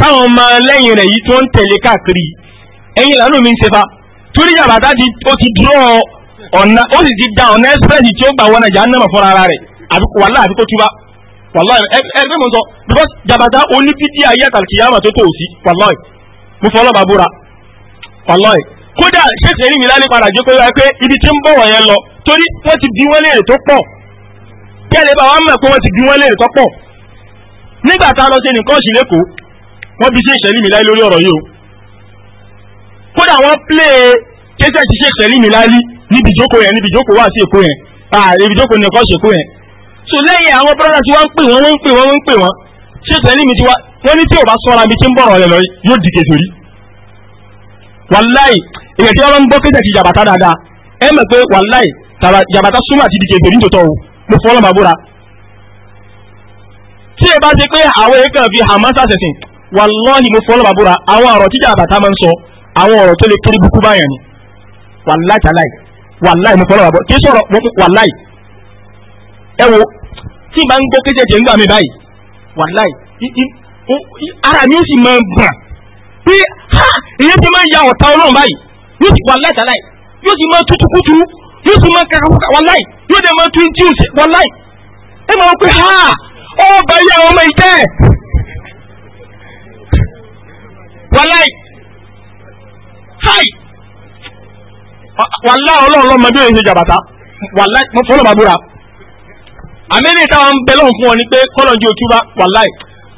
táwọn ọmọ lẹ́yìn rẹ̀ yìí tó ń tẹ̀lé káàkiri ẹ̀yìn làánú mi ń ṣe fa torí yàrá ọ̀nà ó sì ti da ọ̀nà express tí ó gbà wọ́n nàìjà náà fúnra rẹ̀ wàhálà àbí kó wàláì ẹ ẹ fẹ́ mọ̀ sọ because jàbàtà onífídí ayé àtàkìyàmà tó tó sí wàláì mo fọ́ ọlọ́ba búra wàláì kódà ṣèṣe rí mi lálẹ́ padà jẹ́ pé wáyé pé ibi tí ń bọ̀ wọ̀nyẹn lọ torí wọ́n ti bí wọ́n léèrè tó pọ̀ kí ẹ lè bá wa mọ̀ pé wọ́n ti bí wọ́n léèrè tó pọ̀ nígbà tá a lọ sí nìkan ṣì lẹ́kọ̀ọ́ wọ́n bí ṣe ìṣẹ̀lẹ̀ mi láyé lórí ọ̀rọ̀ yìí o kódà wọ́n plé kéṣẹ́ ti ṣe ìṣẹ̀lẹ̀ mi láyé níbi ìjókòó yẹn níbi ìjókòó wà sí èkó yẹn ààrẹ ibi ìjókòó nìkan ṣèkó yẹn so lẹ́yìn àwọn brọ́dà tí wọ́n ń pè wọ́n wọ́n ń pè wọ́n wọ́n ń pè wọ́n ṣé sẹ́ni mi ti wá wọ́n ní tí ò bá sọ́ra mi ti ń bọ̀rọ̀ rẹ̀ lọ yóò di kèsòrí. wàláì èyàn tí wọ́n ń gbọ́ kéṣẹ̀ ti jàbàtà dáadáa ẹ mọ̀ pé wàláì jàbàtà súnmọ́ àti di kèsòrí nítòótọ́ o mo fọ́ lọ́mọ búra. tí ẹ bá ti pé àwọn èèkàn fi hamas assassin wàláì mo fọ́ lọ́mọ búra àwọn ọ̀rọ̀ tí jàbàtà máa ń sọ àwọn ọ̀rọ̀ tó lè kéré bukú báyàn ni wàláì tàláì wàláì mo fọ́ lọ́mọ búra kí sọ̀rọ̀ wàláì ẹ wo tí n bá ń gbọ́ kéjẹjẹ ń gbà mí báyìí wàláì ara mi ó sì máa ń pé ha èyí ti máa ń ya ọ̀tá ọlọ́run báyìí yóò sì wàláì tàláì yóò sì máa tutù kútu yóò sì máa kàkàkùkà wàláì yóò dẹ̀ máa tún jíù sí wàláì ẹ máa pé ha ọba yẹ àwọn ọmọ ìkẹ́ wàláì háì wàláì ọlọ́run lọ́mọdé yẹn ń ṣe jàbàtà wàláì mo fọlọ́ bàbúrà àmẹ́rin táwọn bẹ lọ́hùn fún ọ ni pé kọ́lọ́njú ojú bá wàláì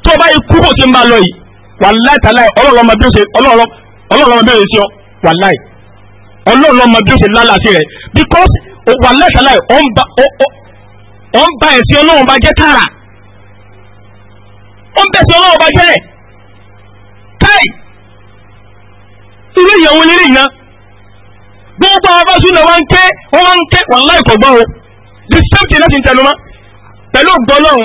tó o bá yẹ kú bó ti ń bá lọ yìí wàláì tàláì ọlọ́ọ̀lọ́mọ bí ó ṣe ọ wàláì ọlọ́ọ̀lọ́mọ bí ó ṣe lálàsí rẹ̀ because wàláì tàláì ọ ń ba ẹ̀sìn ọlọ́run bá jẹ́ tààrà ó ń bẹ̀sẹ̀ ọlọ́run bá jẹ́ rẹ̀ káì irú ìyàwó lérí yẹn gbogbo àwọn bá súnà wọn ń ké wọn ń ké wàláì kọ̀gbọ́n o the same thing láti ń tẹnu pẹ̀lú gbọ́lọ́hún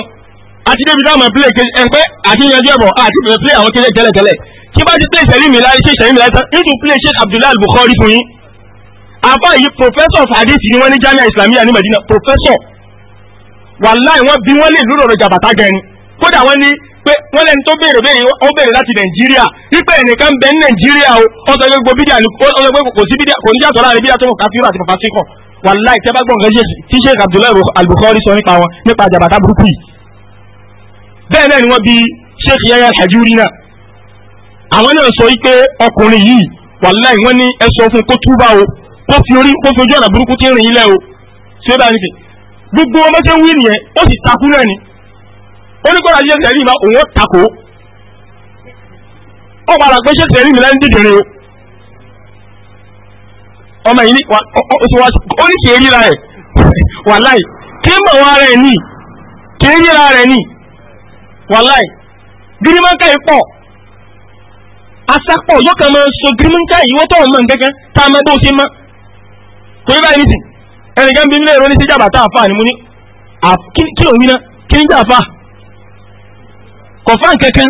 àti débi táwọn máa play kejì ẹ̀ńpẹ́ àti yanjú ẹ̀bọ̀ àti bẹ̀rẹ̀ play àwọn kejì tẹ́lẹ̀tẹ́lẹ̀ tí bá ti play ìṣẹ̀lí mi láyé ṣe ìṣẹ̀lí mi láyé tán nítorí play ṣe Abdullahi Bukhari fún yín àbá yìí professor fàdíìsì ni wọ́n ní Jamiu Islamiyya ní Medina professor wàláì wọ́n bí wọ́n lè lúrò rẹ̀ jàbàtà gẹ̀ẹ́ni kódà wọ́n ní pé wọ́n lẹ́ni tó béèrè béèrè ó béèrè láti nàìjíríà wípé ẹnìkan bẹ ní nàìjíríà o ọ̀sán gbogbo bídíà ni ọ̀sán gbogbo kò sí bídíà kò láàrin bídíà tó kò káfíńrà àti fàfàsíkọ̀ wàláì tẹ́ bá gbọ̀ngàn tí sheikh abdullahi al-bukhari sọ nípa wọn nípa jàbàtà burúkú yìí bẹ́ẹ̀ náà ni wọ́n bi sheikh yahya al-hajuri náà àwọn náà sọ wípé ọkùnrin yìí wàláì wọ́n ní ẹ fún kó túbà o kó fi orí kó fi ojú ọ̀nà burúkú tí ń rìn ilẹ̀ o tí ó bá nìkè gbogbo ọmọ tẹ́ ń wí nìyẹn ó sì takú náà ni ó ní kọ́ra sheikh yahya ni ìmọ̀ òun ó takò ó padà pé sheikh yahya ni ìmọ̀ ọmọ yìí ní oríṣi eríra rẹ̀ wàláì kí ń bọ̀ wá rẹ̀ ní kí ń yíra rẹ̀ ní wàláì gírímọ́ńkà yìí pọ̀ asapọ̀ yóò kàn máa so gírímọ́ńkà yìí wọ́n tọ̀wọ̀ mọ̀ gẹ́gẹ́ tá a máa bó ṣe mọ́ torí báyìí nìsín ẹnìkan bí nílé ìròyìn síjàmbá tá a fà ní mo ní kí òun wíná kí ń jàfà kọ̀fà kankan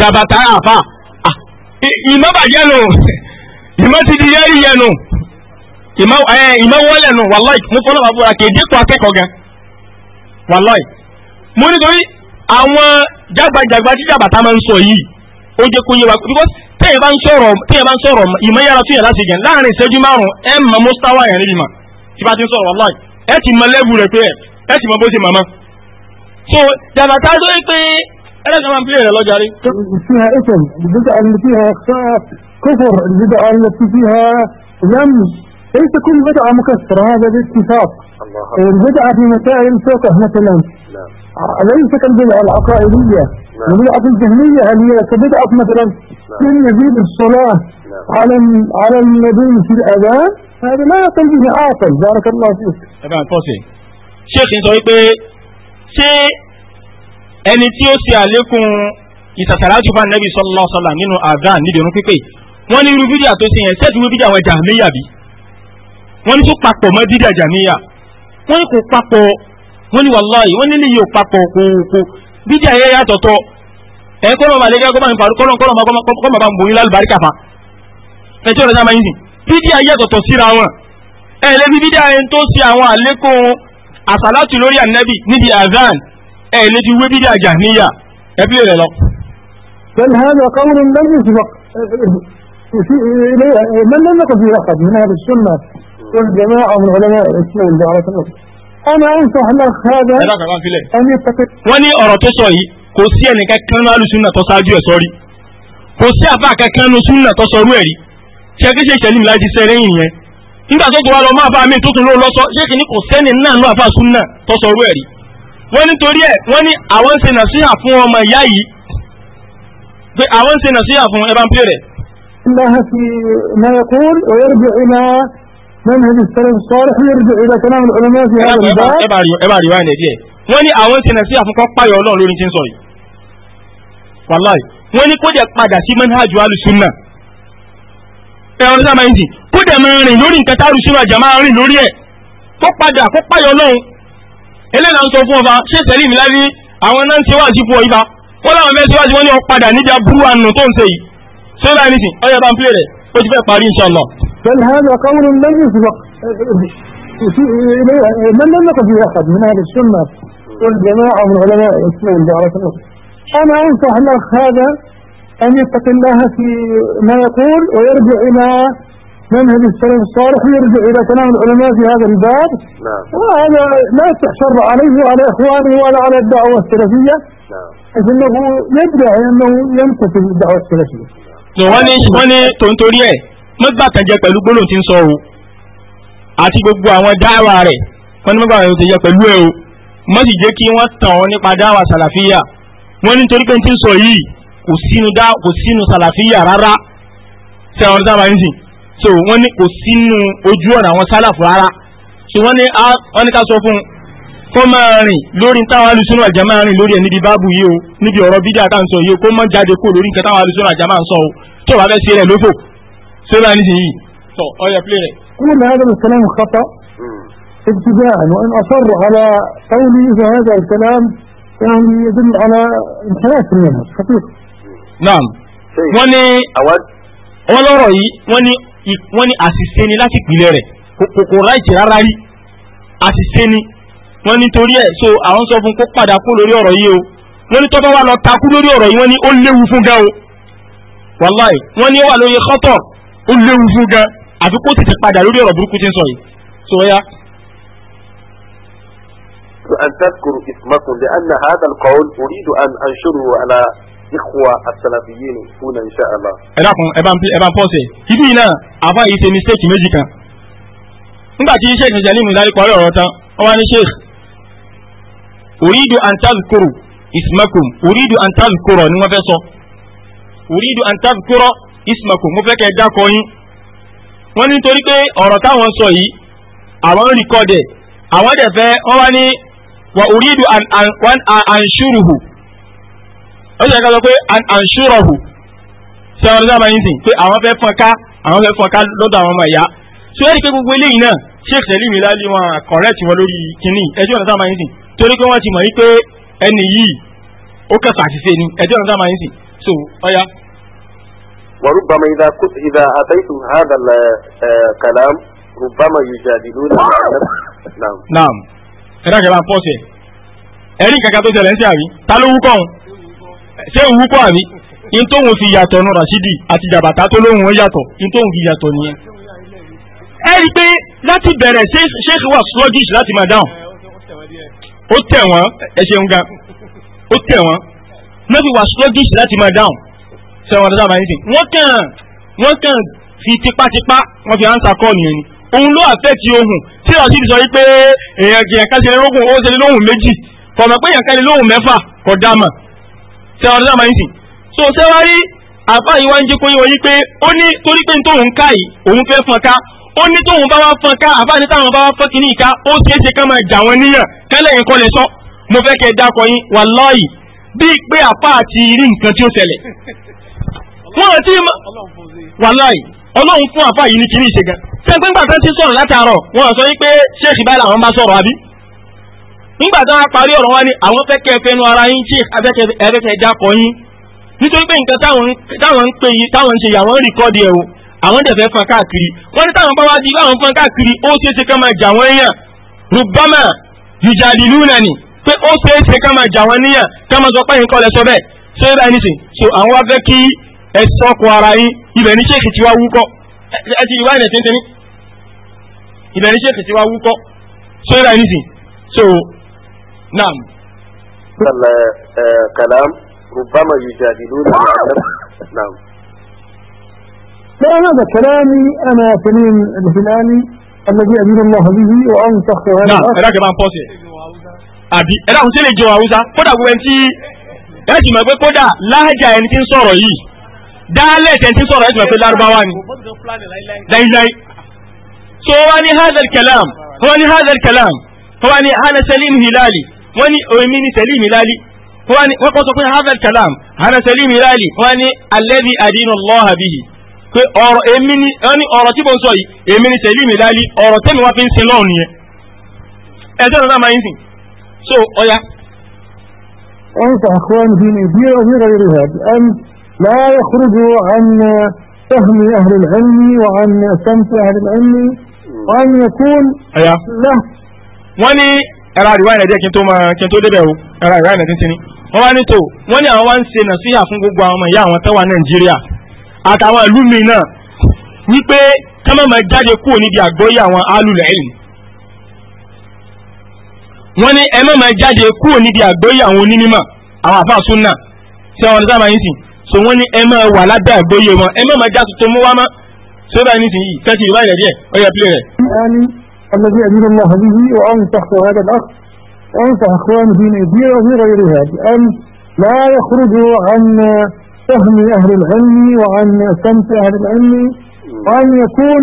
gàbàtà àfà ìmọ̀bàjẹ́ lò ìmọ̀ ti di yẹ́rì yẹn nù ìmọ̀ wọlé nù wàláì mo fọ́nà bàbá bọ́ra kì í dínkù akẹ́kọ̀ọ́ gan wàláì mo nítorí àwọn jágbajàgba jíjà bàtà máa ń sọ yìí ó jẹ́ kó yé wa because téèyàn bá ń sọ̀rọ̀ téèyàn bá ń sọ̀rọ̀ ìmọ̀ yára tún yàrá sí jẹ̀ láàrin ìṣẹ́jú márùn-ún ẹ̀ mọ̀ mọ́sítáwà yẹn níbi mà tí bá ti ń sọ̀rọ̀ wàláì ẹ̀ ti mọ lẹ́bù rẹ̀ pé ẹ̀ ti mọ bó ṣe màmá. so jàbàtà ló ń pè é ẹlẹ́sìn máa ń bí èrè lọ́jà rí. كفر البدعة التي فيها لم ليس كل بدعة مكسرة هذا باتفاق البدعة في مسائل الفقه مثلا نعم. ليس كالبدعة العقائدية نعم. البدعة الذهنية اللي هي كبدعة مثلا في نعم. يزيد الصلاة على على النبي في الأذان هذا لا يقل به عاقل بارك الله فيك تمام توصي شيخ nítorí سي ṣé ẹni tí ó ṣe àlékún ìtàtàlájú bá nẹ́bí sọ́lọ́sọ́lá nínú àgá nídìí orún pípé wọ́n ní irú fídíà tó ṣe yẹn ṣé ìdúró fídíà àwọn jàmíyà bí wọ́n ní tó papọ̀ mọ́ fídíà jàmíyà wọ́n ní kò papọ̀ wọ́n ní wàláhì wọ́n ní níyì ò papọ̀ kòkò fídíà yẹn yàtọ̀tọ̀ ẹ̀ kọ́nà bàlẹ́ gẹ́gẹ́ kọ́mà nípa kọ́nà kọ́nà kọ́mà bá ń bòyí lálùbáríkà fa ẹ̀jẹ̀ ọ̀rẹ́ sáà máa ń sìn fídíà yàtọ̀tọ̀ síra wọn ẹ̀ lẹ́bi fídíà yẹn tó ṣe àwọn àlékún àsàlátù lórí ànábì níbi azan ẹ̀ lẹ́bi wé fídíà jàmíyà ẹ̀ fi lè rẹ̀ lọ. من لم يقل في لقب من أهل السنة والجماعة من علماء الإسلام دعوة النصر أنا أنصح الأخ هذا أن يتقي وأني أردت صحي kò sí ẹnìkan kan náà lùsùnà tó ṣáájú ẹ̀ sọ́rí kò sí àfa kankan lùsùnà tó sọ̀rú nígbà tó lọ máa bá mi lóun lọ́sọ ṣé kò sẹ́ni náà ló àfa ẹ̀ rí wọ́n ní torí ẹ̀ wọ́n ní àwọn ń ṣe fún ọmọ ìyá yìí pé الله في ما يقول ويرجع إلى منهج السلف الصالح ويرجع إلى كلام العلماء في هذا الباب ẹbàrí wá nìdí ẹ̀ wọ́n ní àwọn ti nàṣí àfúnkọ́ páyọ̀ ọlọ́run lórí tí ń sọ yìí wàláì wọ́n ní kó dẹ̀ padà sí manhajú alùsùnà ẹ̀rọ sábà ń sìn kó dẹ̀ máa rìn lórí nǹkan tá alùsùnà jàmá rìn lórí ẹ̀ kó padà kó páyọ̀ ọlọ́run eléyìí náà ń sọ fún ọba ṣé tẹ̀lé mi láti àwọn náà ń ṣe wáàsí fún ọ yìí bá wọ́n láwọn fẹ́ ṣe wáàsí wọn ní ọ padà níjà burú àánú tó ń ṣe yìí ṣé báyìí nìsín ọyọ bá ń pè rẹ̀ ó ti inshallah. bẹ́ẹ̀ni من لم يكن في أحد من أهل السنة والجماعة من علماء الإسلام أنا أنصح الأخ هذا أن يتقي الله في ما يقول ويرجع إلى منهج السلف الصالح ويرجع إلى كلام العلماء في هذا الباب نعم وهذا لا تحشر عليه وعلى إخوانه ولا على الدعوة السلفية إذ أنه يدعي أنه يمتثل الدعوة السلفية wọ́n ní wọ́n ní tòǹtòrí ẹ̀ mọ́gbà kan jẹ pẹ̀lú gbólóhùn tí ń sọ o àti gbogbo àwọn dáwà rẹ̀ wọ́n ní mọ́gbà kan jẹ pẹ̀lú ẹ̀ o mọ́ sì jẹ́ kí wọ́n tàn ọ́ nípa dáwà sàlàfíà wọ́n ní torí pé tí ń sọ yìí kò sínú dá kò sínú sàlàfíà rárá ṣe àwọn dáwà ń sìn so wọ́n ní kò sínú ojú ọ̀nà àwọn sálàfù rárá so wọ́n ní ká sọ fún un kó máa rìn lórí táwọn alùsùn náà jẹ́ máa rìn lórí ẹ̀ níbi báàbù yìí o níbi ọ̀rọ̀ bídíà tá à ń sọ yìí o kó má jáde kó lórí nǹkan táwọn alùsùn náà jẹ́ máa ń sọ o tó bá fẹ́ ṣe rẹ̀ lófò ṣé bá nísìn yìí tọ ọyọ pílẹ̀ rẹ̀. kúrò náà hada al-kalam khata hmm. ibtida'a wa an asarru ala qawli fa hada يعني يدل على انحراف المنهج خطير نعم wọ́n ní wọ́n lọ́rọ̀ yìí wọ́n ní wọ́n ní àṣìṣe ni láti pìlẹ̀ rẹ̀ àṣìṣe ni wọ́n ní torí ẹ̀ so àwọn sọ fún kó padà kó lórí ọ̀rọ̀ yìí o wọ́n ní tọ́tọ́ wà lọ takú lórí ọ̀rọ̀ yìí wọ́n ní ó léwu fún gan o wàláì wọ́n ní wà lórí kọ́tọ̀ ó léwu fún gan àfi kó tètè padà lórí ọ̀rọ̀ burúkú tí ń sọ yìí so ya. أن تذكر اسمكم لأن هذا القول أريد أن أنشره على إخوة السلفيين هنا إن شاء الله. ẹ dákun ẹ bá ń ẹ bá ń pọ́sẹ̀ ibi náà àbá yìí ṣe mistake méjì kan nígbà tí sheikh nìjẹ́ ní ìmúdárìkọ́ ọ̀rọ̀ tán wọ́n wá ní sheikh uridu and ismakum uridu and ni wọ́n fẹ́ sọ uridu an ismakum mo fẹ́ kẹ́ ẹ dákọ yín wọ́n ní torí pé táwọn sọ yìí àwọn ń àwọn dẹ̀ fẹ́ wọ́n wá ní wa uridu an an wan an pé an ṣé àwọn ọ̀dọ́ àmàyín sìn pé àwọn fẹ́ fọn ká àwọn fẹ́ fọn ká àwọn ọmọ ṣé rí pé gbogbo eléyìí náà ṣé mi wọn wọn lórí kínní torí pé wọ́n ti mọ̀ yí pé ẹni yìí ó kẹfà àṣìṣe ni ẹjọ́ ọ̀nà eh, dáhùn sí so ọ̀ya. وربما إذا إذا أتيتم هذا الكلام ربما يجادلون نعم نعم ẹ̀rọ kẹfà ń pọ̀ sí ẹ̀ ẹ̀rí kankan tó ṣẹlẹ̀ ń ṣe àbí ta ló wúkọ́ ṣé ń wúkọ́ àbí in tóun fi yàtọ̀ nu Rashidi àti jàbàtà tó lóhùn ó yàtọ̀ in tóun fi yàtọ̀ nìyẹn. ẹ rí i pé láti bẹ̀rẹ̀ ṣé ṣé wà sluggish láti máa dáhùn ó tẹ̀ wọ́n ẹ ṣeun gan ó tẹ̀ wọ́n mẹ́fì wà sluggish láti máa dáhùn sẹ́wọ̀n dáadáa máa ń sìn wọ́n kàn wọ́n kàn fi tipátipá wọ́n fi ánsà kọ́ nìyẹn ni òun ló àfẹ́ẹ̀tì ohun tí ọ̀sìn ti sọ wípé èèyàn kìyàn ká ṣe ní lóhùn ó ṣe ní lóhùn méjì kọ̀mọ̀ pé èèyàn ká ní lóhùn mẹ́fà kọ̀ dáàmà sẹ́wọ̀n dáadáa máa ń sìn so sẹ́wárí àbá yìí wá ń jẹ́ kó yẹ wọ́n yí pé ó ní torí pé ní tóun ká yìí òun fẹ́ fọ́n ká ó ní tóun bá wá fọn ká àbáni táwọn bá wá fọn kí ní ìka ó ṣeé ṣe kán máa jà wọn níyàn kálẹ̀ yẹn kọ́ lè sọ mo fẹ́ kẹ́ dákọ̀ yín wàláhì bíi pé àpá àti rí nǹkan tí ó ṣẹlẹ̀ wọ́n àti wàláhì ọlọ́run fún àpá yìí ní kí ní ìṣe gan sẹ́gbẹ́ ńgbà tán ti sọ̀rọ̀ látàárọ̀ wọ́n sọ yín pé ṣéèkì báyìí làwọn bá sọ̀rọ̀ àbí nígbà tí wọ́n parí ọ̀rọ̀ wa ni àwọn fẹ́ kẹ́ fẹnu ara yín tí ẹ̀fẹ́ kẹ́ dákọ̀ yín nítorí pé nǹkan táwọn ń pè yìí táwọn ń ṣe yàwọn ń rìkọ́dì ẹ̀ o àwọn dẹ̀ fẹ́ fọn káàkiri wọ́n ní táwọn bá wá di báwọn fọn káàkiri ó ṣeé ṣe ká máa jà wọ́n yàn rúbámà yùjàdìlúnà ni pé ó ṣeé ṣe ká máa jà wọ́n níyàn ká máa sọ pé nǹkan lẹ sọ bẹ́ẹ̀ ṣé bá yín sìn so àwọn wá fẹ́ kí ẹ sọ́kọ ara yín ibẹ̀ ní ṣéèkì tí wá wúkọ́ ẹ ti ìwá ilẹ̀ tẹ́ntẹ́ni ibẹ̀ ní ṣéèkì tí wá wúkọ́ ṣé bá yín sìn so naam. kalam rúbámà yùjàdìlúnà naam. ترى هذا كلامي أنا سليم الهلالي الذي أبين الله به وأنصح هذا نعم إراك بان فوسي àbí ẹ̀rọ àwọn sílẹ̀ ìjọ àwùjá kódà gbogbo ẹni tí ẹ ti mọ̀ pé kódà láàjà ẹni tí ń sọ̀rọ̀ yìí dálẹ̀ ẹni tí ń sọ̀rọ̀ ẹ ti mọ̀ pé lárúbáwá ni láíláí. so wọ́n ní hazel kalam wọ́n ní hazel kalam wọ́n ní hana salim hilali wọ́n ní omi ní salim hilali wọ́n kọ́ sọ pé hazel kalam hana salim hilali wọ́n ní alladhi adínú lọ́hàbíyì pé ọ̀rọ̀ èmi ni wọ́n ní ọ̀rọ̀ tí mo ń sọ yìí èmi ni tẹ̀lé mi láàlí ọ̀rọ̀ tẹ́mi wá fi ń sin lọ́ọ̀ nìyẹn ẹjọ́ náà máa ń sìn so ọya. أنت أخوان ديني بيئة غير الإرهاب أن لا يخرجوا عن فهم أهل العلم وعن سمت أهل العلم وأن يكون له wọ́n ní ẹ̀rọ àríwá ẹ̀rẹ̀ díẹ̀ kí n tó máa kí n tó débẹ̀ o ẹ̀rọ àríwá ẹ̀rẹ̀ tí ń sinmi wọ́n wá ní tó wọ́n ní àwọn wá ń ṣe nàṣíyà fún gbogbo àwọn ọmọ ìyá àwọn tó Nàìjíríà àtàwọn ìlú mi náà wípé kámẹ́mẹ́ jáde kúrò níbi àgbọ́yé àwọn alùlẹ́yìn wọ́n ní ẹ jáde kúrò níbi àgbọ́yé àwọn onímọ̀ àwọn àfa súnà tí àwọn ọ̀dọ́sá máa ń so wọ́n ní ẹ wà lábẹ́ àgbọ́yé wọn ẹ já tuntun mú wá mọ́ ṣé báyìí ní sìn yìí kẹ́sì ìwà ìrẹ̀ díẹ̀ pílẹ̀ rẹ̀. الذي فهم أهل العلم وعن سمت أهل العلم وأن يكون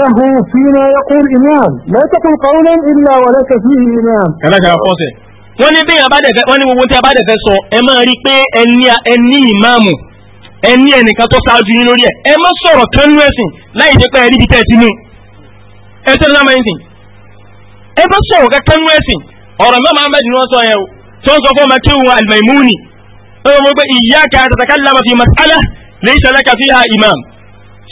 له فيما يقول إمام لا تقل قولا إلا ولك فيه إمام كذلك يا قوسي wọ́n ní bẹ́yàn abádẹ̀fẹ́ wọ́n ní gbogbo tí abádẹ̀fẹ́ sọ ẹ máa rí pé ẹni ìmáàmù ẹni ẹnìkan tó ṣáájú yín lórí ẹ̀ ẹ má sọ̀rọ̀ kan ẹ̀sìn láì jẹ́ pé ẹ rí ibi tẹ́ ẹ ti mú ẹ tẹ́lẹ̀ náà máa ẹ má sọ̀rọ̀ kankan ẹ̀sìn ọ̀rọ̀ mẹ́wàá Muhammad ni wọ́n sọ yẹn o tó ń sọ fún ọmọ kéwù Al-Maimuni ọmọ mọ̀ pé iyyaka an tatakallama fi mas'ala laysa laka fiha imam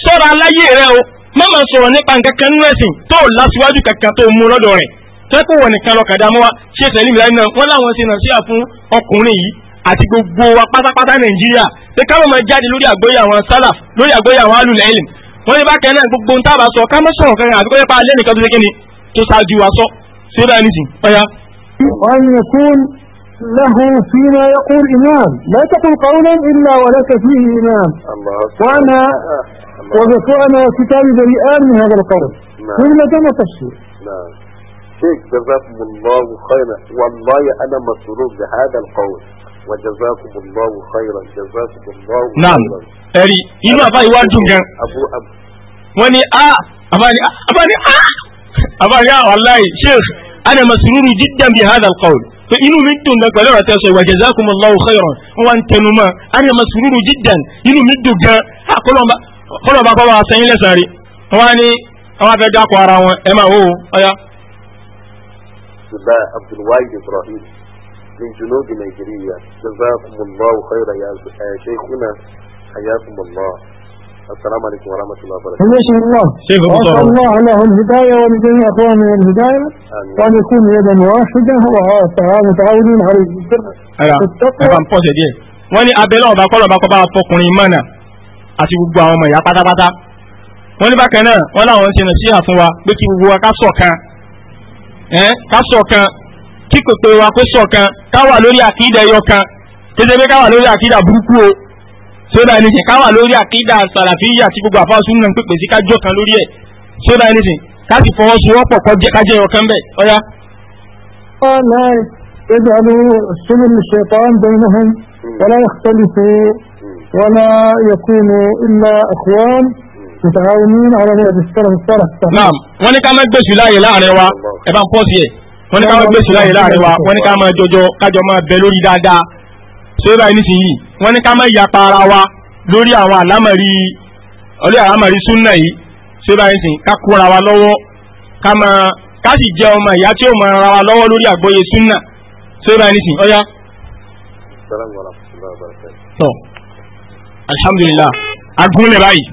sọ́ra aláyé rẹ o má máa sọ̀rọ̀ nípa nǹkan kan nínú ẹ̀sìn tó lásìwájú kankan tó mú lọ́dọ̀ rẹ̀ tẹ́kù wọ̀ nìkan lọ kàdá mọ́ wa ṣé tẹ̀lé mi láwọn ṣe nàṣíà fún ọkùnrin yìí àti gbogbo wa pátápátá nàìjíríà pé ká máa jáde lórí àgbóyè àwọn sálà lórí àgbóyè àwọn alùlẹ̀ ẹ̀lẹ̀ wọ́n ní bákan náà gbogbo ń tábà sọ ká má sọ̀rọ̀ kankan àbíkọ́ yẹpa alẹ́ nìkan tó ṣe kí ni tó ṣáájú wa sọ ṣé báyìí nìsín ọ̀ya. wọ́n ní kún له فيما يقول إمام لا تقل قولا إلا ولك فيه إمام الله وأنا وأنا كتابي بريئان من هذا القول نعم. كل ما تفسير نعم شيخ جزاكم الله خيرا والله أنا مسرور بهذا القول وجزاكم الله خيرا جزاكم الله خيرا نعم أري إما باي واجم جان أبو أبو وني آ أباني آه أباني آ أباني آ والله شيخ أنا مسرور جدا بهذا القول pé inú mi dùn gan pẹ̀lú ọ̀rọ̀ tẹ́ sọ wa jazakumullahu khairan wọ́n wá ń tẹnu mọ́ àríyá ma sùúrù jiddan inú mi dùn gan kọ́lọ̀ bá kọ́lọ̀ àṣẹyìn lẹ́sàn rí wọ́n á ní àwọn afẹ́ dákọ̀ ara wọn ẹ máa wò ó ọ̀yá. Ṣùgbọ́n Ibrahim من جنود نيجيريا جزاكم الله خيرا يا شيخنا حياكم السلام عليكم ورحمة الله وبركاته. ماشي الله. وصلى الله له الهداية ولجميع أخوانه الهداية وأن يكون يدا واحدة ومتعاونين على البر والتقوى. wọ́n ní abẹ́lẹ́ ọba kọ́ lọ́ba kọ́ bá tọkùnrin mọ́nà àti gbogbo àwọn ọmọ ìyá pátápátá wọ́n ní bákan náà wọ́n láwọn ṣe nàṣíyà fún wa pé kí gbogbo wa ká ṣọ̀kan ká ṣọ̀kan kí pèpè wa pé ṣọ̀kan ká wà lórí àkídà ẹyọ kan kéde pé ká wà lórí àkídà burúkú o ṣé báyìí nìsín ká wà lórí àkídà sàlàfíyà tí gbogbo àfáàsùn náà ń pèpè sí kájọ kan lórí ẹ̀ ṣé báyìí nìsín láti fọwọ́sowọ́pọ̀ kájẹ́ ọ̀kan bẹ́ẹ̀ ọ̀yá. ọ̀la اجعلوا سبل الشيطان بينهم ولا يختلفوا ولا يكونوا إلا إخوان متعاونين على نهج السلف الصالح نعم wọ́n ní ká má gbèsè láàyè láàrin wa ẹ bá ń pọ̀ sí ẹ̀ wọ́n ní ká má gbèsè láàyè láàrin wa wọ́n ní ká má jọjọ kájọ máa bẹ lórí dáadáa so ibà ní sìn yìí wọ́n ní ká má yapa ara wa lórí àwọn àlámọ̀rí ọlẹ́ àlámọ̀rí súnà yìí so ibà ní sìn ká kóra wa lọ́wọ́ ká má ká sì jẹ́ ọmọ ìyá tí ó mọ ara wa lọ́wọ́ lórí àgbọ́yé súnà so ibà ní sìn ọ̀yá. tọ́ alhamdulilah agunlẹ̀ báyìí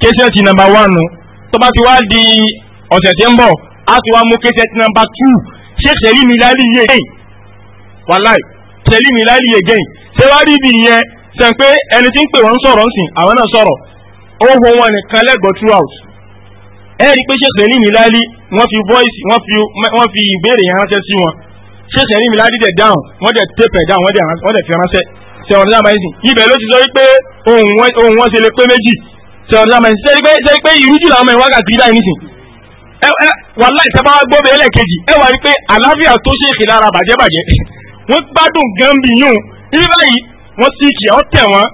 kẹsẹ̀tì nàmbà wánu tó bá ti wá di ọ̀sẹ̀ tí ń bọ̀ á ti wá mú kẹsẹ̀tì nàmbà tù ṣé sẹ́rí mi lárí yé wàláì. Salim Hilali again ṣé wàá rí ibi yẹn sàn pé ẹni tí ń pè wọ́n ń sọ̀rọ̀ ń sìn àwọn náà sọ̀rọ̀ ohun wọn nìkan lẹ́gbọ̀ọ́ throughout ẹ rí i pé ṣé Salim Hilali wọ́n fi voice wọ́n fi wọ́n fi ìbéèrè yẹn ránṣẹ́ sí wọn ṣé Salim Hilali dẹ̀ down wọ́n dẹ̀ tape down wọ́n dẹ̀ fi ránṣẹ́ sẹ̀wọ̀n sábà yìí ibẹ̀ ló ti sọ wípé ohun wọn ṣe lè pé méjì sẹ̀wọ̀n sábà yìí sẹ́rí pé sẹ́rí pé ìrújú làwọn ọmọ ìwákàtí dáì nísìn wàláì sábà wá gbọ́ bẹ́ẹ̀ lẹ́ẹ̀kejì ẹ wà rí pé àlàáfíà tó ṣe é ṣe lára bàjẹ́ wọ́n gbádùn gan bí yún ibi báyìí wọ́n sì kì ọ́ tẹ̀ wọ́n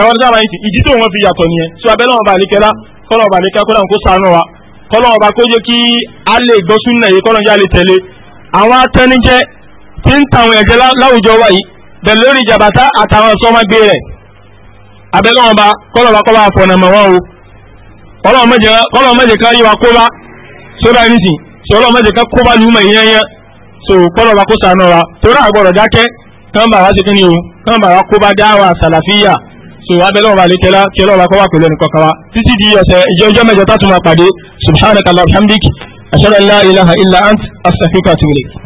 ẹ̀wọ́n sábà yìí ìdí tó wọ́n fi yàtọ̀ nìyẹn sọ abẹ́lẹ́ wọn balẹ̀kẹ́lá kọ́lọ̀ wọn balẹ̀kẹ́lá kọ́lọ̀ wọn kó sànù wa kọ́lọ̀ wọn bá kó jẹ́ kí a lè gbọ́ súnà yìí kọ́lọ̀ yà lè tẹ̀lé àwọn atẹnijẹ́ tí ń tàwọn ẹ̀jẹ̀ láwùjọ wa yìí bẹ̀rẹ̀ lórí jàbátá àtàwọn sọ́mọ́gbé rẹ̀ abẹ́lẹ́ wọn bá kọ́lọ̀ wọn kọ́ bá fọ̀nà mọ́ wọn o kọ́lọ̀ mẹ́jẹ̀ ká yí wa kó nísìn sọ́lọ́ mẹ́jẹ̀ ká kó lùmọ̀ yẹn so kọ́lọ̀ wa kó sànú wa torí àgbọ̀rọ̀ dákẹ́ kán bá wa ṣe kí ni o kán bá wa kó bá dá wa sàlàfíà so abẹ́lẹ́ wọn bá lè kẹ́lá kẹ́lá wa kọ́ wa pẹ̀lú ẹnìkan kan wa títí di ọ̀sẹ̀ ìjọ ọjọ́ mẹ́jọ tá a tún máa pàdé subhanaka allahumma hamdik ashhadu an